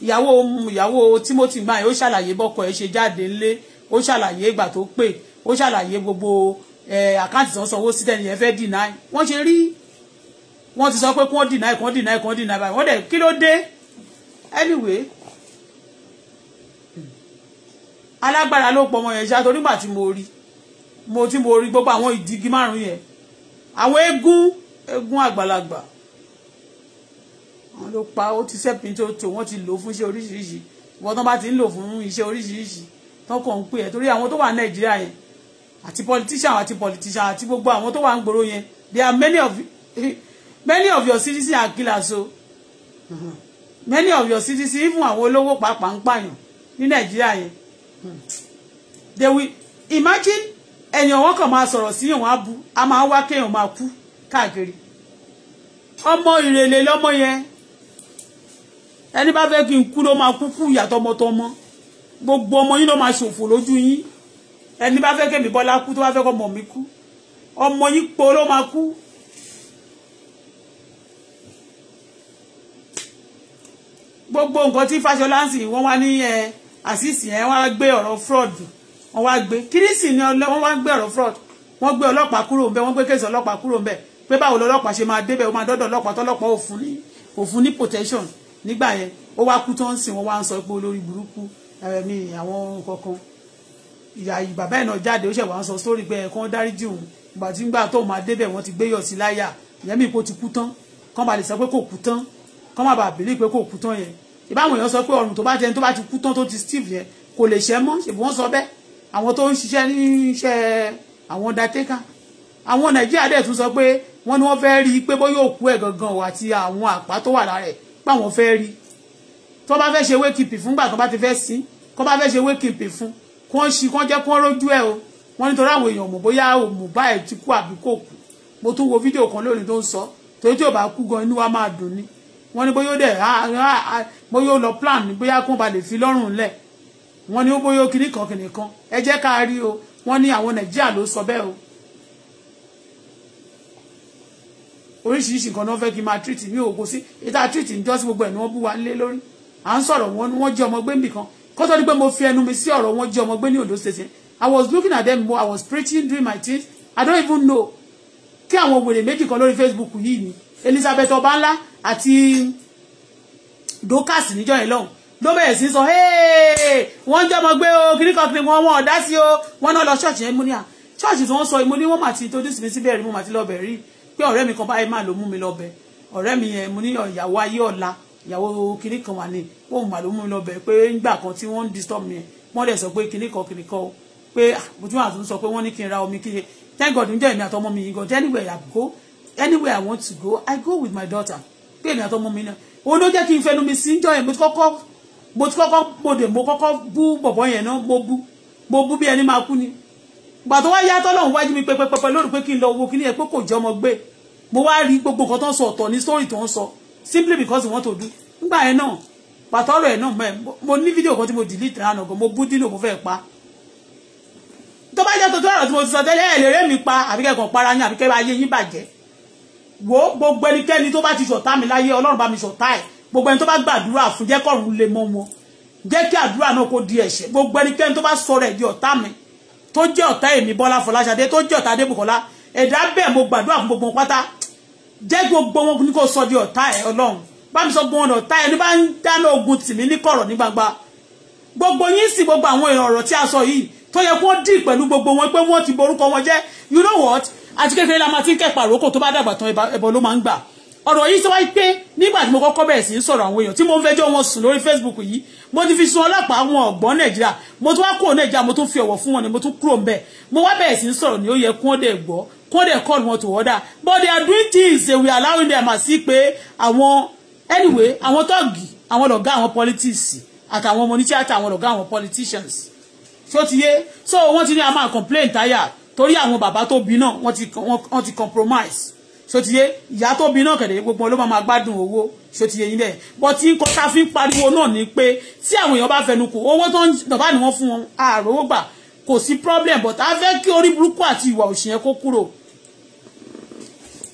ìyàwó ìyàwó Timothy gbà yẹn ó ṣàlàyé bọ́kọ ẹ̀ ṣe jáde ńlé ó ṣàlàyé ìgbà tó pè ó ṣàlàyé gbogbo àkáǹtì tó ń sanwó sí tẹ́ni yẹn fẹ́ deny wọ́n ṣe rí wọ́n ti sọ pé kí wọ́n deny kí wọ́n deny kí wọ́n deny báyìí wọ́n dẹ̀ kí ló dé anyway alágbára ló pọ̀ ọmọ yẹn ṣá torí gbà tí mo rí mo tí mo rí gbogbo àwọn ìdígi márùn yẹn àwọn eégún eégún àgbàlagbà wọn ló pa ó ti sẹ́pin tó tó wọ́n ti lò fún iṣẹ́ oríṣiríṣi ìwọ́n tán bá ti ń lò fún iṣẹ́ oríṣiríṣi tán kàn ń pè ẹ́ torí àwọn tó wà nàìjíríà yẹn àti politician àti politician àti gbogbo àwọn tó wà ń gbòòrò yẹn They are many of many of your citizens are killers o many of your citizens even àwọn olówó pàápàá ń pààyàn ní nàìjíríà yẹn they will imagine ẹ̀yàn wọn come out sọ̀rọ̀ sí ìwọ̀n abu a máa wá kéèyàn máa kú káàkiri ọmọ ìrèlè lọ́mọ yẹn ẹni bá fẹ́ kí n kú ló máa kú kú ìyàtọ̀ ọmọtọmọ gbogbo ọmọ yín ló máa ṣòfò lójú yín ẹni bá fẹ́ kẹ́mi bọ́lá kú tó bá fẹ́ kọ́ mọ̀ mí po ló máa kú. gbogbo nǹkan tí fàṣọláńsì wọ́n wá ní ẹ̀. Eh, àṣìṣì yẹn wọ́n á gbé ọ̀rọ̀ fraud wọ́n wá gbé kírísì ni wọ́n wá gbé ọ̀rọ̀ fraud wọ́n gbé ọlọ́pàá kúrò ńbẹ̀ wọ́n gbé kéèsì ọlọ́pàá kúrò ńbẹ̀ pé báwo lọ́lọ́pàá ṣe máa débẹ̀ ó máa dọ́dọ̀ ọlọ́pàá tọ́lọ́pàá òfun ní òfun ní protection nígbà yẹn ó wá kú tó ń sìn wọ́n wá ń sọ pé olórí burúkú ẹ̀mí àwọn kankan ìyá bàbá ẹ̀ náà jáde ó ṣẹ̀ wá ń sọ sórí pé ẹ̀kan dáríjì òun ìgbà tí ńgbà tó máa débẹ̀ wọ́n ti gbé yọ̀ sí láyà ìyẹn kò ti kú tán kán lè sọ pé kò kú tán kán má bèlè pé kò kú tán yẹn ìbáwọn èèyàn sọ pé ọrùn tó bá jẹun tó bá ti kú tán tó ti steve yẹn kò lè ṣẹ́ mọ́ ṣèbí wọ́n sọ bẹ́ẹ̀ àwọn tó ń ṣiṣẹ́ ní iṣẹ́ àwọn dateka àwọn nàìjíríà dẹ̀ tún sọ pé wọ́n ní wọ́n fẹ́ rí i pé bóyá òkú ẹ̀ gangan o àti àwọn àpá tó wà lára ẹ̀ páwọn fẹ́ rí i tó bá fẹ́ ṣe wékìpì fún gbà tó bá ti fẹ́ sí kó bá fẹ́ ṣe wékìpì fún kó ń ṣi kó ń jẹ́ kó ń rójú ẹ̀ o wọ́n nítorí àwọn èèyàn mọ̀ bóyá òmù báyìí ti kú àbí kò kú mo tún wo fídíò kan lónìí tó ń sọ torí tí ò bá kú gan inú wa máa dùn ni wọ́n ní bóyá ó dẹ̀ bóyá ó lọ plan bóyá kó ba fi lọ́rùn lẹ̀ wọ́n ní ó bóyá ó kinní kan kinní kan ẹ jẹ́ ká rí o wọ́n ní àwọn nàìjíríà ló sọ bẹ́ẹ̀ o oríṣiríṣi nǹkan náà fẹ́ kí n máa treat mi ò kó sí ìta treat ń jọ́sí gbogbo ẹ̀ ni wọ́n bú wa lé lórí à ń sọ̀rọ̀ wọn wọ́n jẹ́ ọmọ gbé nìkan kó tó di pé mo fi ẹnu mi sí ọ̀rọ̀ wọn jẹ́ ọmọ gbé ní Ondo State I was looking at them I was preaching during my things I don't even know kí àwọn wèrè méjì kan lórí Facebook yìí ni Elizabeth Ọbánlá àti Doka's. níjọ́ yẹn lọ́hùn ló bẹ̀rẹ̀ sí sọ wọ́n ń jọmọ gbé o kiri kan kiri wọn wọn ọ̀dá sí o wọn náà lọ ṣọ́ọ̀ṣì yẹn mo ní à ah, ṣọ́ọ̀ṣì tí wọ́n sọ mo ní wọ́n mà ti introduce mi síbẹ̀ rí mo mà ti lọ bẹ̀ rí pé ọ̀rẹ́ mi kan báyìí máa ló mú mi lọ bẹ̀ ọ̀rẹ́ mi yẹn mo ní ìyàwó ayé ọ̀la ìyàwó kiri kan wà ní òun mà ló mú mi lọ bẹ̀ pé ńgbà kan tí wọ́n ń disturb mi wọ́n dẹ̀ sọ pé kiri kan kiri kan pé ah, mo tún wà tún sọ pé wọ́n ní kí n ra omi kí n thank God ń jẹ́ èmi àtọmọ mi yìí gan tẹ́nìgbẹ̀yà kó anywhere I want to go I go with my daughter pé èmi àtọmọ mi náà òun ló jẹ́ kí n fẹnu mi sí njọ́ yẹn mo ti kọ́kọ́ mo ti kọ́kọ́ mo dè mo kọ́kọ́ bú bọ̀bọ̀ yẹn náà mo bú mo bú bí ẹni máa kú ni gbàtọ́ wá yá tọ́lọ́run wájú mi pẹpẹpẹpẹ lórí pé kí n lọ wo kí ni ẹ pé kò jẹ́ ọmọ gbé mo wá rí gbogbo nǹkan tó ń sọ ọ̀tọ̀ ní story tó ń sọ simply because wọ́n tó dú nígbà yẹn náà pàtọ́rọ̀ ẹ̀ náà mo ní fídíò kan tí mo delete lánàá gan mo bú dínà mo fẹ́ pa tó bá jẹ́ tó tó ọ̀rọ̀ tí mo ti sọ tẹ́lẹ̀ ẹ̀ lè rẹ́ pa àbíkẹ́ kan para yín àbíkẹ́ bá yé yín bàjẹ́ wo gbogbo ẹnikẹ́ni tó bá ti ṣọ̀tá mi láyé ọlọ́run bá mi ṣọ̀tá ẹ̀ gbogbo ẹni tó bá gbàdúrà fún jẹ́ kọ́run lè mọ́ wọn jẹ́ kí àdúrà náà kó di ẹ̀ṣẹ̀ gbogbo ẹnikẹ́ni tó bá sọ̀rọ̀ ẹ̀ di ọ̀tá mi tó jẹ́ ọ̀tá èmi Bọ́lá Fọláṣadé tó jẹ́ ọ̀tá Adébùkọ́lá ẹ̀dá bẹ́ẹ̀ mo gbàdúrà fún gbogbo wọn pátá jẹ́ gbogbo wọn ní kò sọ di ọ̀tá ẹ̀ ọlọ́run bá mi sọ gbogbo wọn ọ̀tá ẹni bá ń dáná ogun tì mí ní kọ̀rọ̀ ní gbangba gbogbo yín sì gbogbo àwọn ọ̀rọ̀ tí a sọ yìí tó yẹ kó dì pẹ̀lú gbogbo wọn pé wọ́n ti borúkọ wọn jẹ́ you know what àti kékeré la máa ti ń kẹ́ pàrókò tó bá dàgbà tán ẹbọ ló máa ń gbà ọ̀rọ̀ yìí sọ wáyé pé nígbà tí mo kọ́kọ́ bẹ̀rẹ̀ sí í sọ̀rọ̀ àwọn èèyàn tí mo ń fẹjọ́ wọn sùn lórí Facebook yìí mo ti fi sun ọlọ́pàá àwọn ọ̀gbọ́n nàìjíríà mo tún wá kúrò nàìjíríà mo tún fi ọ̀wọ̀ fún wọn ni mo tún kúrò ńbẹ̀ mo wá bẹ̀rẹ̀ sí í sọ̀rọ̀ ni ó yẹ kí wọ́n gbọ́ kí wọ́n dẹ̀ call wọn to order but they are doing things they were allowing them as if pé àwọn anyway àwọn tọ́ọ̀gì àwọn lọ̀gá àwọn politics àtàwọn ọmọ onítíátà àwọn lọ̀gá àwọn politicians ṣó ti yé so wọ́n ti ní a máa complain táyà torí àwọn bàbá tó bí náà wọ́n ti compromise sotiye ìyá tó bí náà kẹ̀dẹ̀ gbogbo ló máa gbádùn owó sotiye yín bẹ́ẹ̀ bọ́ tí nǹkan tá a fi ń pariwo náà ni pé tí àwọn èèyàn bá fẹnu kò owó tó ń bàbá ni wọ́n fún wọn àròwó gbà kò sí problem but a fẹ́ kí orí burúkú àti ìwà òṣìyẹn kó kúrò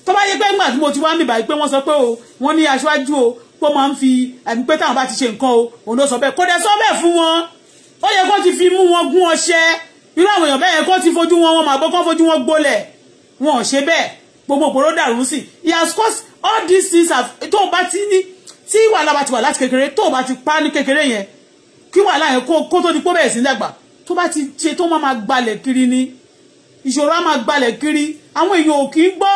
tó bá yẹ pé ńgbà tí mo ti wá mi báyìí pé wọ́n sọ pé o wọ́n ní aṣáájú o pé máa ń fi ẹ̀mí pé táwọn bá ti ṣe nǹkan o òun ló sọ bẹ́ẹ̀ kò dẹ̀ sọ bẹ́ẹ̀ fún wọn ó yẹ kó ti fi mú wọn gún ọṣẹ́ irú àwọn èèyàn bẹ́ẹ̀ kó ti fojú wọn wọn máa gbọ́ kó fojú wọn gbólẹ̀ wọn ò ṣe bẹ́ẹ̀ gbogbo òpòrò dàrú sí he has caused all these things tó o bá ti ní tí wàhálà bá ti wà láti kékeré tó o bá ti pa ní kékeré yẹn kí wàhálà yẹn kó tó di pọ́ bẹ̀rẹ̀ sí dàgbà tó bá ti ṣe tó máa gbalẹ̀ kiri ni ìṣòro á máa gbalẹ̀ kiri àwọn èèyàn ò kì í gbọ́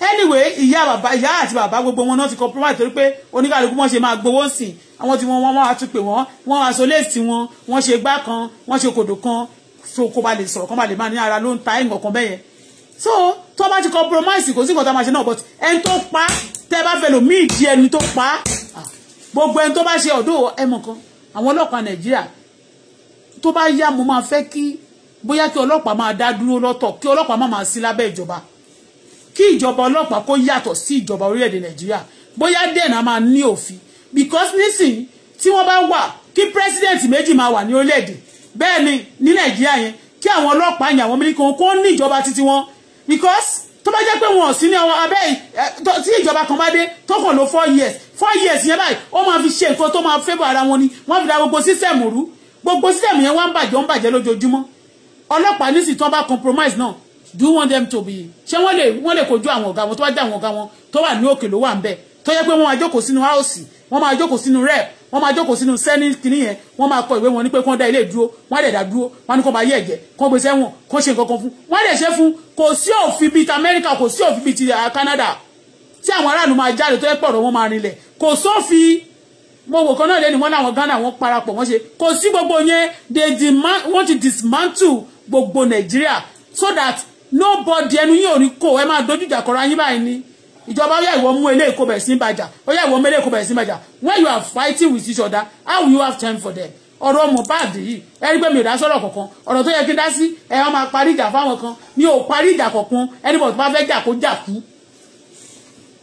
anyway ìyá bàbá ìyá àti bàbá gbogbo wọn náà ti compromise torí pé oníkàlùkù wọn ṣe máa gbowó sìn àwọn tí wọn wọn wá tún pè wọn wọn wá so léèsì wọn wọn ṣe gbá kan wọn ṣe kòdò kan so kó ba lè sọ̀rọ̀ kó ba lè máa ní ara ló ń ta ẹ̀ǹgàn kan bẹ́yẹn so tó bá ti compromise kò sí nǹkan tó máa ṣe náà but ẹni tó pa tẹ́ bá fẹ́ lò mí ìdí ẹni tó pa gbogbo ẹni tó bá ṣe ọ̀dọ́ ẹmọ kan àwọn ọlọ́pàá Nàìjíríà tó bá yá mo máa fẹ́ kí bóyá kí ọlọ́pàá máa dá dúró lọ́tọ̀ kí ọlọ́pàá má máa sí lábẹ́ ìjọba kí ìjọba ọlọ́pàá kó yàtọ̀ sí ìjọba orílẹ̀-èdè nàìjíríà bóyá dẹ́nà máa ní òfin because nísìnyí tí wọ́n bá wà kí president méjì máa wà ní orílẹ̀-èdè bẹ́ẹ̀ ni ní nàìjíríà yẹn kí àwọn ọlọ́pàá yẹn àwọn mílíkì wọn kó ní ìjọba títí wọn because tó bá jẹ́ pé wọn ò sí ní àwọn abẹ́ tí ìjọba kan bá dé tó kàn ló four years four years yẹn báyìí ó máa fi ṣe nǹkan tó máa favour ara wọn ni wọ́n fi da gbogbo sísẹ̀mù rú gbogbo sísẹ̀mù yẹn wá ń bàjẹ́ ń bàjẹ́ lójoojúmọ́ ọlọ́pàá nísìnyí tó bá compromise náà do you want them to be ṣé wọ́n lè wọ́n lè kojú àwọn ọ̀gá wọn tó bá jẹ́ àwọn ọ̀gá wọn tó wà ní òkè ló wà ń bẹ̀ tó yẹ pé wọ́n máa jókòó sínú house wọ́n máa jókòó sínú rep wọ́n máa jókòó sínú senate kìíní yẹn wọ́n máa kọ ìwé wọn ní pé kán dá ilé dúró wọ́n á dẹ̀ dá dúró wọ́n á ní kó máa yé ẹ̀jẹ̀ kán gbé sẹ́wọ̀n kán ṣe nǹkan kan fún wọ́n á dẹ̀ ṣe fún kò sí òfin bíi ti America kò sí òfin bíi ti ah, Canada tí àwọn aráàlú máa jáde tó yẹ pọ̀rọ̀ wọn máa rinlẹ̀ kò sófin gbogbo kan náà lẹ́nu wọn láwọn Ghana wọn parapọ̀ wọ́n ṣe kò sí gbogbo yẹn they demand want to dismantle gbogbo Nàìjíríà so that nobody ẹnu yín ò ní kò ẹ máa dojú ìjà kọra yín báyìí ni ìjọba ọyá ìwọ mú eléyìí kó bẹ̀rẹ̀ sí bàjà ọyá ìwọ mú eléyìí kó bẹ̀rẹ̀ sí bàjà when you are fighting with each other how will you have time for them ọ̀rọ̀ Mohbad yìí ẹni pé mi ò dá sọ̀rọ̀ kankan ọ̀rọ̀ tó yẹ kí n dá sí ẹ ọ máa parí ìjà fáwọn kan mi ò parí ìjà kankan ẹni bọ̀ tó bá fẹ́ jà kó jà kú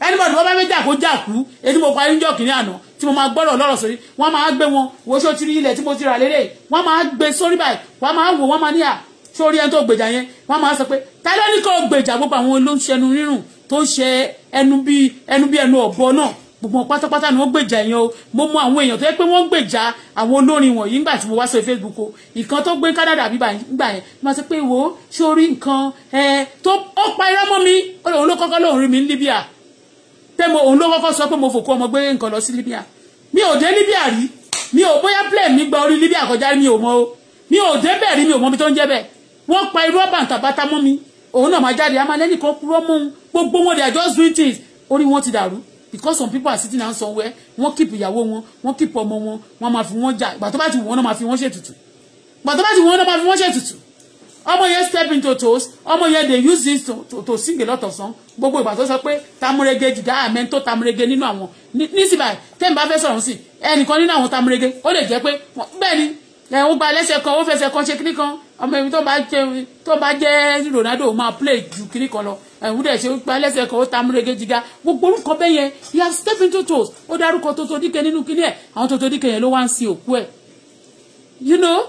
ẹni bọ̀ tó bá fẹ́ jà kó jà kú èyí mo parí níjọ́ kìíní àná tí mo máa gbọ́rọ̀ lọ́rọ̀ sórí wọ́n máa gbé wọn wo ṣó ti ilẹ̀ tí mo ti rà lélẹ̀ wọ́n máa gbé sórí báyìí wọ́n máa wò wọ́n máa ní sórí ẹni tó gbèjà yẹn wọ́n máa sọ pé ta ló ní kó gbèjà gbogbo àwọn olóṣèlú rírùn tó ṣe ẹnu bí ẹnu bí ẹnu ọ̀bọ náà gbogbo wọn pátápátá ni wọ́n gbèjà èèyàn o mo mọ àwọn èèyàn tó yẹ pé wọ́n gbèjà àwọn olórin wọ̀nyí nígbà tí mo wá sórí Facebook o nǹkan tó gbé Canada bíbá nígbà yẹn máa sọ pé wo ṣé orí nǹkan ẹ tó ó pa irọ́ mọ́ mi òun ló kọ́kọ́ lóun rí mi ní Libya pé mo òun ló kọ́kọ́ sọ pé mo fòkú ọmọ gbé nǹkan lọ sí Libya mi ò dé Libya rí mi ò bóyá plẹ̀ mi gba orí Libya kọjá mi ò mọ o mi ò débẹ̀ rí mi ò mọ bí tó ń jẹ́ bẹ́ẹ̀ wọ́n pa irú àbàǹtàbàtà mọ́ mi òun náà máa jáde àmọ́ lẹ́nì kan kúrọ́ mọ́ òun gbogbo wọn they are just doing things orí wọn ti dàrú because some people are sitting down somewhere wọ́n keep ìyàwó wọn wọ́n keep ọmọ wọn wọ́n máa fi wọ́n jà ìgbà tó bá ti wọ́n náà máa fi wọ́n ṣètùtù ìgbà tó bá ti wọ́n náà máa fi wọ́n ṣètùtù ọmọ yẹn step into toes ọmọ yẹn dey use this to, to, to sing a lot of song gbogbo ìgbà tó sọ pé tamurege jìgá àmẹ́ tó tamurege nínú àwọn nísìbà tẹ́mi bá fẹ́ sọ̀rọ̀ sí ẹnìkan nínú àwọn tamurege ó lè jẹ́ pé bẹ́ẹ̀ ni ẹ̀hún gba lẹ́sẹ̀ kan ó fẹsẹ̀ kan ṣe kíní kan ọmọ ẹni tó bá jẹ tó bá jẹ Ronaldo máa play ju kiri kan lọ ẹ̀hún dẹ̀ ṣe ń pa ẹlẹ́sẹ̀ kan ó ta múrege jìgá gbogbo orúkọ bẹ́ẹ̀ yẹn you have step ó dárúkọ Tótó Díkẹ́ nínú kíní ẹ̀ àwọn Tótó Díkẹ́ yẹn ló wá ń sin òkú ẹ̀ you know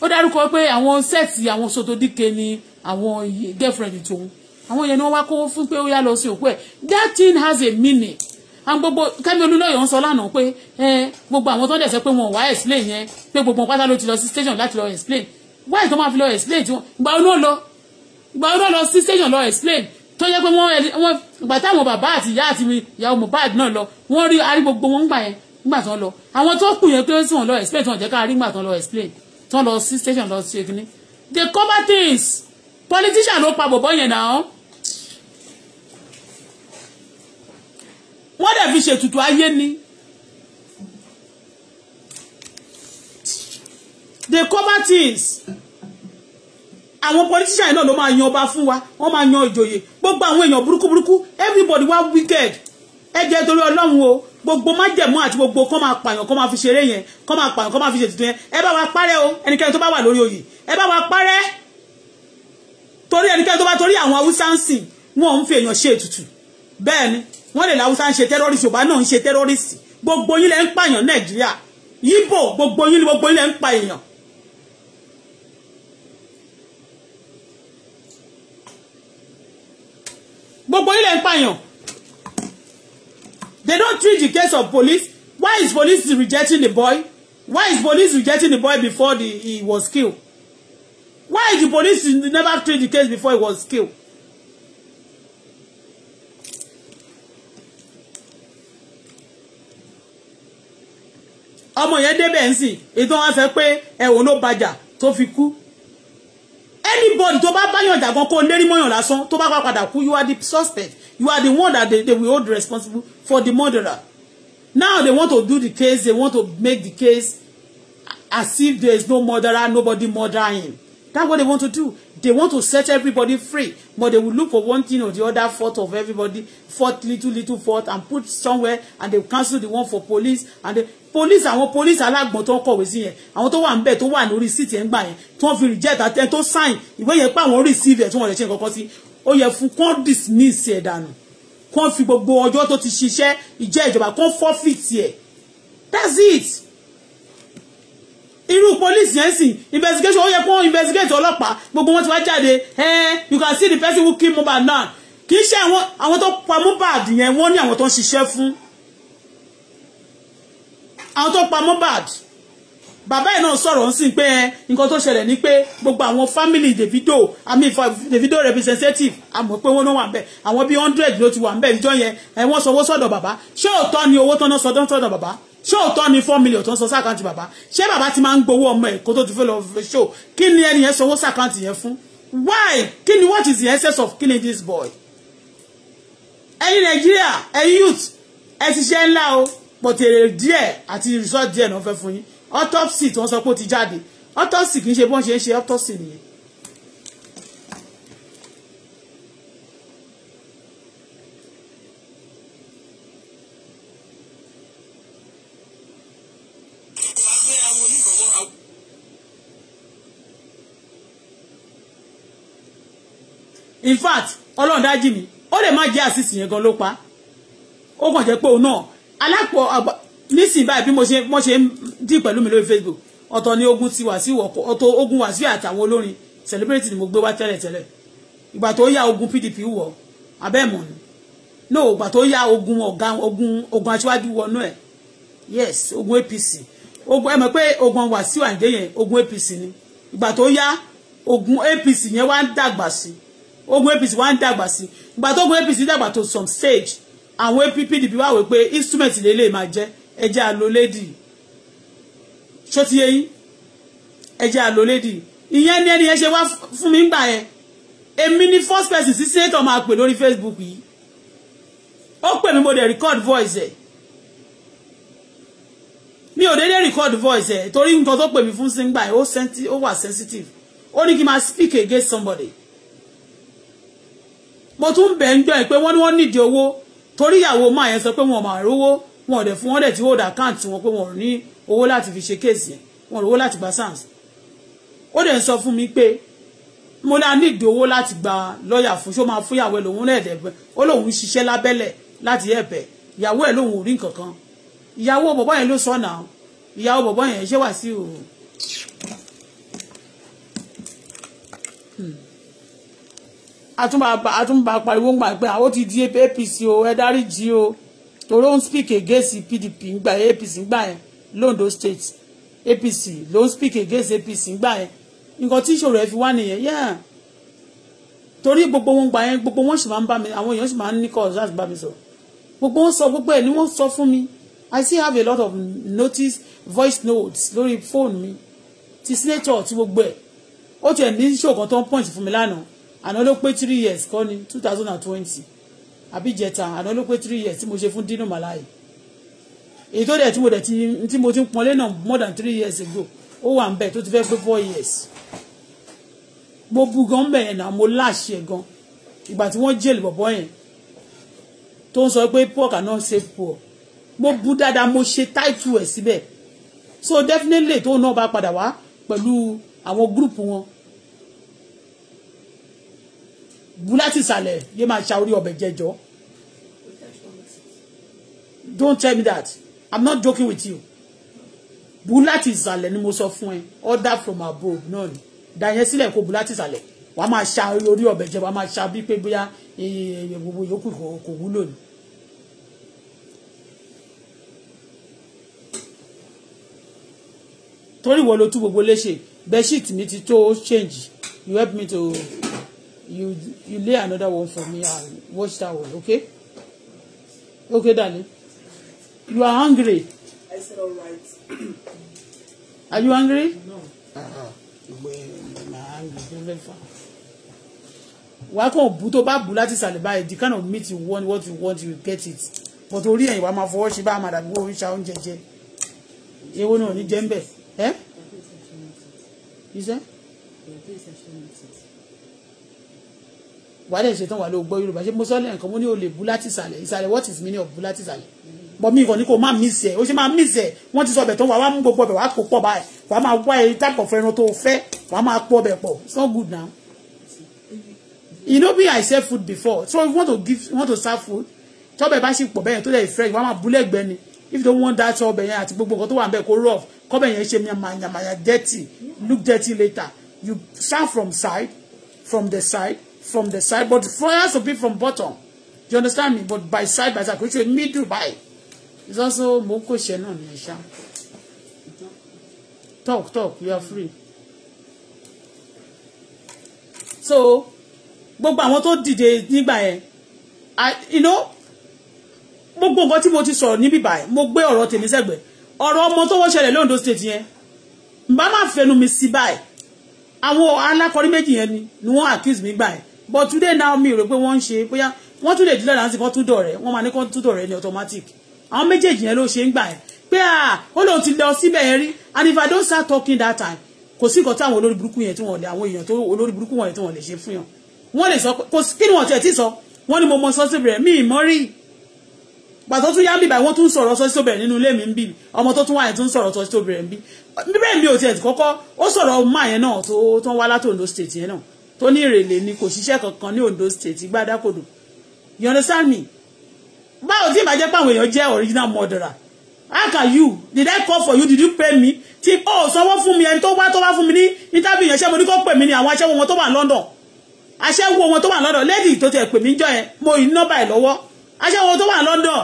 ó dárúkọ pé àwọn sẹ́ẹ̀tì àwọn Tótó Díkẹ́ ni àwọn girlfriend tòun àwọn yẹn ni wọ́n wá kówó fún pé ó yá lọ sin òkú ẹ̀ that thing has a meaning àwọn gbogbo kẹ́mi olúlọ́yọ̀ ń sọ lánàá pé gbogbo àwọn tó ń dẹ̀ pé wọn ò wá explain yẹn pé gbogbo pátá ló ti lọ sí station láti lọ explain why tó máa fi lọ explain tí wọ́n ìgbà oná lọ ìgbà oná lọ sí station lọ explain tó yẹ pé wọ́n ìgbà táwọn bàbá àti ìyá àti ìyàwó Mohbad náà lọ wọ́n rí arí gbogbo wọn gbà yẹn gbà tán lọ àwọn tó kù yẹn pé tí wọ́n lọ explain tí wọ́n jẹ́ ká rí gbà tán lọ explain tí wọ́n lọ sí station lọ sí ekinní they cover things politician ló pa bọ̀bọ̀ yẹn náà wọ́n dẹ̀ fi ṣètùtù ayé ni they cover things àwọn politician náà ló máa yan ọba fún wa wọ́n máa yan ìjòyè gbogbo àwọn èèyàn burúkú burúkú everybody wá wicked ẹ jẹ́ torí ọlọ́run o gbogbo májẹ̀mú àti gbogbo kọ́ máa pààyàn kọ́ máa fi ṣeré yẹn kọ́ máa pààyàn kọ́ máa fi ṣe tuntun yẹn ẹ bá wa parẹ́ o ẹnikẹ́ni tó bá wà lórí oyè ẹ bá wa parẹ́ torí ẹnikẹ́ni tó bá torí àwọn haúsá ń sìn wọn ò ń fi èèyàn ṣe ètùtù bẹ́ẹ̀ ni wọ́n lè láwùsá ń ṣe tẹ́rọ́rìsì òbá náà ń ṣe tẹ́rọ́rìsì gbogbo yín lẹ́ ń pààyàn nàìjíríà yíbò gbogbo yín gbogbo yín lẹ́ ń pa èèyàn gbogbo ilẹ̀ ń pààyàn they don't treat the case of police why is police rejecting the boy why is police rejecting the boy before the, he was killed why the police never treat the case before he was killed ọmọ yẹn débẹ̀ ń sìn ètò wọn fẹ́ pé ẹ̀wọ̀n ló bàjà tó fi kú anybody to tó bá báyàn jàgbọ́n kó lérí mọ́yàn lásán tó bá padà kú you are the suspect you are the one that they, they will hold responsible for the murderer now they want to do the case they want to make the case as if there is no murderer nobody murder him that's what they want to do they want to set everybody free but they will look for one thing or the other fault of everybody fault little little fault and put somewhere and they cancel the one for police and they, police àwọn police alágbọ̀n tó ń kọ̀wé sí yẹn àwọn tó wà ń bẹ̀ tó wà lórí síìtì ẹ̀ ń gbà yẹn tó ń fi reject àtẹ tó sign ìwé yẹn pé àwọn receive ẹ̀ tí wọ́n lè ṣe nǹkan kan sí ó yẹ fún kán dismiss ẹ̀ dànù kán fi gbogbo ọjọ́ tó ti ṣiṣẹ́ ìjẹ́ ìjọba kán forfeit ẹ̀ that's it irú police yẹn sì investigation ó yẹ kó investigate ọlọ́pàá gbogbo wọn ti wá jáde eh you can see the person who kill Mohbad now kì í ṣe àwọn àwọn tó pa Mohbad yẹn wọ́n ní àwọn tó ń ṣiṣẹ́ fún àwọn tó pa Mohbad bàbá ẹ̀ náà sọ̀rọ̀ ń sìn pé ẹ nǹkan tó ṣẹlẹ̀ ni pé gbogbo àwọn family Davido àmì Davido representative àmọ́ pé wọ́n náà wà bẹ́ẹ̀ àwọn bíi hundred ló ti wà bẹ́ẹ̀ níjọ́ yẹn ẹ wọ́n sanwó sọ̀dọ̀ bàbá ṣé òótọ́ ni owó tán náà sọdọ́ sọ̀dọ̀ bàbá ṣé òótọ́ ni four million tó ń san sàkáǹtì bàbá ṣé bàbá ti máa ń gbowó ọmọ ẹ̀ kó tó ti fẹ́ lọ ṣó kí ni ẹni yẹn sanwó sàkáǹtì yẹn fún why kí ni what is the essence of killing this boy ẹ̀yin Nàìjíríà ẹ̀yin youth ẹ ti ṣe pọ̀ tèrè díẹ̀ àti result díẹ̀ náà fẹ́ fún yín autopsy tí wọ́n sọ pé ó ti jáde autopsy kì í ṣe bí wọ́n ṣe ń ṣe autopsy nìyẹn. in fact ọlọ́run dájì mi ó lè má jẹ́ àṣìṣì yẹn gan ló pa ó kàn jẹ́ pé òun náà alápọ̀ nísìnyí báyìí bí mo ṣe mo ṣe ń dì pẹ̀lú mi lórí Facebook ọ̀tọ̀ ni ogun ti Wàsíù ọ̀pọ̀ ọ̀tọ̀ ogun Wàsíù àtàwọn olórin celebrity ni mo gbé wá tẹ́lẹ̀ tẹ́lẹ̀ ìgbà tó yá ogun PDP wọ̀ abẹ́mọ̀ ni no ìgbà tó yá ogun ọ̀gá ogun ogun aṣíwájú wọnú ẹ̀ yes ogun APC ogun ẹ mọ̀ pé ogun Wàsíù Àyìndé yẹn ogun APC ni ìgbà tó yá ogun APC yẹn wá ń dàgbà sí ogun APC wá ń dàgbà sí ìgbà tó ogun APC dàgbà tó some stage àwọn PDP wà wí pé instrument lè lè máa jẹ́ ẹ jẹ́ lady ṣó ti yé yín ẹ jẹ́ lady ìyẹn ni ẹni yẹn ṣe wá fún mi gbà yẹn èmi ni first person sí senator máa pè lórí Facebook yìí ó pè mí mo dẹ̀ record voice ẹ̀ mi ò dédé record voice ẹ̀ torí nǹkan tó pè mí fún sí gbà yẹn ó wà sensitive ó ní kí n máa speak against somebody mo tún bẹ̀ ń jọ ẹ̀ pé wọ́n ní wọ́n nídìí owó torí ìyàwó máa yẹn sọ pé wọn máa rówó wọn ò dẹ̀ fún wọn dẹ̀ tí hold account wọn pé wọn ò ní owó láti fi ṣe kéèsì wọn ò rówó láti gba SANS ó dẹ̀ ń sọ fún mi pé mo a ní ìdí owó láti gba lọ́ọ̀yà fún ṣó máa fún ìyàwó ẹ̀ lòun náà dẹ̀ ó lòun ń ṣiṣẹ́ lábẹ́lẹ̀ láti ẹ̀bẹ̀ ìyàwó ẹ̀ lòun ò rí nǹkan kan ìyàwó bọ̀bọ́ yẹn ló sọ ìyàwó bọ̀bọ́ yẹn ṣé wà sí òun àtúnbà pariwo ń gbà pé àwọn ti di apc o ẹ dáríjì o torí ó ń speak against pdp ngbà apc ngbà yẹn londo state apc ló ń speak against apc ngbà yẹn nǹkan tí ìṣòro ẹ fi wá nìyẹn yẹn torí gbogbo wọn gbà yẹn gbogbo wọn sì máa ń bá mi àwọn èèyàn sì máa ń ní kọ́ láti bá mi sọ gbogbo wọn sọ gbogbo ẹ ni wọn sọ fún mi i still have a lot of notice voice notes lórí fóònù mi ti senator ti gbogbo ẹ ó tiẹ̀ ní ṣòkan tó ń point fún mi lánàá àná ló pé three years kọ́ ni two thousand and twenty àbí àná ló pé three years tí mo ṣe fún Dino Malaye èyí tó dẹ̀ tí mo dẹ̀ ti tí mo ti ń pọnlé náà more than three years ago ó wà ń bẹ̀ tó ti fẹ́ pé four years mo bu gan bẹ̀ yẹn náà mo láṣẹ gan ìgbà tí wọ́n jèlè bọ̀bọ̀ yẹn tó ń sọ pé poor cannot save poor mo bu dáadáa mo ṣe táìtù ẹ̀ síbẹ̀ so definitely tó náà bá padà wá pẹ̀lú àwọn group wọn bu láti ìsàlẹ̀ yé máa ṣa orí ọbẹ̀ jẹjọ́ don't tell me that i'm not joking with you bu láti ìsàlẹ̀ ni mo sọ fún ẹ order from above náà ni dàyẹn sílẹ̀ kó bu láti ìsàlẹ̀ wàá máa ṣa orí ọbẹ̀ jẹ wàá máa ṣa bí pé bóyá gbogbo yòókù kò wúlò ni. torí ìwọ ló tú gbogbo léṣe bedsheet mi ti tó change you help me to you you lay another one for me and watch that one okay okay darling you are hungry. I said all right. are you hungry. no. Uh huh. wàá kàn bú tó bá bú láti sàlẹ̀ báyìí the kind of meat you want what you want you get it but orí ẹ̀yìn wàá máa fọwọ́ ṣe bá a máa dàbí wọ́n oríṣà oúnjẹ jẹ ewo náà ní jẹ́ ń bẹ̀ ẹ́. you say wàá dẹ̀ wà ló yorùbá ṣe mo sọ lẹ́yìn kan mo ní o lè bú láti ìsàlẹ̀ ìsàlẹ̀ what is meaning of bú láti ìsàlẹ̀ bọ̀ mi kàn ní kò máa miss ẹ̀ o ṣe máa miss ẹ̀ wọ́n ti sọ ọbẹ̀ tó wà wá mú gbogbo ọbẹ̀ wá kó pọ̀ báyìí wà á máa wá ẹ̀ tápọ̀ fẹ́ràn tó fẹ́ wà á máa pọ̀ ọbẹ̀ pọ̀ it's not good now you know me I sell food before so if you want to give you want to serve food tọ́bẹ̀ bá sì pọ̀ bẹ́yẹn tó dẹ̀ fresh wà á máa búlẹ̀ gbẹ ni if you don't want that ọbẹ̀ yẹn àti gbogbo nǹkan tó wà ń bẹ̀ kó rough kọ́bẹ̀ yẹn ṣe yamayamaya dirty look dirty later you serve from side from the side from the side, but fire should be from bottom. you understand me? But by side by side, which is middle by. It's also more Moko Shenon, Nisha. Talk, talk, you are free. So, gbogbo àwọn tó dìde nígbà yẹn, you know, gbogbo nǹkan tí mo ti sọ̀rọ̀ níbí báyìí, mo gbé ọ̀rọ̀ tèmi sẹ́gbẹ̀. Ọ̀rọ̀ ọmọ tó wọ́n ṣẹlẹ̀ lóńdó state yẹn, mbá máa fẹnu mi sí báyìí. Àwọn alákọ̀rí méjì yẹn ni wọ́n accuse mi gbà but today now mi rò pé wọ́n ń ṣe bóyá wọ́n tún lè dín lọ́la láti fọ́ túdọ̀ rẹ̀ wọ́n máa ní kó túdọ̀ rẹ̀ ní automatic àwọn méjèèjì yẹn ló ṣe ń gbà ẹ̀ pé à ó lóun ti lọ síbẹ̀ yẹn and if I don't start talking that time kò sí nǹkan tí àwọn olórí burúkú yẹn tí wọ́n lè àwọn èèyàn tó olórí burúkú wọn yẹn tí wọ́n lè ṣe fún yàn wọ́n lè sọ kò sí kí ni wọ́n tiẹ̀ ti sọ wọ́n ní mo mọ sọ́sì bẹ̀rẹ̀ mí ì mọ́rí pàtó tún yá bíbà wọ́n tún sọ̀rọ̀ sọ́sì tó bẹ̀rẹ̀ nínú ilé mi ń bì ọmọ tó tún wáyé tún sọ̀rọ̀ sọ́sì tó bẹ̀rẹ̀ ń bì bíbẹ̀ mi ò tiẹ̀ kọ́kọ́ ó sọ̀rọ̀ máa yẹn náà tó tán wá látòǹdó state yẹn náà tó ní ìrèlè ni kò ṣiṣẹ́ kankan ní Ondo state igbá dákòdò you understand me báwo tí ìbàjẹ́ pàwọn èèyàn jẹ́ original murderer how can you did I call for you did you pay me tí o sanwó fún mi ẹni tó wá tó wá fún mi ní interview yẹn ṣé mo ní kó pè mí ní àwọn aṣẹ́wó wọn tó wà London aṣẹ́wó wọn tó wà London lady tó tiẹ̀ pè mí jọ yẹn mo ì nọ́mbà ẹ̀ lọ́wọ́ aṣẹ́wó wọn tó wà London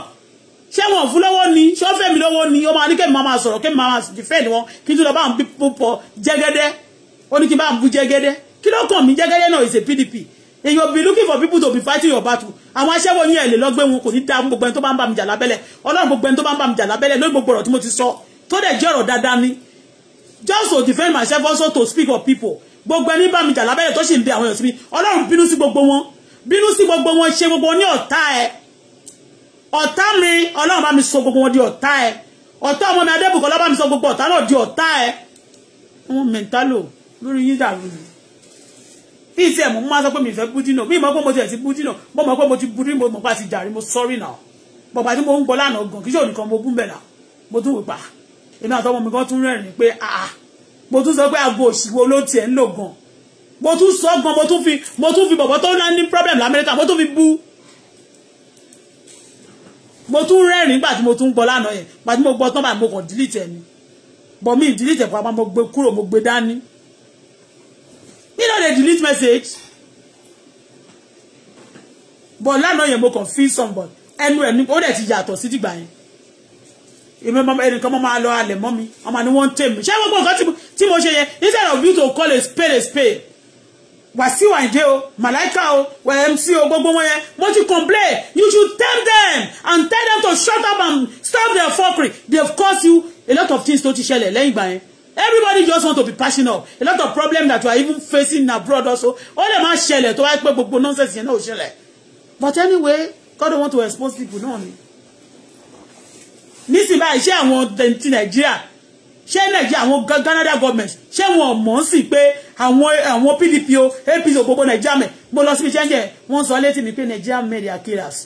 ṣé wọn fún lọ́wọ́ ni ṣé ó fẹ́ mi lọ́wọ́ ni ó máa ní kémi máa sọ̀rọ̀ kémi máa defend wọn kí n tún lọ bá àwọn pípọ̀ jẹ́gẹ́dẹ́ ó ní kí n bá bu jẹ́gẹ́dẹ́ kí ló kàn mí jẹ́gẹ́dẹ́ náà is a PDP èyí ò be looking for people to be fighting your battle àwọn aṣẹ́wó ní ẹ̀lẹ́ lọ́gbẹ́ wọn kò ní dá gbogbo ẹni tó bá ń bá mi jà lábẹ́lẹ̀ ọlọ́run gbogbo ẹni tó bá ń bá mi jà lábẹ́lẹ̀ lórí gbogbo ọ̀rọ̀ tí mo ti sọ tó dẹ̀ jẹ́ ọ̀rọ̀ dáadáa ni just to defend myself also to speak for people gbogbo ẹni bá mi jà lábẹ́lẹ̀ tó sì ń bẹ àwọn èèyàn sí mi ọlọ́run bínú sí gbogbo wọn bínú sí gbogbo wọn ṣe gbogbo ní ọ̀tá ẹ ọ̀tá mi ọlọ́run bá mi sọ gbogbo wọn di ọ̀tá ẹ ọ̀tá ọmọ mi adébùkọ́ lọ́ bá mi sọ gbogbo ọ̀tá náà di ọ̀tá ẹ wọn mẹ́ntálò lórí yín dàrú bí ti ẹ̀ mọ̀ mo máa sọ pé mi fẹ́ bú dínà mi mọ̀ pé mo ti ẹ̀ ti bú dínà mo mọ̀ pé mo ti bú dínà mo mọ̀ pé a ti jàre mo sọ́rí nà bọ̀gbà tí mo ń gbọ́ lánàá gan kí ṣe ònìkan mo bú mbẹ̀ mo tún wò pa èmi àtọmọ mi gan tún rẹ́rìn pé ah mo tún sọ pé aago òṣìwò ló tiẹ̀ ń lò gan mo tún sọ gan mo tún fi mo tún fi bọ̀bọ̀ tó ní problem lamẹ́ríkà mo tún fi bú mo tún rẹ́rìn gbà tí mo tún gbọ́ lánàá yẹn gbà tí mo gbọ́ tán báyìí mo kàn delete ẹ̀ ni bọ̀ mi delete ẹ̀ pàápàá mo gbé kúrò mo gbé dání you know they delete message but lánàá yẹn mo kàn somebody Anyway, all that ó dẹ̀ ti yàtọ̀ sí dìgbà come on, my lawyer, mommy, I'm lọ alẹ̀ mọ́ mi ọmọ go? wọ́n ń tẹ̀ instead of you to call a spade a spade Wasiu Ayinde o Malaika o MC o gbogbo wọn yẹn mo ti complain you should tell them and tell them to shut up and stop their fuckery they have caused you a lot of things tó ti ṣẹlẹ̀ lẹ́yìn ìgbà yẹn everybody just want to be passionate a lot of problems that we are even facing abroad also All them are ṣẹlẹ̀ To wáyé people, nonsense you know ò but anyway God don't want to expose people náà ni nísìnyí báyìí ṣé àwọn ti Nigeria. ṣé Nigeria àwọn Canada government ṣé wọn mọ̀ ọ́n sì pé àwọn àwọn PDP o APC gbogbo nàìjíríà mẹ́ mo lọ síbi ṣẹ́ńjẹ̀ wọ́n sọ létí mi pé nàìjíríà mẹ́rin akérasì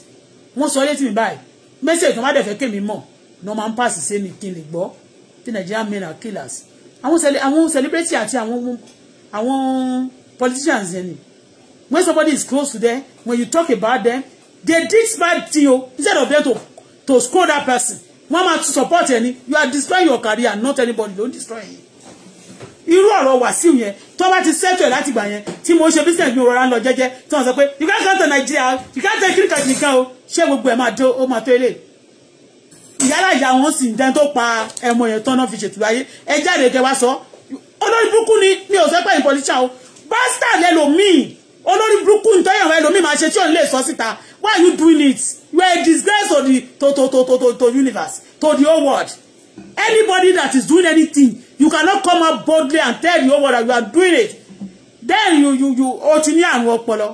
wọ́n sọ létí mi báyìí mẹ́sẹ̀ẹ́ tó má dẹ̀ fẹ́ kémi mọ̀ ní wọ́n máa ń pàṣẹ sí mi kí n lè gbọ́ pé nàìjíríà àwọn celebrity àti àwọn àwọn politicians yẹn ni when somebody is close to them when you talk about them they despise thing o instead of them to to score that person wọ́n máa to support ẹni you are destroying your career not anybody don destroy you irú ọ̀rọ̀ Wàsíù yẹn tó bá ti settle ẹ̀ láti gbà yẹn tí mo ṣe business mi rọra ń lọ jẹ́jẹ́ tí wọ́n sọ pé you can't come to Nigeria you can't take cricket nìkan o ṣé gbogbo ẹ̀ máa tó ó máa tó eléyìí ìyálà ìyá wọn sì ń jẹun tó pa ẹmọ yẹn tán náà fi ṣètùlù ayé ẹ jáde kẹ wá sọ olórí burúkú ni mi ò sẹ́pẹ̀ ní pọlítíà o básítà lẹ́lòmíì olórí burúkú ní tọ́yàwó ẹlòmíì máa ṣe tí òun lè sọ síta why you doing it you are a disgrace to the to to to to to, to universe to the whole world anybody that is doing anything you cannot come out boldly and tell the whole world that you are doing it then you you you o ti ní àrùn ọpọlọ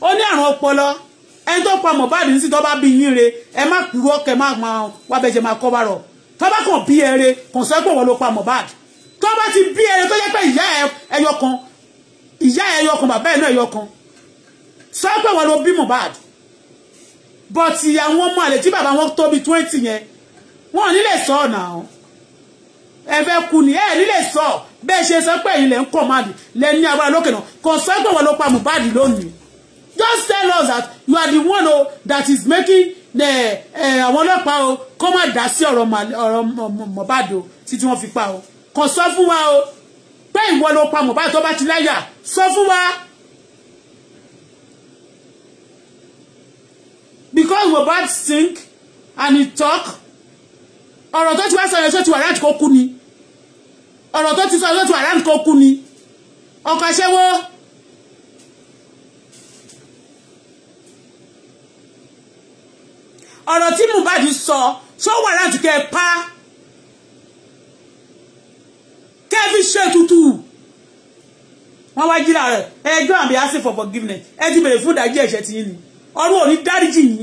o ní àrùn ọpọlọ ẹni tó pa Mohbad ní sí tó bá bí yín re ẹ má kú ọkẹ má máa wá bẹ jẹ máa kọ́ bá rọ̀ tó bá kàn bí ẹrẹ kàn sọ pé wọn ló pa Mohbad tó bá ti bí ẹrẹ tó jẹ́ pé ìyá ẹyọ kan ìyá ẹyọ kan bàbá ẹ̀ náà ẹyọ kan sọ pé wọn ló bí Mohbad but àwọn ọmọ àlè tí bàbá wọn tó bí twenty yẹn wọn ò ní lè sọ ọ̀nà àwọn ẹ fẹ́ kú ni ẹ sọ bẹ́ẹ̀ ṣe sọ pé ẹ̀yin lẹ́ ń kọ̀ máa lẹ́ ní agbára lókè náà kàn sọ pé wọn ló pa Mohbad lónìí just tell us that you are the one oh that is making the eh, àwọn ọlọ́pàá o oh, kó má dá sí ọ̀rọ̀ Mohbad o oh, títí wọ́n fi pa o oh. kàn sọ fún wa o pé ìwọ ló pa Mohbad tó bá ti láyà sọ fún wa. because Mohbad think and he talk ọ̀rọ̀ tó ti wá sọ̀rọ̀ tó ti wà láti kó kú ni ọ̀rọ̀ tó ti sọ̀rọ̀ tó ti wà láti kó kú ni ọkọ̀ ṣẹ́wó. ọ̀rọ̀ tí Mohbad sọ ṣó wà láti kẹ́ pa kẹ́ fi ṣe tutù wọ́n wá jí láàárọ̀ ẹjọ́ àmì àṣẹ for forgiveness ẹ ti bèrè fún ìdájí ẹ̀ṣẹ̀ tí yín ni ọ̀run ò dáríjì yín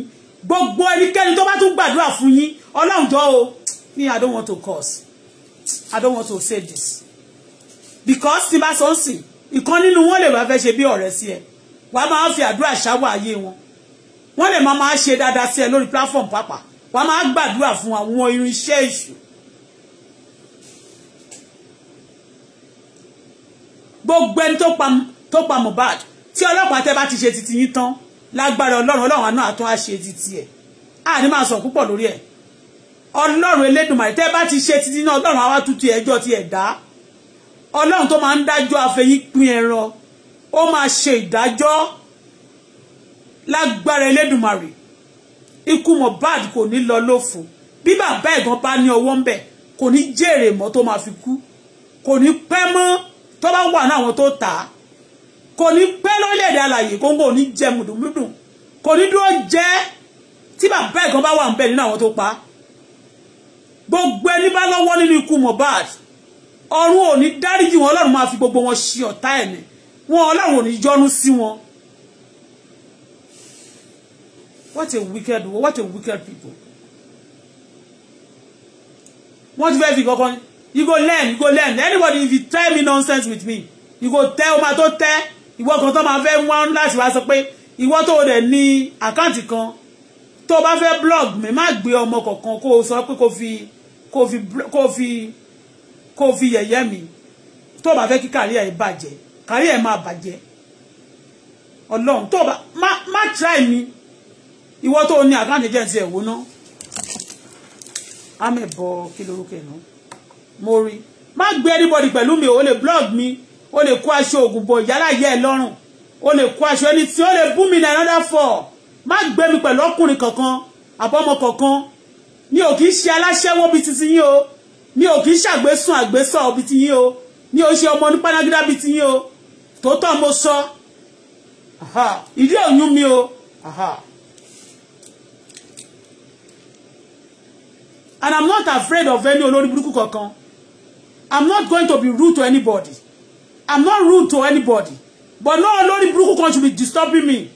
gbogbo ẹnikẹ́ni tó bá tún gbàdúrà fún yín ọlọ́run jọ o me i don't want to cause. i don't want to say this because tí bá sọ ń sìn ìkan nínú wọn lè wá fẹ́ ṣe bí ọ̀rẹ́ sí ẹ wàá máa fi àdúrà ṣáwọ́ ayé wọn wọ́n lè máa máa ṣe dáadáa sí ẹ lórí platform pápá wọ́n máa gbàdúrà fún àwọn irinṣẹ́ ìṣù gbogbo ẹni tó pa Mohbad tí ọlọ́pàá tẹ́ bá ti ṣe titi yín tán lágbára ọlọ́run ọlọ́run náà tó á ṣe titi ẹ̀ a ní máa sọ púpọ̀ lórí ẹ̀ ọlọ́run elédùnmarè tẹ́ bá ti ṣe titi náà ọlọ́run àwa tutù ẹjọ́ ti ẹ̀ dá ọlọ́run tó máa ń dájọ́ afẹ́yín pín ẹran ó máa ṣe ìdájọ́ lágbára Elédùmarè ikú Mohbad kò ní lọ lófo bí bàbá ẹ̀gbọ́n bá ní ọwọ́ ń bẹ̀ kò ní jèrè mọ́ tó máa fi kú kò ní pẹ́ mọ́ tó bá wà náwọn tó tà á kò ní pẹ́ lórílẹ̀‐èdè alàyè kóńgò ní jẹ mùdùmùdùn kò ní dúró jẹ́ tí bàbá ẹ̀gbọ́n bá wà ń bẹ̀ nínú àwọn tó pa á gbogbo ẹni bá lọ́wọ́ nínú ikú Mohbad ọ̀run ò ní dáríjì wọn ọlọ́run máa fi gbogbo wọn ṣe ọ̀tá ẹ̀ ni wọn ọlọ́run ò ní jọ́nú sí wọn What a wicked, what a wicked people. What if you go on? You go learn, you go learn. Anybody, if you tell me nonsense with me, you go tell ma tó tẹ́, ìwọ kan tó máa fẹ́ wọ́n láti wá sọ pé ìwọ tó dẹ̀ ní àkáǹtì kan tó bá fẹ́ blog me. má gbé ọmọ kọ̀ọ̀kan kó o sọ pé kó fi kó fi kó fi kó fi yẹ̀yẹ́ mi tó bá fẹ́ kí kárí ẹ̀ bàjẹ́ kárí ẹ̀ ma bàjẹ́ ọlọ́run tó bá má try me ìwọ tó ní àkáǹtì jẹ́ ti ẹ̀wò náà amẹ̀bọ kí lorúkọ ẹ̀ náà mo rí má gbé anybody pẹ̀lú mi o lè blog mi o lè kó aṣọ ògùn bọ̀ yálà yẹ ẹ lọ́rùn o lè kó aṣọ ẹni tí o lè bú mi ní another four má gbé mi pẹ̀lú ọkùnrin kankan àbọ̀mọ kankan mi ò kì í ṣe aláṣẹ́wó bíi titi yín o mi ò kì í ṣàgbésùn àgbésọ̀ bíi ti yín o mi ò ṣe ọmọ ní panagídá bíi ti yín o tòótọ́ mo sọ ìdí òyún mi o. Aha. and i'm not afraid of any olórí burúkú kankan i'm not going to be rude to anybody i'm not rude to anybody but no olórí burúkú kan should be disturbing me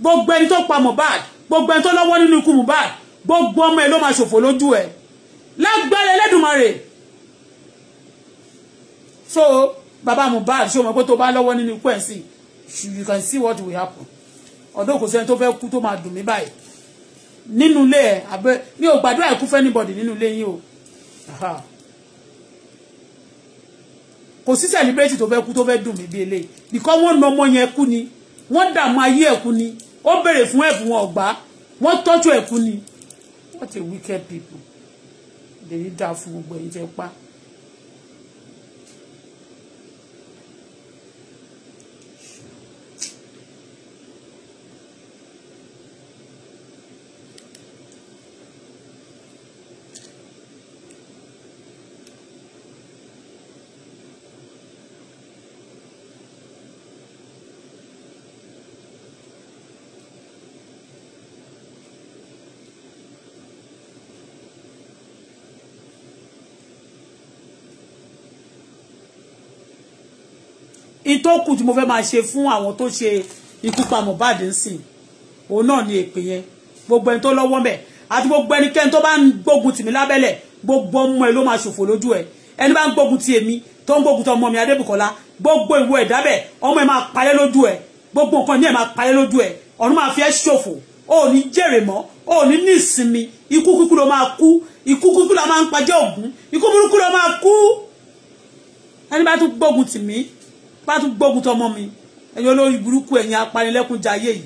gbogbo ẹni tó pa Mohbad gbogbo ẹni tó lọ́wọ́ nínú ikú Mohbad gbogbo ọmọ ẹ ló máa ṣòfò lójú ẹ lágbára Ẹlẹ́dùmarè so baba Mohbad ṣé o mọ̀ pé tó bá lọ́wọ́ nínú ikú ẹ̀ sí you can see what will happen ọ̀dọ́ kò sẹ́ni tó fẹ́ kú tó máa dùn mí báyìí nínú ilé ẹ̀ àbẹ mi ò gbàdúrà ikú fẹ́ anybody nínú ilé yín o kò sí celebrate tó fẹ́ kú tó fẹ́ dùn mí bí eléyìí because wọ́n na ọmọ yẹn kú ni wọ́n dààmú ayé ẹ̀ kú ni ó béèrè fún ẹ̀bùn wọn ọ̀gbá wọ́n tọ́jú ẹ̀ kú ni what a wicked people lèyí dáa fún gbogbo ẹ̀yin tẹ́ pa. in tó kù tí mo fẹ́ máa ṣe fún àwọn tó ṣe ikú pa Mohbad nsìn òun náà ni èpè yẹn gbogbo ẹni tó lọ́wọ́ mẹ́ àti gbogbo ẹnikẹ́ni tó bá ń gbógun tì mí lábẹ́lẹ̀ gbogbo ọmọ ẹ ló máa ṣòfò lójú ẹ ẹni bá ń gbógun ti èmi tó ń gbógun ti ọmọ mi Adébùkọ́lá gbogbo ìwọ ẹ̀dábẹ̀ ọmọ ẹ máa payẹ́ lójú ẹ gbogbo nǹkan ní ẹ máa payẹ́ lójú ẹ ọ̀run máa fi ẹ́ ṣòfò ó ní jèrè mọ́ ó ní ní ìsinmi ikú kúkú ló máa kú ikú kúkú la máa ń pajẹ́ ògún ikú burúkú ló máa kú ẹni bá tún gbógun tì mí bá tún gbógun tọmọ mi ẹ̀yin olórí burúkú ẹ̀yin apanilẹ́kúnjayé yìí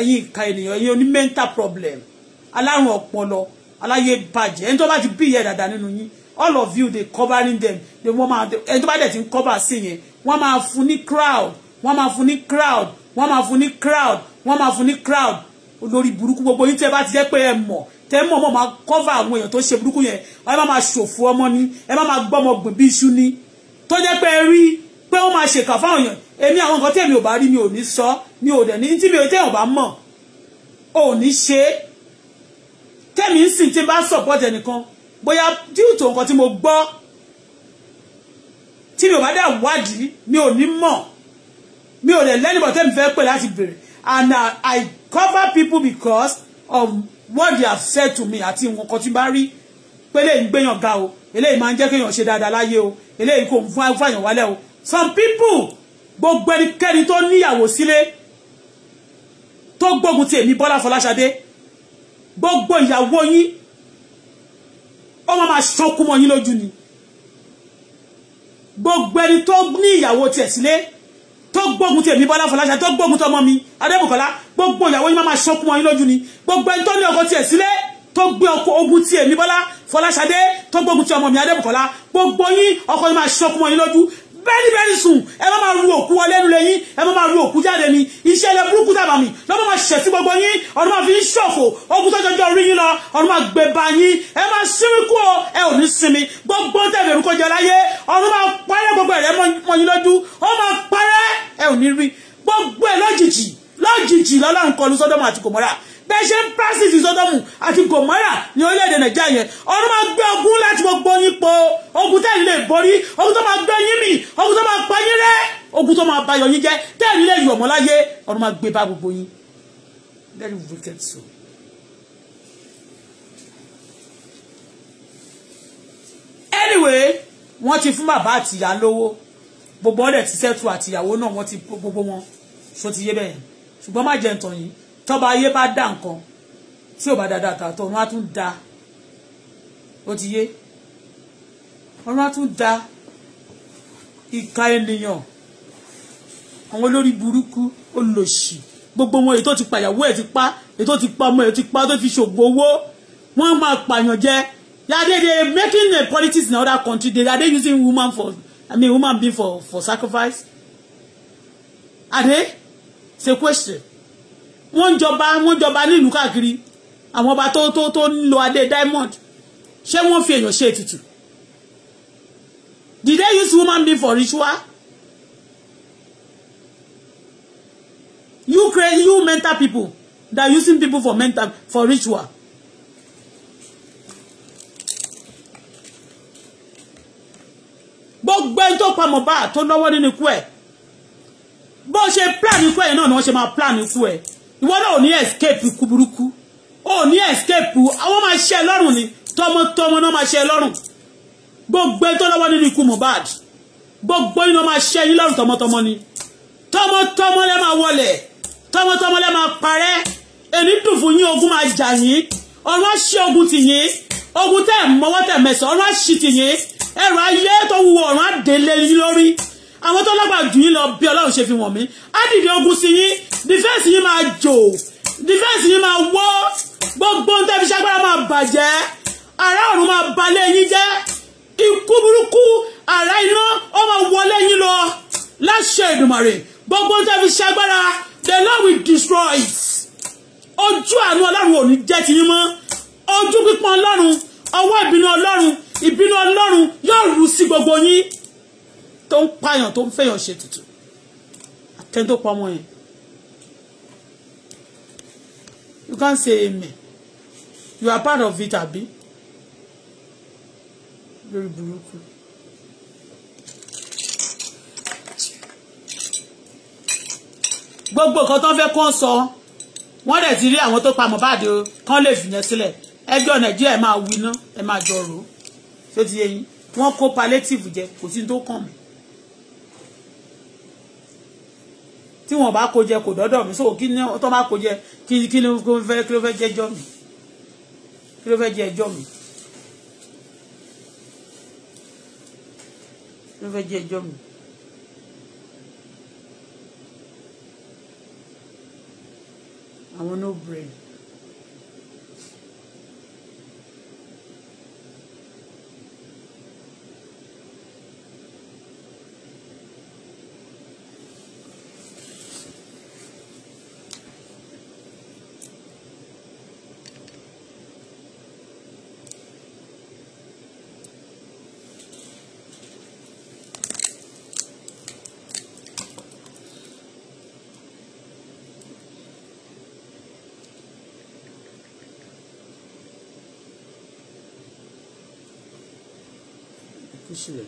ẹ̀yin ìka ènìyàn ẹ̀yin oní mental problem alárùn ọpọlọ aláyé bàjẹ́ ẹni tó bá ti bí ìyá dàda nínú yín all of you dey covering them they wọ́n máa ẹni tó bá dẹ̀ ti ń cover sí yẹn wọ́n máa fún ní crowd wọ́n máa fún ní crowd wọ́n máa fún ní crowd wọ́n máa fún ní crowd olórí burúkú gbogbo yín tẹ́ bá ti jẹ́ pé ẹ mọ̀ tẹ́ mọ̀ mọ̀ máa cover àwọn èèyàn tó ṣe burúkú yẹn ẹ má máa ṣòfò ọmọ ni ẹ má máa gbọ́mọ gbìn bí iṣu ni tó jẹ́ pé ẹ rí pé ó máa ṣèkà fáwọn èèyàn èmi àwọn nǹkan tí èmi ò bá rí mi ò ní sọ mi ò dẹ̀ ní tí mi ò tẹ́yàn bá mọ̀ ò ní ṣe é tẹ́mi ń sìn tí bá support ẹnìkan bóyá due to nǹkan tí mo gbọ́ tí mi ò bá dà wádìí mi ò ní mọ̀ mi ò dẹ̀ lẹ́nìbọ̀ tẹ́mi fẹ́ pè láti bèrè and uh, I cover people because of what they have said to me àti nǹkan tí bá rí pé lè ń gbéyàn ga o eléyìí máa ń jẹ́ kéèyàn ṣe dáadáa láyé o eléyìí kò ń fún àyàn o some people gbogbo ẹnikẹ́ni tó níyàwó sílé tó gbógun ti èmi Bọ́lá Fọláṣadé gbogbo ìyàwó yín ó máa máa ṣọkú mọ́ yín lójú ni gbogbo ẹni tó ní ìyàwó tiẹ̀ sílé tó gbógun ti èmi Bọ́lá Fọláṣadé tó gbógun tọmọ mi Adébùkọ́lá gbogbo ìyàwó yín máa máa ṣọkú mọ́ yín lójú ni gbogbo ẹni tó ní ọkọ tiẹ̀ sílé tó gbé ọkọ ogun ti èmi Bọ́lá Fọláṣadé tó gbógun ti ọmọ mi Adébùkọ́lá gbogbo yín ọkọ yín máa ṣọkú yín lójú very very soon ẹ má máa ru òkú wọlé ẹnu lẹ́yìn ẹ má máa ru òkú jáde ni iṣẹ́ ilẹ̀ burúkú tàbà mi lọ́mọ máa ṣẹ̀ sí gbogbo yín ọdún máa fi ń ṣòfò ogun tó jọjọ orí yín lọ ọdún máa gbé ba yín ẹ máa sinmi kú o ẹ ò ní sinmi gbogbo tẹ̀lé orúkọ jẹ láyé ọdún máa parẹ́ gbogbo ẹ̀rẹ́ mọ́ yín lójú ó máa parẹ́ ẹ ò ní rí gbogbo ẹ̀ lójijì lójijì lọ́lọ́run kọlu sọ́dọ̀mù àti kòmọ́ra bẹ́ẹ̀ ṣe ń practice ìsọdọ́mù àti gòmọ́rà ní orílẹ̀-èdè nàìjíríà yẹn ọdún máa gbé ogun láti gbogbo yín po ogun tẹ́ẹ̀ lè borí ogun tó máa gbé yín mì ogun tó máa pa yín rẹ́ ogun tó máa bayọ̀ yín jẹ́ tẹ́ẹ̀ lè yọ̀ mọ́ láyé ọdún máa gbé bá gbogbo yín very wicked soul. anyway wọ́n ti fún bàbá àtìyá lówó gbogbo ọ̀rẹ́ ti sẹ́tù àtìyàwó náà wọ́n ti gbogbo wọn so ti yé bẹ́ẹ̀ ṣùgbọ́n má jẹ́ ntọ̀yìn tọ́ba ayé bá dá nǹkan tí ò bá dáadáa tà tọ̀run á tún da ó ti yé ọ̀run á tún da ìka ènìyàn àwọn olórí burúkú olòṣì gbogbo wọn èyí tó ti pàyàwó ẹ̀ ti pa èyí tó ti pa ọmọ ẹ̀ ti pa tó fi ṣògbó owó wọ́n máa pààyàn jẹ yàtọ̀ they making a politics in other country they are they using woman for I mean woman being for for sacrifice are they it's a question wọ́n jọba wọ́n jọba nílùú káàkiri àwọn ọba tó tó tó ń lo adé diamond ṣé wọ́n fi èèyàn ṣe ètùtù did they use woman being for ritual you crazy you mental people that using people for mental for ritual gbogbo ẹni tó pa Mohbad tó lọ́wọ́ nínú ikú ẹ̀ bó ṣe plan ikú ẹ̀ náà ni wọ́n ṣe máa plan ikú ẹ̀ ìwọ náà ò ní escape ikú burúkú ò ní escape àwọn máa ṣe lọ́rùn ni tọmọtọmọ náà máa ṣe lọ́rùn gbogbo tó lọ́wọ́ nínú ikú Mohbad gbogbo iná máa ṣe yín lọ́rùn tọmọtọmọ ni tọmọtọmọ lẹ máa wọlẹ̀ tọmọtọmọ lẹ máa parẹ́ èmi dùn fún yín ogun máa jà yín ọ̀run á ṣe ogun tì yín ogun tẹ̀ mọ́wọ́ tẹ̀ mẹ̀sán ọ̀run á ṣì tì yín ẹrù ayé tó wù ọ̀run á délé yín lórí àwọn tó lágbà jù yín lọ bí ọlọ́run ṣe fi wọ̀n mí á dìde ogun sí yín dìfẹ́ǹsì yín máa jò dìfẹ́ǹsì yín máa wọ́ gbogbo ń tẹ́bi ṣágbára máa bàjẹ́ ará ọ̀run máa balẹ̀ yín jẹ́ ikú burúkú ará iná ó máa wọlé yín lọ láṣẹ Èdùmàrè gbogbo ń tẹ́bi ṣágbára the Lord will destroy it ojú àánú ọlọ́run ò ní jẹ́ ti yín mọ́ ojú pípọ́n ọlọ́run ọwọ́ ìbínú ọlọ́run ìbínú ọlọ́run yóò rú sí gbogbo yín tó ń pààyàn tó ń fẹ́yàn ṣe tutù àtẹ́ni tó pa yẹn you can say amen you are part of it àbí lórí burúkú. gbogbo nǹkan tó ń fẹ́ kó ń sọ wọ́n dẹ̀ ti rí àwọn tó pa Mohbad o kán lè fìyàn sílẹ̀ ẹjọ́ nàìjíríà ẹ̀ máa winá ẹ̀ máa jọ rò ó tó ti yẹ yín wọ́n kó palliative jẹ kò sí tó kàn mí. tí wọ́n bá kó jẹ kò dọ́dọ̀ mi so kí ni tó bá kó jẹ kí kí ló fẹ́ kí ló fẹ́ jẹ ẹjọ́ mi kí ló fẹ́ jẹ ẹjọ́ mi kí ló fẹ́ jẹ ẹjọ́ mi. àwọn no brain. 是的。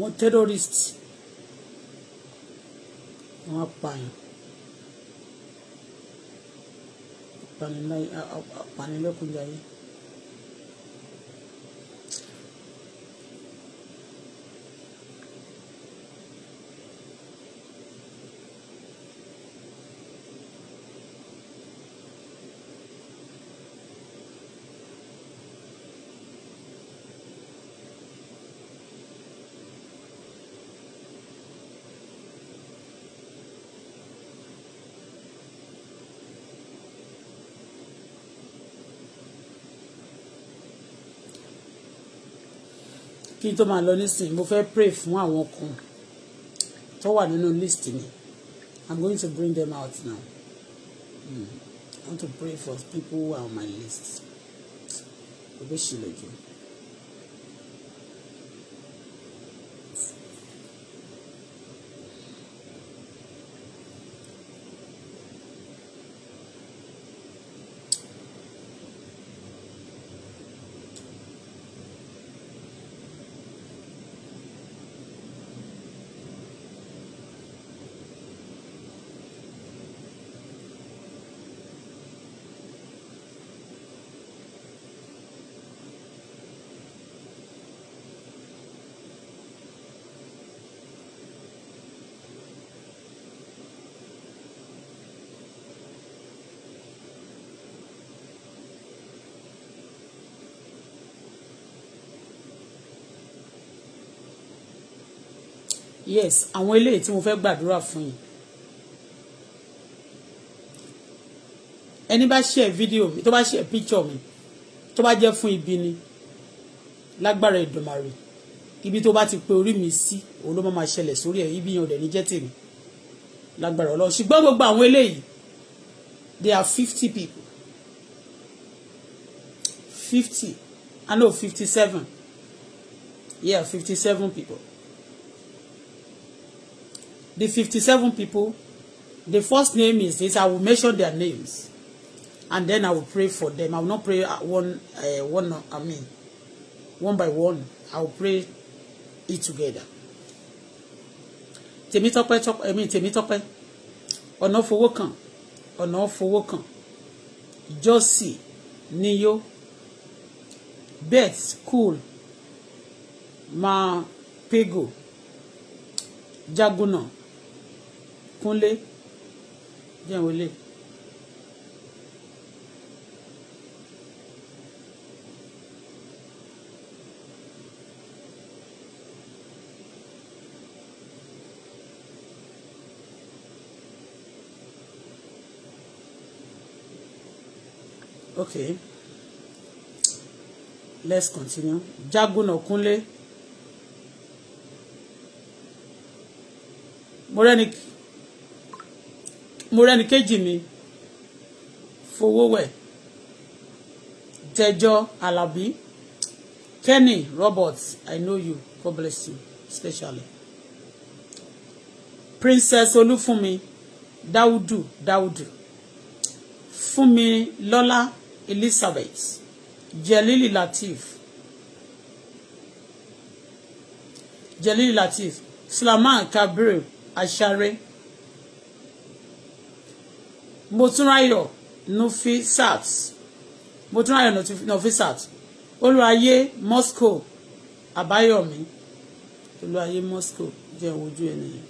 àwọn terrorist àwọn apààyàn apanilẹ́kùnjayé. kí n tó máa lọ nísìnyí mo fẹ́ pray fún àwọn kan tó wà nínú list mi I'm going to bring them out now mm. I want to pray for people who are on my list. Obe Shiloju. yes àwọn eléyìí tí mo fẹ́ gbàdúrà fún yìí ẹni bá share fídíò mi tó bá share picture mi tó bá jẹ́ fún ibi ni lágbára ìdùnmàrè ibi tó bá ti pe orí mi sí òun ló máa ṣẹlẹ̀ sórí ẹ̀ ibi yẹn ò dẹ̀ ní jẹ́ tèmi lágbára ọlọ́run ṣùgbọ́n gbogbo àwọn eléyìí they are fifty people fifty i know fifty seven yeah fifty seven people the 57 people, the first name is this. I will mention their names. And then I will pray for them. I will not pray uh, one, uh, one I mean, one by one. I will pray it together. Tèmítọ́pẹ́ tọ́pẹ́ I mean Tèmítọ́pẹ́ ọ̀nà fowó kan ọ̀nà fowó kan Josie Niyo Beth Cool Ma Pego Jaguna kúnlé jẹun olè. okay let's continue jagunna kúnlé mo rẹ́ni mo rẹ́ni kejì mi Fowówẹ̀ Tẹ́jọ́ Alábí Kenny Roberts I know you God bless you especially Princess Olúfúnmi Dáúdù Dáúdù Fúnmi Lọ́lá Elizabeth Jelili Latif Jelili Latif Sulaiman Kabir Ashare. Motúnráyọ̀ Nufisat Motúnráyọ̀ Nufisat Olúwayé Moscow Àbáyọ̀mí Olúwayé Moscow jẹ́ ojú ènìyàn.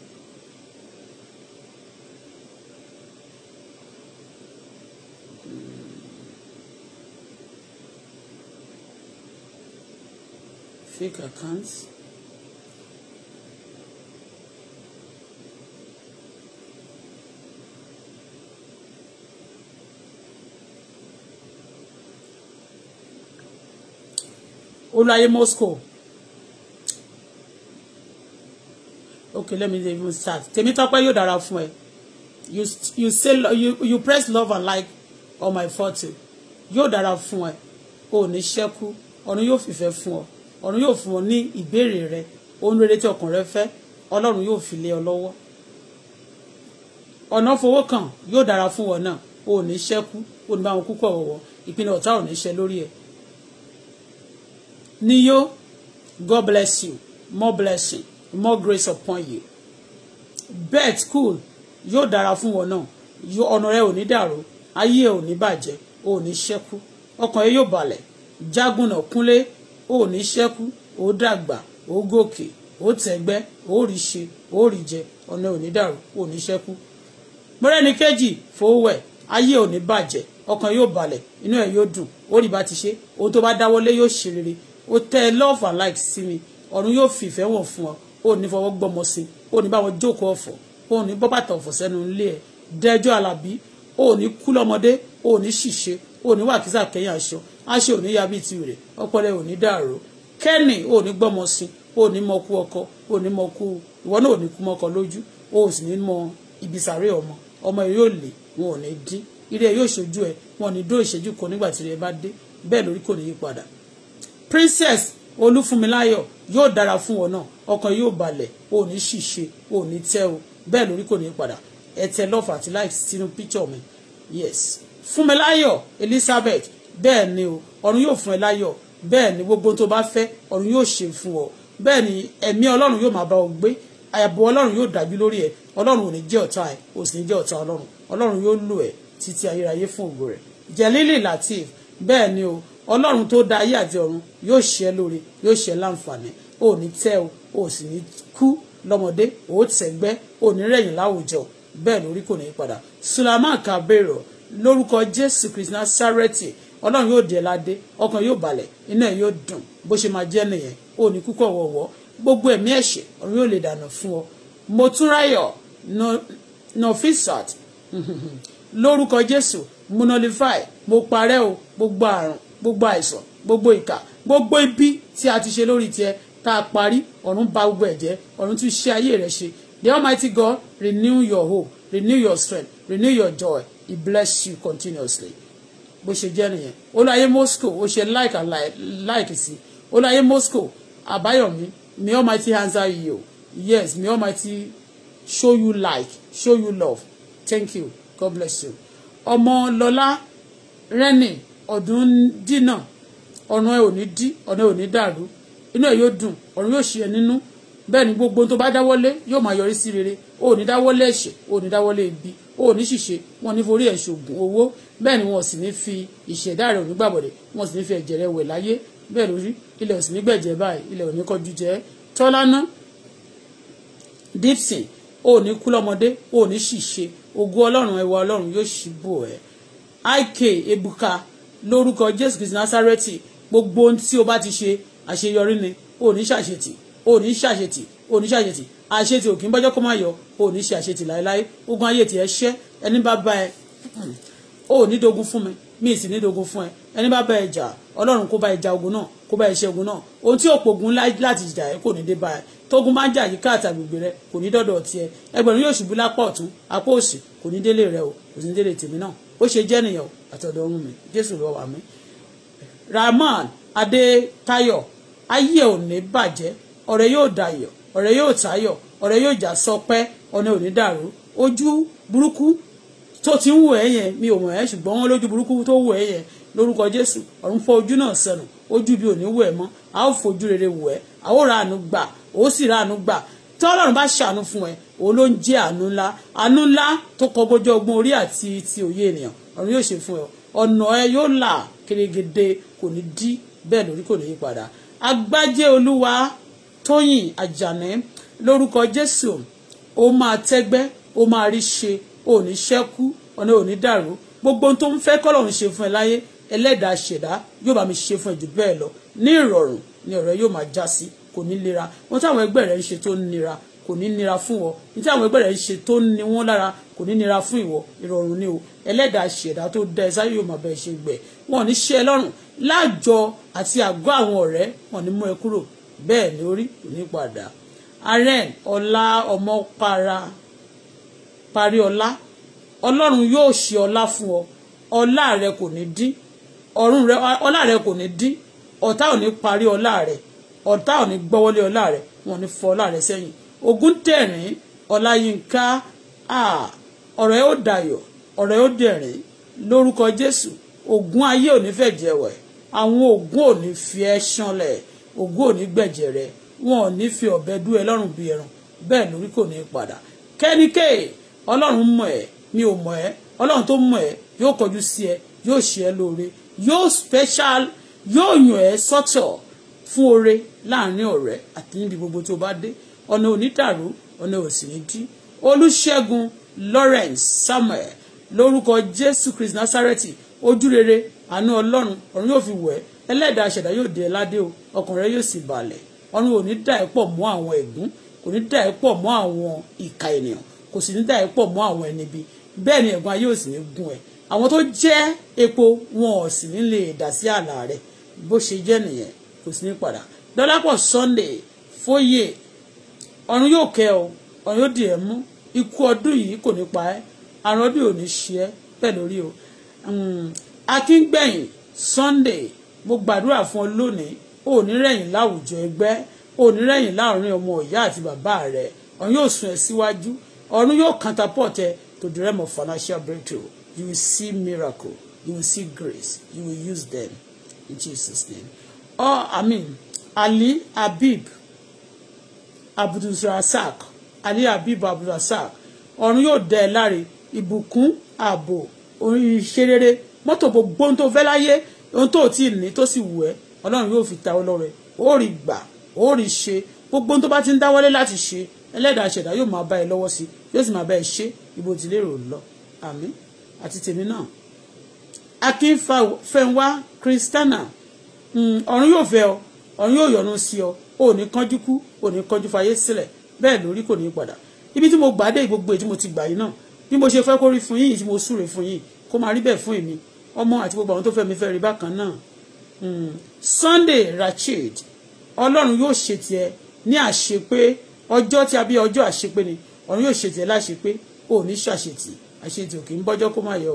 fake accounts Olaye Moscow. Okay, let me even start. Temitope yóò dára fún ẹ. You you say you you press love and like on my photo. Yóò dára fún ẹ. O ní ṣẹ́kù. Ọ̀run yóò fìfẹ́ fún o Ọ̀run yóò fún ọ ní ìbéèrè rẹ. Ohun rere tí ọkàn rẹ fẹ́. Ọlọ́run yóò fi lé ọ lọ́wọ́. Ọ̀nà kan yóò dára fún ọ náà. O ní ṣẹ́kù. O ní bá wọn kúkọ̀ ọ̀wọ́. Ìpinnu ọ̀tá ò ní ṣẹ lórí ẹ̀. Niyo, God bless you. More blessing, more grace upon you. Bet cool, yóò dára fún wọn náà. Yóò ọ̀nà rẹ ò ní dàrú, ayé ò ní bàjẹ́, ò ní ṣẹ́kù. Ọkàn yóò balẹ̀, jágùnà kúnlé, ò ní ṣẹ́kù, ó dàgbà, ó gòkè, ó tẹ̀gbẹ́, ó rí ṣe, ó rí jẹ, ọ̀nà ò ní dàrú, ò ní ṣẹ́kù. Mọ́rẹ́ni kejì fowówẹ̀, ayé ò ní bàjẹ́, ọkàn yóò balẹ̀, inú ẹ̀ yóò dùn, ó rí bá ti ṣe, ohun tó bá dáwọ́lé ó tẹ love and like sí mi ọ̀run yóò fi ìfẹ́ wọ̀ fún ọ ó ní fọwọ́ gbọmọ sí ó ní báwọn jókòó ọ̀fọ̀ ó ní bọ́ bàtà ọ̀fọ̀ sẹ́nu ilé ẹ̀ dẹ́jọ́ alábí ó ní kú lọ́mọdé ó ní ṣìṣe ó ní wàkísà kẹ́yìn aṣọ aṣọ òní yabi ti rẹ̀ ọpọlẹ òní dàrú kẹ́nì ó ní gbọmọ sí ó ní mọ kú ọkọ ó ní mọ kú ìwọ náà ò ní kú mọkọ lójú ó sì ní mọ ibisàrẹ́ ọmọ ọmọ yóò lè wọn ò ní dín ire yóò ṣojú ẹ wọn ò ní dó ìṣẹ́jú kan nígbà tí ire bá dé bẹ́ẹ̀ lórí kò ní yí padà princess olúfúnmiláyọ̀ yóò dára fún ọ náà ọkàn yóò balẹ̀ ò ní ṣìṣe ò ní tẹ́ o bẹ́ẹ̀ lórí kò ní padà ẹ tẹ love àti like sínú picture mi yes fúnmiláyọ̀ elizabeth bẹ́ẹ̀ ni o ọ̀run yóò fún ẹ láyọ̀ bẹ́ẹ̀ ni gbogbo tó bá fẹ́ ọ̀run yóò ṣe fún ọ bẹ́ẹ̀ ni ẹ̀mí ọlọ́run yóò máa bá ọ gbé ààbò ọlọ́run yóò dájú lórí ẹ ọlọ́run ò ní jẹ́ ọ̀tá ẹ ò sì ní jẹ́ ọ̀tá ọlọ́run ọlọ́run yóò lò ẹ títí ayérayé fún ògo rẹ̀ jẹ́lílì latif bẹ́ẹ̀ ni o ọlọ́run tó dá ayé àti ọ̀run yóò ṣe é lóore yóò ṣe é láǹfààní ò ní tẹ́ o ò sì ní kú lọ́mọdé ò tẹ̀gbẹ́ ò ní rẹ̀yìn láwùjọ bẹ́ẹ̀ lórí kò ní í padà Sulaiman Kabero lórúkọ Jésù Kristi Násárẹ́tì ọlọ́run yóò dé ládé ọkàn yóò balẹ̀ iná ẹ̀ yóò dùn bó ṣe máa jẹ́ nìyẹn ò ní kúkọ̀ wọ̀wọ́ gbogbo ẹ̀mí ẹ̀ṣẹ̀ ọ̀run yóò lè dànù fún ọ Motúnráyọ̀ Nofisat lórúkọ Jésù Munolify mo parẹ́ o gbogbo àrùn gbogbo àìsàn gbogbo ìkà gbogbo ibi tí a ti ṣe lórí tiẹ̀ tá a parí ọ̀run bà gbogbo ẹ̀ ọ̀run tún ṣe ayé rẹ̀ ṣe the almighty god renew your hope renew your strength renew your joy he bless you continuously bó ṣe jẹ́ nìyẹn olùwàyé moscow ó ṣe like and like sí olùwàyé moscow àbáyọ̀mí may almighty answer you yes may almighty show you like show you love thank you god bless you ọmọ lọlá rẹ́nì ọ̀dún dínà ọ̀run ẹ ò ní dí ọ̀run ẹ ò ní dàrú inú ẹ yóò dùn ọ̀run yóò ṣe ẹ nínú bẹ́ẹ̀ ni gbogbo tó bá dáwọ́lé yóò máa yọrí sí rere o ò ní dáwọ́lé ẹ̀ṣẹ̀ o ò ní dáwọ́lé ibi o ò ní ṣìṣe wọn ní forí ẹ̀ṣẹ̀ ògùn owó bẹ́ẹ̀ ni wọn sì ní fi ìṣẹ̀dá rẹ̀ onígbàbọ̀dẹ̀ wọn sì ní fi ẹ̀jẹ̀ rẹ̀ wẹ̀ láyé bẹ́ẹ̀ lórí ilẹ̀ ò sì ní gbẹ̀jẹ̀ báyìí ilẹ̀ ò ní kọjú jẹ́ tọ́lánà dipsy o ò ní kú lọ́mọdé o ò ní ṣìṣe ògo ọlọ́run ẹwà ọlọ́run yóò ṣì ebuka lórúkọ jésù kristu násárẹ́tì gbogbo ohun tí o bá ti ṣe àṣeyọrí ni o ní ṣàṣetì o ní ṣàṣetì o ní ṣàṣetì àṣetì ò kí ń bọ́jọ́ kó má yọ o ní ṣe àṣetì láéláé ogun ayé tiẹ̀ ṣẹ́ ẹni bá bá ẹ o ní dogun fún mi mi sì ní dogun fún ẹ ẹni bá bá ẹ jà ọlọ́run kó bá ẹ jà ogun náà kó bá ẹ ṣẹ́gun náà ohun tí òpògun láti jà ẹ kò ní dé bá ẹ tógun bá ń jà yíká àtàgbègbè rẹ kò ní dọ́dọ̀ tiẹ̀ ẹgbẹ̀rún yóò ṣubú lápá ọ̀tún apá òsì kò ní délé rẹ o kò ní délé tèmi náà ó ṣe jẹ́ nìyẹn àtọ̀dọ̀ ọ̀run mi jésù ló wà mí rahman adétayọ̀ ayé ò ní bàjẹ́ ọ̀rẹ́ yóò dayọ̀ ọ̀rẹ́ yóò tayọ̀ ọ̀rẹ́ yóò jà sọpẹ́ ọ̀nà ò ní dàrú ojú burúkú tó ti ń wò ẹ́ yẹn mi ò mọ̀ ẹ́ ṣùgbọ́n wọ́n lójú burúkú tó wò ẹ́ yẹn lórúkọ jésù ọ̀run fọ́ ojú náà sẹ́nu ojú bí ò ní wò ẹ́ mọ́ a ó fojú rere wò ẹ́ a ó ra àánú gbà ó sì ra àánú gbà tọ́lọ́run bá ṣàánú fún ẹ òun ló ń jẹ́ àánú ńlá àánú ńlá tó kọ gbójú ọgbọ́n orí àti ti òye ènìyàn ọ̀run yóò ṣe fún ẹ ọ̀nà ẹ yóò là kérégede kò ní dí bẹ́ẹ̀ lórí kò ní yí padà agbájé olúwa tóyìn àjàní lórúkọ jésù ó máa tẹ́gbẹ́ ó máa rí ṣe ó ní ṣẹ́kú ọ̀nà ò ní dàrú gbogbo ohun tó ń fẹ́ kọ́lọ́run ṣe fún ẹ láyé ẹlẹ́dàá ṣẹ̀dá yóò bá mi ṣe fún ẹ jù bẹ́ẹ̀ lọ ní ìrọ̀rùn ni ọ̀rẹ́ yóò máa já sí kò ní lera ohun táwọn ẹgbẹ́ rẹ ń ṣe tó ń nira kò ní nira fún ìwọ ní tí àwọn ẹgbẹ́ rẹ̀ ń ṣe tó ní wọ́n lára kò ní nira fún ìwọ ìrọ̀rùn ni o ẹlẹ́dàá ṣẹ̀dá tó dá ẹ sáyé yóò máa bẹ̀ ṣe gbẹ̀ wọn ní ṣe ẹ lọ́rùn láàjọ àti àgọ́ àwọn ọ̀rẹ́ wọn ní mú ẹ kúrò bẹ́ẹ̀ ni orí kò ní padà aren ọlá ọmọ para parí ọlá ọlọ́run yóò ṣe ọlá fún ọ ọlá rẹ kò ní dín ọ̀run rẹ ọlá rẹ kò ní dín ọ̀tá ò ní parí ọlá rẹ ọ̀tá ò ní gbọ́wọ́lé ọlá rẹ wọn ní fọ ọlá rẹ sẹ́yìn Ogun Ọláyínká ọ̀rọ̀ ẹ ó dayọ̀ ọ̀rọ̀ ẹ ó dẹ̀rín lórúkọ Jésù ògún ayé ò ní fẹ̀jẹ̀ wẹ̀ àwọn ògún ò ní fi ẹ́ ṣanlẹ̀ ògún ò ní gbẹ̀jẹ̀ rẹ̀ wọn ò ní fi ọ̀bẹ dú ẹ lọ́rùn bí ẹran bẹ́ẹ̀ lórí kò ní padà kẹ́nikẹ́ ọlọ́run mọ̀ ẹ́ mi ò mọ̀ ẹ́ ọlọ́run tó mọ̀ ẹ́ yóò kọjú sí ẹ yóò ṣe ẹ́ lóore yóò special yóò yàn ẹ́ sọ́tọ̀ fún oore láàrin ọ̀rẹ́ àti níbi gbogbo tó bá dé ọ̀nà onídàrú ọ̀nà òsìnídí olùṣègùn lawrence samuel lórúkọ jésù Christ nasareti ojúrere àánú ọlọ́run ọ̀run yóò fi wẹ̀ ẹlẹ́dàá aṣẹ̀dá yóò dé ládé o ọkàn rẹ yóò sì balẹ̀ ọ̀run ò ní dà ẹ́ pọ̀ mọ́ àwọn ègún kò ní dà ẹ́ pọ̀ mọ́ àwọn ìka ènìyàn kò sì ní dà ẹ́ pọ̀ mọ́ àwọn ẹni bí bẹ́ẹ̀ ni ẹ̀gbọ́n ayé ò sì ní gún ẹ àwọn tó jẹ́ epo wọn ò sì ní lè dà sí àlà rẹ bó ṣe jẹ́ nìyẹn kò sì ní padà dọ́lápọ̀ sunday fóyè ọ̀run yóò kẹ́ ọ ọ̀run yóò dì ẹ́ mú ikú ọdún yìí kò ní pa ẹ́ àrùn ọdún yóò ní ṣe ẹ́ bẹ́ẹ̀ lórí o hmm, akíngbẹ̀yìn Sunday mo gbàdúrà fún ọ lónìí o ò ní rẹ̀yìn láwùjọ ẹgbẹ́ o ò ní rẹ̀yìn láàrin ọmọ ìyá àti bàbá rẹ ọ̀run yóò sún ẹ síwájú ọ̀run yóò counterport ẹ to the realm of financial breakthrough you will see miracle you will see grace you will use them in Jesus name oh I mean Ali Abib abdulrasaq ali habib abdulrasaq ọ̀run yóò dẹ ẹ láre ìbùkún ààbò ìṣerere mọ́tò gbogbo ohun tó fẹ́ láyé ohun tó tí ì ní tó sì wù ẹ́ ọlọ́run yóò fi ta ọlọ́rẹ ó rí gbà ó rí ṣe gbogbo ohun tó bá ti ń dáwọ́lé láti ṣe ẹlẹ́dàá ṣẹ̀dá yóò máa bá ẹ lọ́wọ́ sí yóò sì máa bá ẹ ṣe ibo tí lérò lọ àmín àti tèmi náà akin fẹ́ńwá kristana ọ̀run yóò fẹ́ ọ ọ̀run yóò yọ́nú sí ọ ò ní kánjú kú ò ní kánjú fayé sílẹ̀ bẹ́ẹ̀ lórí kò ní padà ibi tí mo gbà dé gbogbo èyí tí mo ti gbà yìí náà bí mo ṣe fẹ́ kó rí fún yìí tí mo súre fún yìí kó máa rí bẹ́ẹ̀ fún èmi ọmọ àti gbogbo àwọn tó fẹ́ mi fẹ́ rí bákan náà hmm. Sunday Rachid ọlọ́run yóò ṣe tiẹ̀ ní àṣepé ọjọ́ tí a bí ọjọ́ àṣepé ni ọ̀run yóò ṣe tiẹ̀ láṣepé ò ní ṣàṣetì àṣetì ò kì í bọ́jọ́ kó má yọ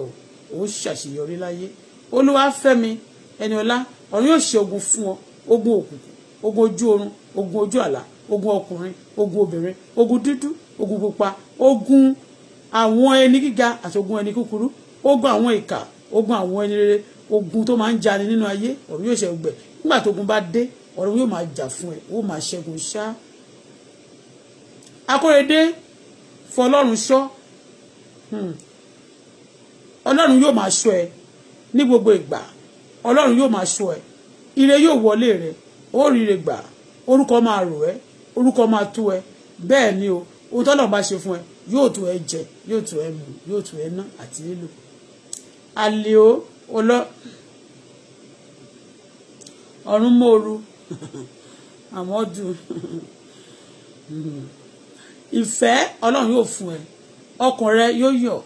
ò ó ṣàṣeyọrí láyé olúwa fẹ́mi ẹni ọlá ọ̀run yóò ṣe ogun fún ọ ogun òkùnkùn ogun ojú oorun ogun ojú àlá ogun ọkùnrin ogun obìnrin ogun dúdú ogun pupa ogun àwọn ẹni gíga àti ogun ẹni kúkúrú ogun àwọn ìkà ogun àwọn ẹni rere ogun tó máa ń jani nínú ayé ọ̀run yóò ṣe gbẹ nígbà tó ogun bá dé ọ̀run yóò máa jà fún ẹ ó máa ṣẹ́gun ṣá. akóredé fọlọ́run ṣọ́ hmm. ọlọ́run yóò máa ṣọ́ ẹ ní gbogbo ìgbà ọlọ́run yóò máa ṣọ́ ẹ ire yóò wọlé rẹ ó rire gbà orúkọ máa rò ẹ́ orúkọ máa tú ẹ bẹ́ẹ̀ ni o ohun tọ́lọ̀ bá ṣe fún ẹ yóò tó ẹ jẹ yóò tó ẹ mu yóò tó ẹ ná àti lílo àlè o ọlọ ọ̀run mòoru àmọ́ dùn ìfẹ́ ọlọ́run yóò fún ẹ ọkàn rẹ yóò yọ̀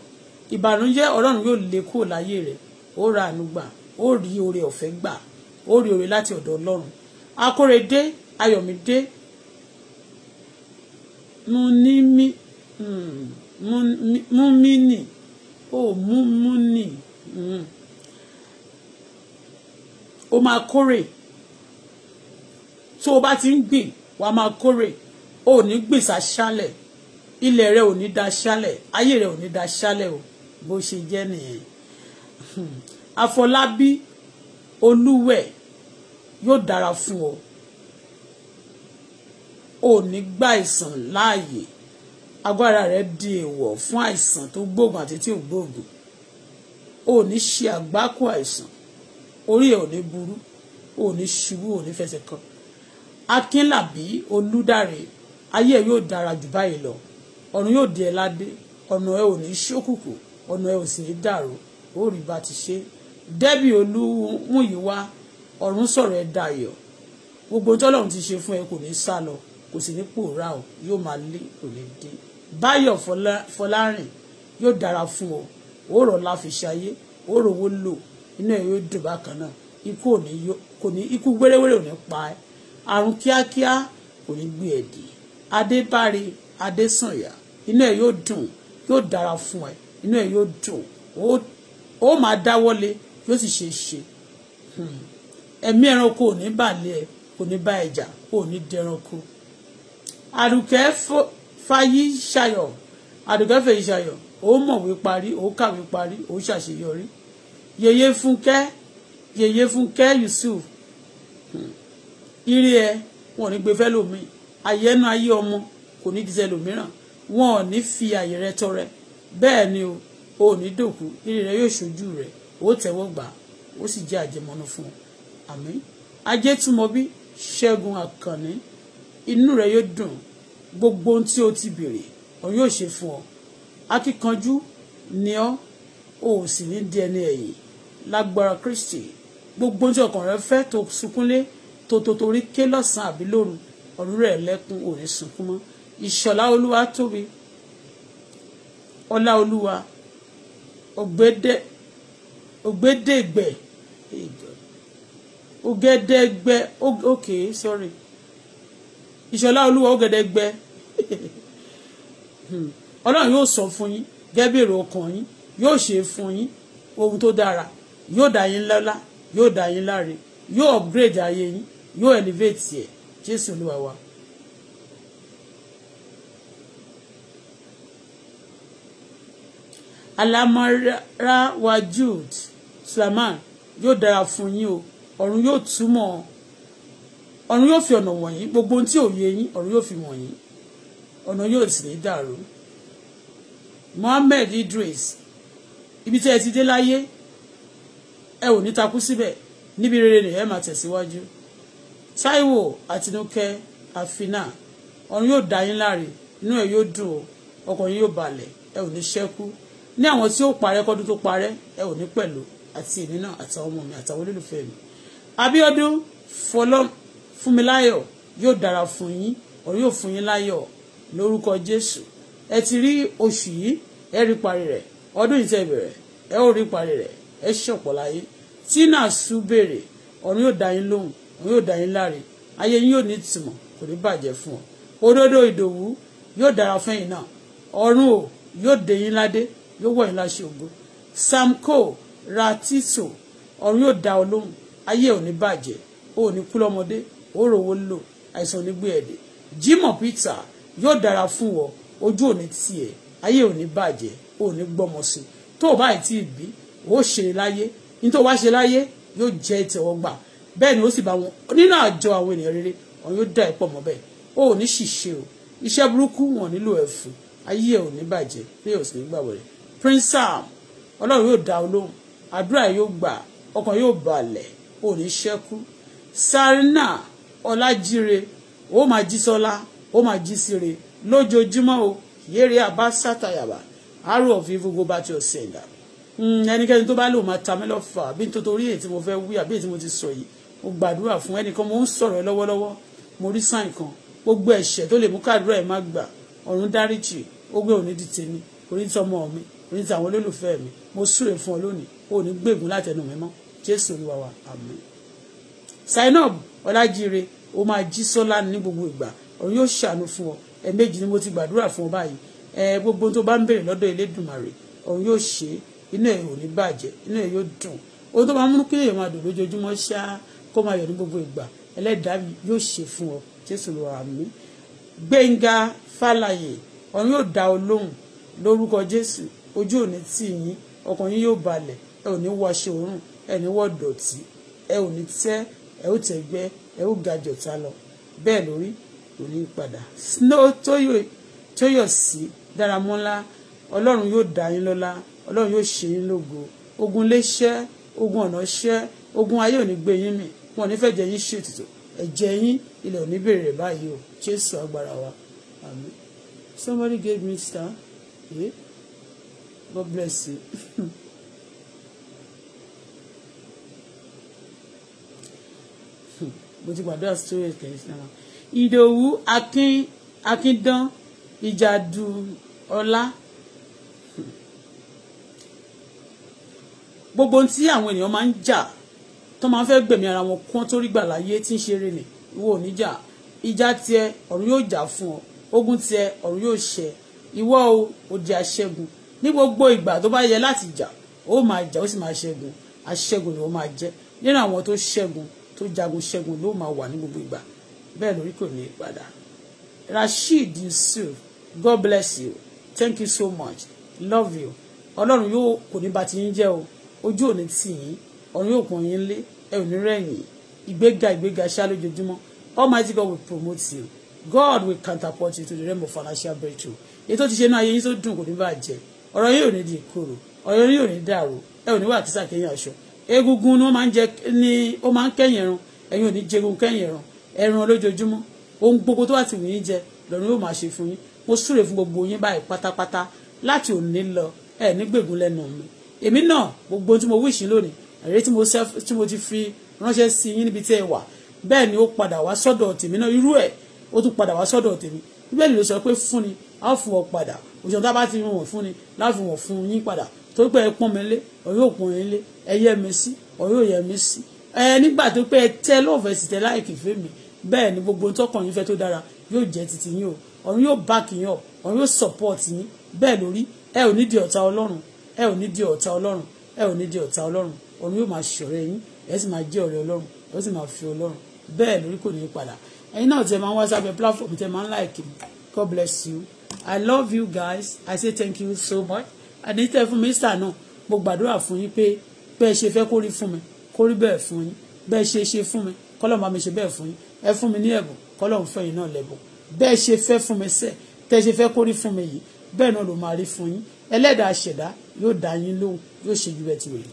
ìbànújẹ́ ọlọ́run yóò lé kúrò láyé rẹ ó ra àánú gbà ó rí oore ọ̀fẹ́ gbà ó rí oore láti ọ̀dọ̀ ọlọ́run akórèdé ayọ̀mídé múnímí hmm, múmínì ó múmúnì hmm. ó máa kórè tó o bá ti ń gbìn wàá máa kórè ó ní gbìn sáṣálẹ̀ ilẹ̀ rẹ ò ní da ṣálẹ̀ ayé rẹ ò ní da ṣálẹ̀ o bó ṣe jẹ́ nìyẹn hmm. Afọlábí Olúwẹ̀ yóò dára fún ọ ò ní gba àìsàn láàyè agbára rẹ di èèwọ̀ fún àìsàn tó gbóògùn àti tí ò gbóògùn ò ní ṣe àgbákò àìsàn orí ẹ ò ní burú ò ní ṣubú ò ní fẹsẹ̀ kan akínlàbí olúdáre ayé ẹ yóò dára jù báyìí lọ ọ̀run yóò di ẹ ládé ọ̀nà ẹ ò ní ṣókùkù ọ̀nà ẹ ò sì ní dàrú ó rí bá ti ṣe débì olúmúyíwá ọ̀run sọ̀rọ̀ ẹ dayọ̀ gbogbo tọ́lọ́run ti ṣe fún ẹ kò ní sá lọ kò sì ní pòórá o yóò máa lé kò ní dé báyọ̀ fọlárìn yóò dára fún ọ òórọ̀ la fi ṣayé òórọ̀ owó lò inú ẹ yóò dùn bákan náà ikú ò ní yó ikú wéréwéré ò ní pa ẹ àrùn kíákíá kò ní gbé ẹ dì adébárí adésànyà inú ẹ yóò dùn yóò dára fún ẹ inú ẹ yóò dùn ó máa dáwọ́lé yóò sì ṣe é ṣe. Hmm ẹ̀mí ẹranko ò ní bàlẹ̀ ẹ̀ kò ní bá ẹ̀jà kò ní dẹranko. àdùkẹ́ fàyí ṣayọ̀ àdùkẹ́ fèyí ṣayọ̀ ó mọ̀wé parí ó kàwé parí ó ṣàṣeyọrí yèyé fúnkẹ́ yèyé fúnkẹ́ yusuf ire ẹ wọn ò ní gbé fẹ́ lómi àyẹ́nu ayé ọmọ kò ní díṣẹ́ lòmíràn wọn ò ní fi àyè rẹ tọrẹ bẹ́ẹ̀ ni o ò ní dòkú ire rẹ yóò ṣojú rẹ ó tẹ́wọ́ gbà ó sì jẹ́ àjẹmọ́nú fún ọ àmín ajétúmọ̀bí ṣẹ́gun àkànní inú rẹ yóò dùn gbogbo ohun tí o ti béèrè òun yóò ṣe fún ọ akíkanjú ni ọ o ò sì ní di ẹni ẹ̀yìn lágbára kristi gbogbo ohun tí ọkàn rẹ fẹ́ tó sunkúnlé tó tó torí ké lọ́sàn àbí lóru ọ̀run rẹ̀ lẹ́kún ò sunkún mọ́ ìṣọ̀lá olúwa tóbi ọlá olúwa ògbédè ògbédègbè. Hey ògẹ̀dẹ̀gbẹ okay sorry ìṣọlá olúwa ògẹ̀dẹ̀gbẹ hmm. ọlọ́run yóò sọ fún yín gẹ́bẹ̀rẹ̀ ọkàn yín yóò ṣe fún yín ohun tó dára yóò dá yín lọ́lá yóò dá yín láre yóò upgrade ayé yín yóò elevate ẹ̀ jésù olúwa wa. alamara wa jude sulaiman yóò dára fún yín o ọ̀run yóò túmọ̀ ọ̀run yóò fi ọ̀nà wọ̀nyí gbogbo ohun tí ò yé yín ọ̀run yóò fi wọ̀nyí ọ̀nà yóò sì ní dàrú Mohammed Idris ibi tí ẹ ti dé láyé ẹ ò ní takú síbẹ̀ níbi rere nìyẹn máa tẹ̀síwájú Táíwò Àtinúkẹ́ àfinà ọ̀run yóò dá yín láre inú ẹ̀ yóò dùn o ọkàn yín yóò balẹ̀ ẹ ò ní ṣẹ́kú ní àwọn tí ó parẹ́ kọ́dún tó parẹ́ ẹ ò ní pẹ̀lú àti èmi náà àtàwọn ọmọ mi àtàwọn olólùfẹ́ mi Abíọ́dún Fúnmiláyọ̀ yóò dára fún yín ọ̀rọ̀ yóò fún yín láyọ̀ lórúkọ Jésù ẹ ti rí oṣù yìí ẹ rí parí rẹ̀ ọdún yìí tẹ́ bẹ̀rẹ̀ ẹ ó rí parí rẹ̀ ẹ ṣọ̀pọ̀ láyé tínà sú béèrè ọ̀run yóò dá yín lóhùn ọ̀run yóò dá yín láre ayé yín yóò ní ìtìmọ̀ kò ní bàjẹ́ fún ọ òdodo ìdòwú yóò dára fún yín náà ọ̀run o yóò dé yín ládé yóò wọ̀ yín láṣẹ ògo samko ratito ọ̀run yóò dá ọ lóhùn ayé ò ní bàjẹ́ ó ò ní kú lọ́mọdé ó rówó lò àìsàn ò ní gbé ẹ̀dẹ̀ Jimoh Peter yóò dára fún ọ ojú ò ní tiẹ̀ ayé ò bàjẹ́ ó gbọ́mọ sí tó o báyìí tí ì bí ó ṣe láyé nítorí wá ṣe láyé yóò jẹ́ ìtẹ̀wọ́gbà bẹ́ẹ̀ ni ó sì bá wọn nínú àjọ àwọn ènìyàn rere wọn yóò dá ìpọ̀ mọ́ bẹ́ẹ̀ ó ò ní ṣìṣe o iṣẹ́ burúkú wọn nílò ẹ̀ fún ayé ẹ̀ bàjẹ́ pé ò sì ní gbàgbọ́ rẹ̀ Prince Sam ọlọ́run yóò dá olóhùn àdúrà yóò gbà ọkàn yóò balẹ̀ ò ní ṣẹ́kú sarina ọlájíre ó máa jí sọlá ó máa jí síre lójoojúmọ́ o yéèrè àbá sátàyàbá arrow of evil go back to your sender hmm, ẹnikẹ́ni tó bá lò máa ta mí lọ́fà bí n tó torí èyí tí mo fẹ́ wí àbí èyí tí mo ti sọ yìí mo gbàdúrà fún ẹnìkan mo ń sọ̀rọ̀ lọ́wọ́lọ́wọ́ mo rí sáìn kan gbogbo ẹ̀ṣẹ̀ tó lè mú kádùrà ẹ̀ má gbà ọ̀run dáríjì ó òní di tèmi orí tọmọ mi orí tàwọn olólùfẹ́ mi mo súre fún ọ lónìí ó ní látẹnu mi mọ́ jésù olúwa wa àmín Zainab ọlájíire ó máa jí sọ́lá ní gbogbo ìgbà òun yóò ṣàánú fún ọ ẹ̀ẹ̀mejì ni mo ti gbàdúrà fún ọ báyìí ẹ gbogbo tó bá ń béèrè lọ́dọ̀ elédùnmarè òun yóò ṣe inú ẹ̀ ò ní bàjẹ́ inú ẹ̀ yóò dùn ohun tó máa múnú kí èèyàn máa dùn lójoojúmọ́ ṣá kó máa yọ̀ ní gbogbo ìgbà ẹlẹ́dàá yóò ṣe fún ọ jésù olúwa àmín gbẹ̀ngà fàlàyé ọ̀run yóò dá ọ lóhùn lórúkọ jésù ojú ò ní tì yín ọkàn yín yóò balẹ̀ ẹ ò ní wọ aṣọ òórùn ẹ ní dọ̀tí ẹ ò ní tẹ́ ẹ ó tẹ̀gbẹ́ ẹ ó ga jọ̀tá lọ bẹ́ẹ̀ lórí kò ní padà. snow tóyọ̀sí dáramọ́lá ọlọ́run yóò dá yín lọ́lá ọlọ́run yóò ṣe yín lógo ogun léṣẹ́ ogun ọ̀nà ṣẹ́ ogun ayé ò ní gbé yín mì wọn ò ní fẹ́ jẹ yín ṣètùtù ẹ̀jẹ̀ yín ilẹ̀ ò ní bèrè rẹ̀ báyìí o jésù agbára wa àmín somebody gave me star yeah? God bless you. mo ti gbàdúrà sórí ètò ìsinmi ìdòwú akin akindán ìjàdù ọlá gbogbo tí àwọn ènìyàn máa ń jà tó máa ń fẹ́ gbẹ̀mí ara wọn kán tó rí gbà láyé tí ń ṣeré nì ìwọ ò ní jà ìjà tiẹ̀ ọ̀run yóò jà fún ọ ogun tiẹ̀ ọ̀run yóò ṣẹ ìwọ o òdì aṣẹ́gun ní gbogbo ìgbà tó bá yẹ láti jà ó máa jà ó sì máa ṣẹ́gun aṣẹ́gun ni ó máa jẹ́ nínú àwọn tó ṣẹ́gun tó jagun ṣẹ́gun ló máa wà ní gbogbo ìgbà bẹ́ẹ̀ lórí kò ní padà Rasheed Yusuf God bless you thank you so much love you ọlọ́run yóò kò ní bá ti yín jẹ́ o ojú ò ní tì yín ọ̀run yóò pọ̀n yín lé ẹ ò ní rẹ̀yìn ìgbéga ìgbéga ṣá lójoojúmọ́ Almighty God will promote you God will counterpart you to the rainbow financial breakthrough èyí tó ti ṣe inú ayé yín tó dùn kò ní bàjẹ́ ọ̀rọ̀ yín ò ní di ìkorò ọ̀rọ̀ yín ò ní dàrú ẹ ò ní wà kísà kẹ́yìn aṣọ egungun ni wọ́n máa ń jẹ ni ó máa ń kẹ́yìn ẹran ẹ̀yin ò ní jẹun kẹ́yìn ẹran ẹran lójoojúmọ́ ohun gbogbo tó wà tì wọ́n yín jẹ lọ́run yóò máa ṣe fún yín mo súre fún gbogbo yín báyìí pátápátá láti òní lọ ẹ ní gbègùn lẹ́nu mi èmi náà gbogbo tí mo wíṣì lónìí èrè tí mo ti fi ránṣẹ́ sí yín níbi tí ẹ wà bẹ́ẹ̀ ni ó padà wá sọ́dọ̀ tèmi náà irú ẹ̀ ó tún padà wá sọ́dọ̀ tèmi bíbélì ló sọ pé fún ni á fún ọ padà òṣèlú tá a bá ti wọn fún ni láti wọn fún yín padà tó pé ẹ pọ́n mi lé ọ̀yọ́ òpọ́n mi lé ẹ yẹ mi sí ọ̀yọ́ yẹ mi sí ẹ nígbà tó pé ẹ tẹ lọ́ọ̀fẹ́ sì tẹ láìkì fẹ́ mi bẹ́ẹ̀ ni gbogbo tọkàn yín fẹ́ tó dára yóò jẹ́ titi yín o ọ̀run yóò back yín up ọ̀run yóò support yín bẹ́ẹ̀ lórí ẹ ò ní di ọ̀tá ọlọ́run ẹ ò ní di ọ̀tá ọlọ́run ẹ ò ní di ọ̀tá ọlọ́run ọ̀run yóò máa ṣọ̀rẹ́ yín ẹ sì máa jẹ́ ọ̀rẹ́ ọlọ́run ẹ sì máa fi ọlọ́run bẹ́ẹ̀ lórí kò ní í padà ẹ̀yin náà tẹ máa ń wá sábẹ́ platform tẹ máa ń like me God bless you I love you guys I say thank you so much àní tẹ́ fún mi sà náà mo gbàdúrà fún yín pé bẹ́ẹ̀ ṣe fẹ́ kó rí fún mi kó rí bẹ́ẹ̀ fún yín bẹ́ẹ̀ ṣe ṣe fún mi kọ́lọ́ọ̀ máa mi ṣe bẹ́ẹ̀ fún yín ẹ fún mi ní ẹ̀bùn kọ́lọ́ọ̀ fún yín náà lẹ́bùn bẹ́ẹ̀ ṣe fẹ́ fún mi sẹ́ẹ̀ tẹ́ ṣe fẹ́ kó rí fún mi yìí bẹ́ẹ̀ náà ló máa rí fún yín ẹlẹ́dàá ṣẹ̀dá yóò dá yín lóhùn yóò ṣe ju ẹtì wẹ̀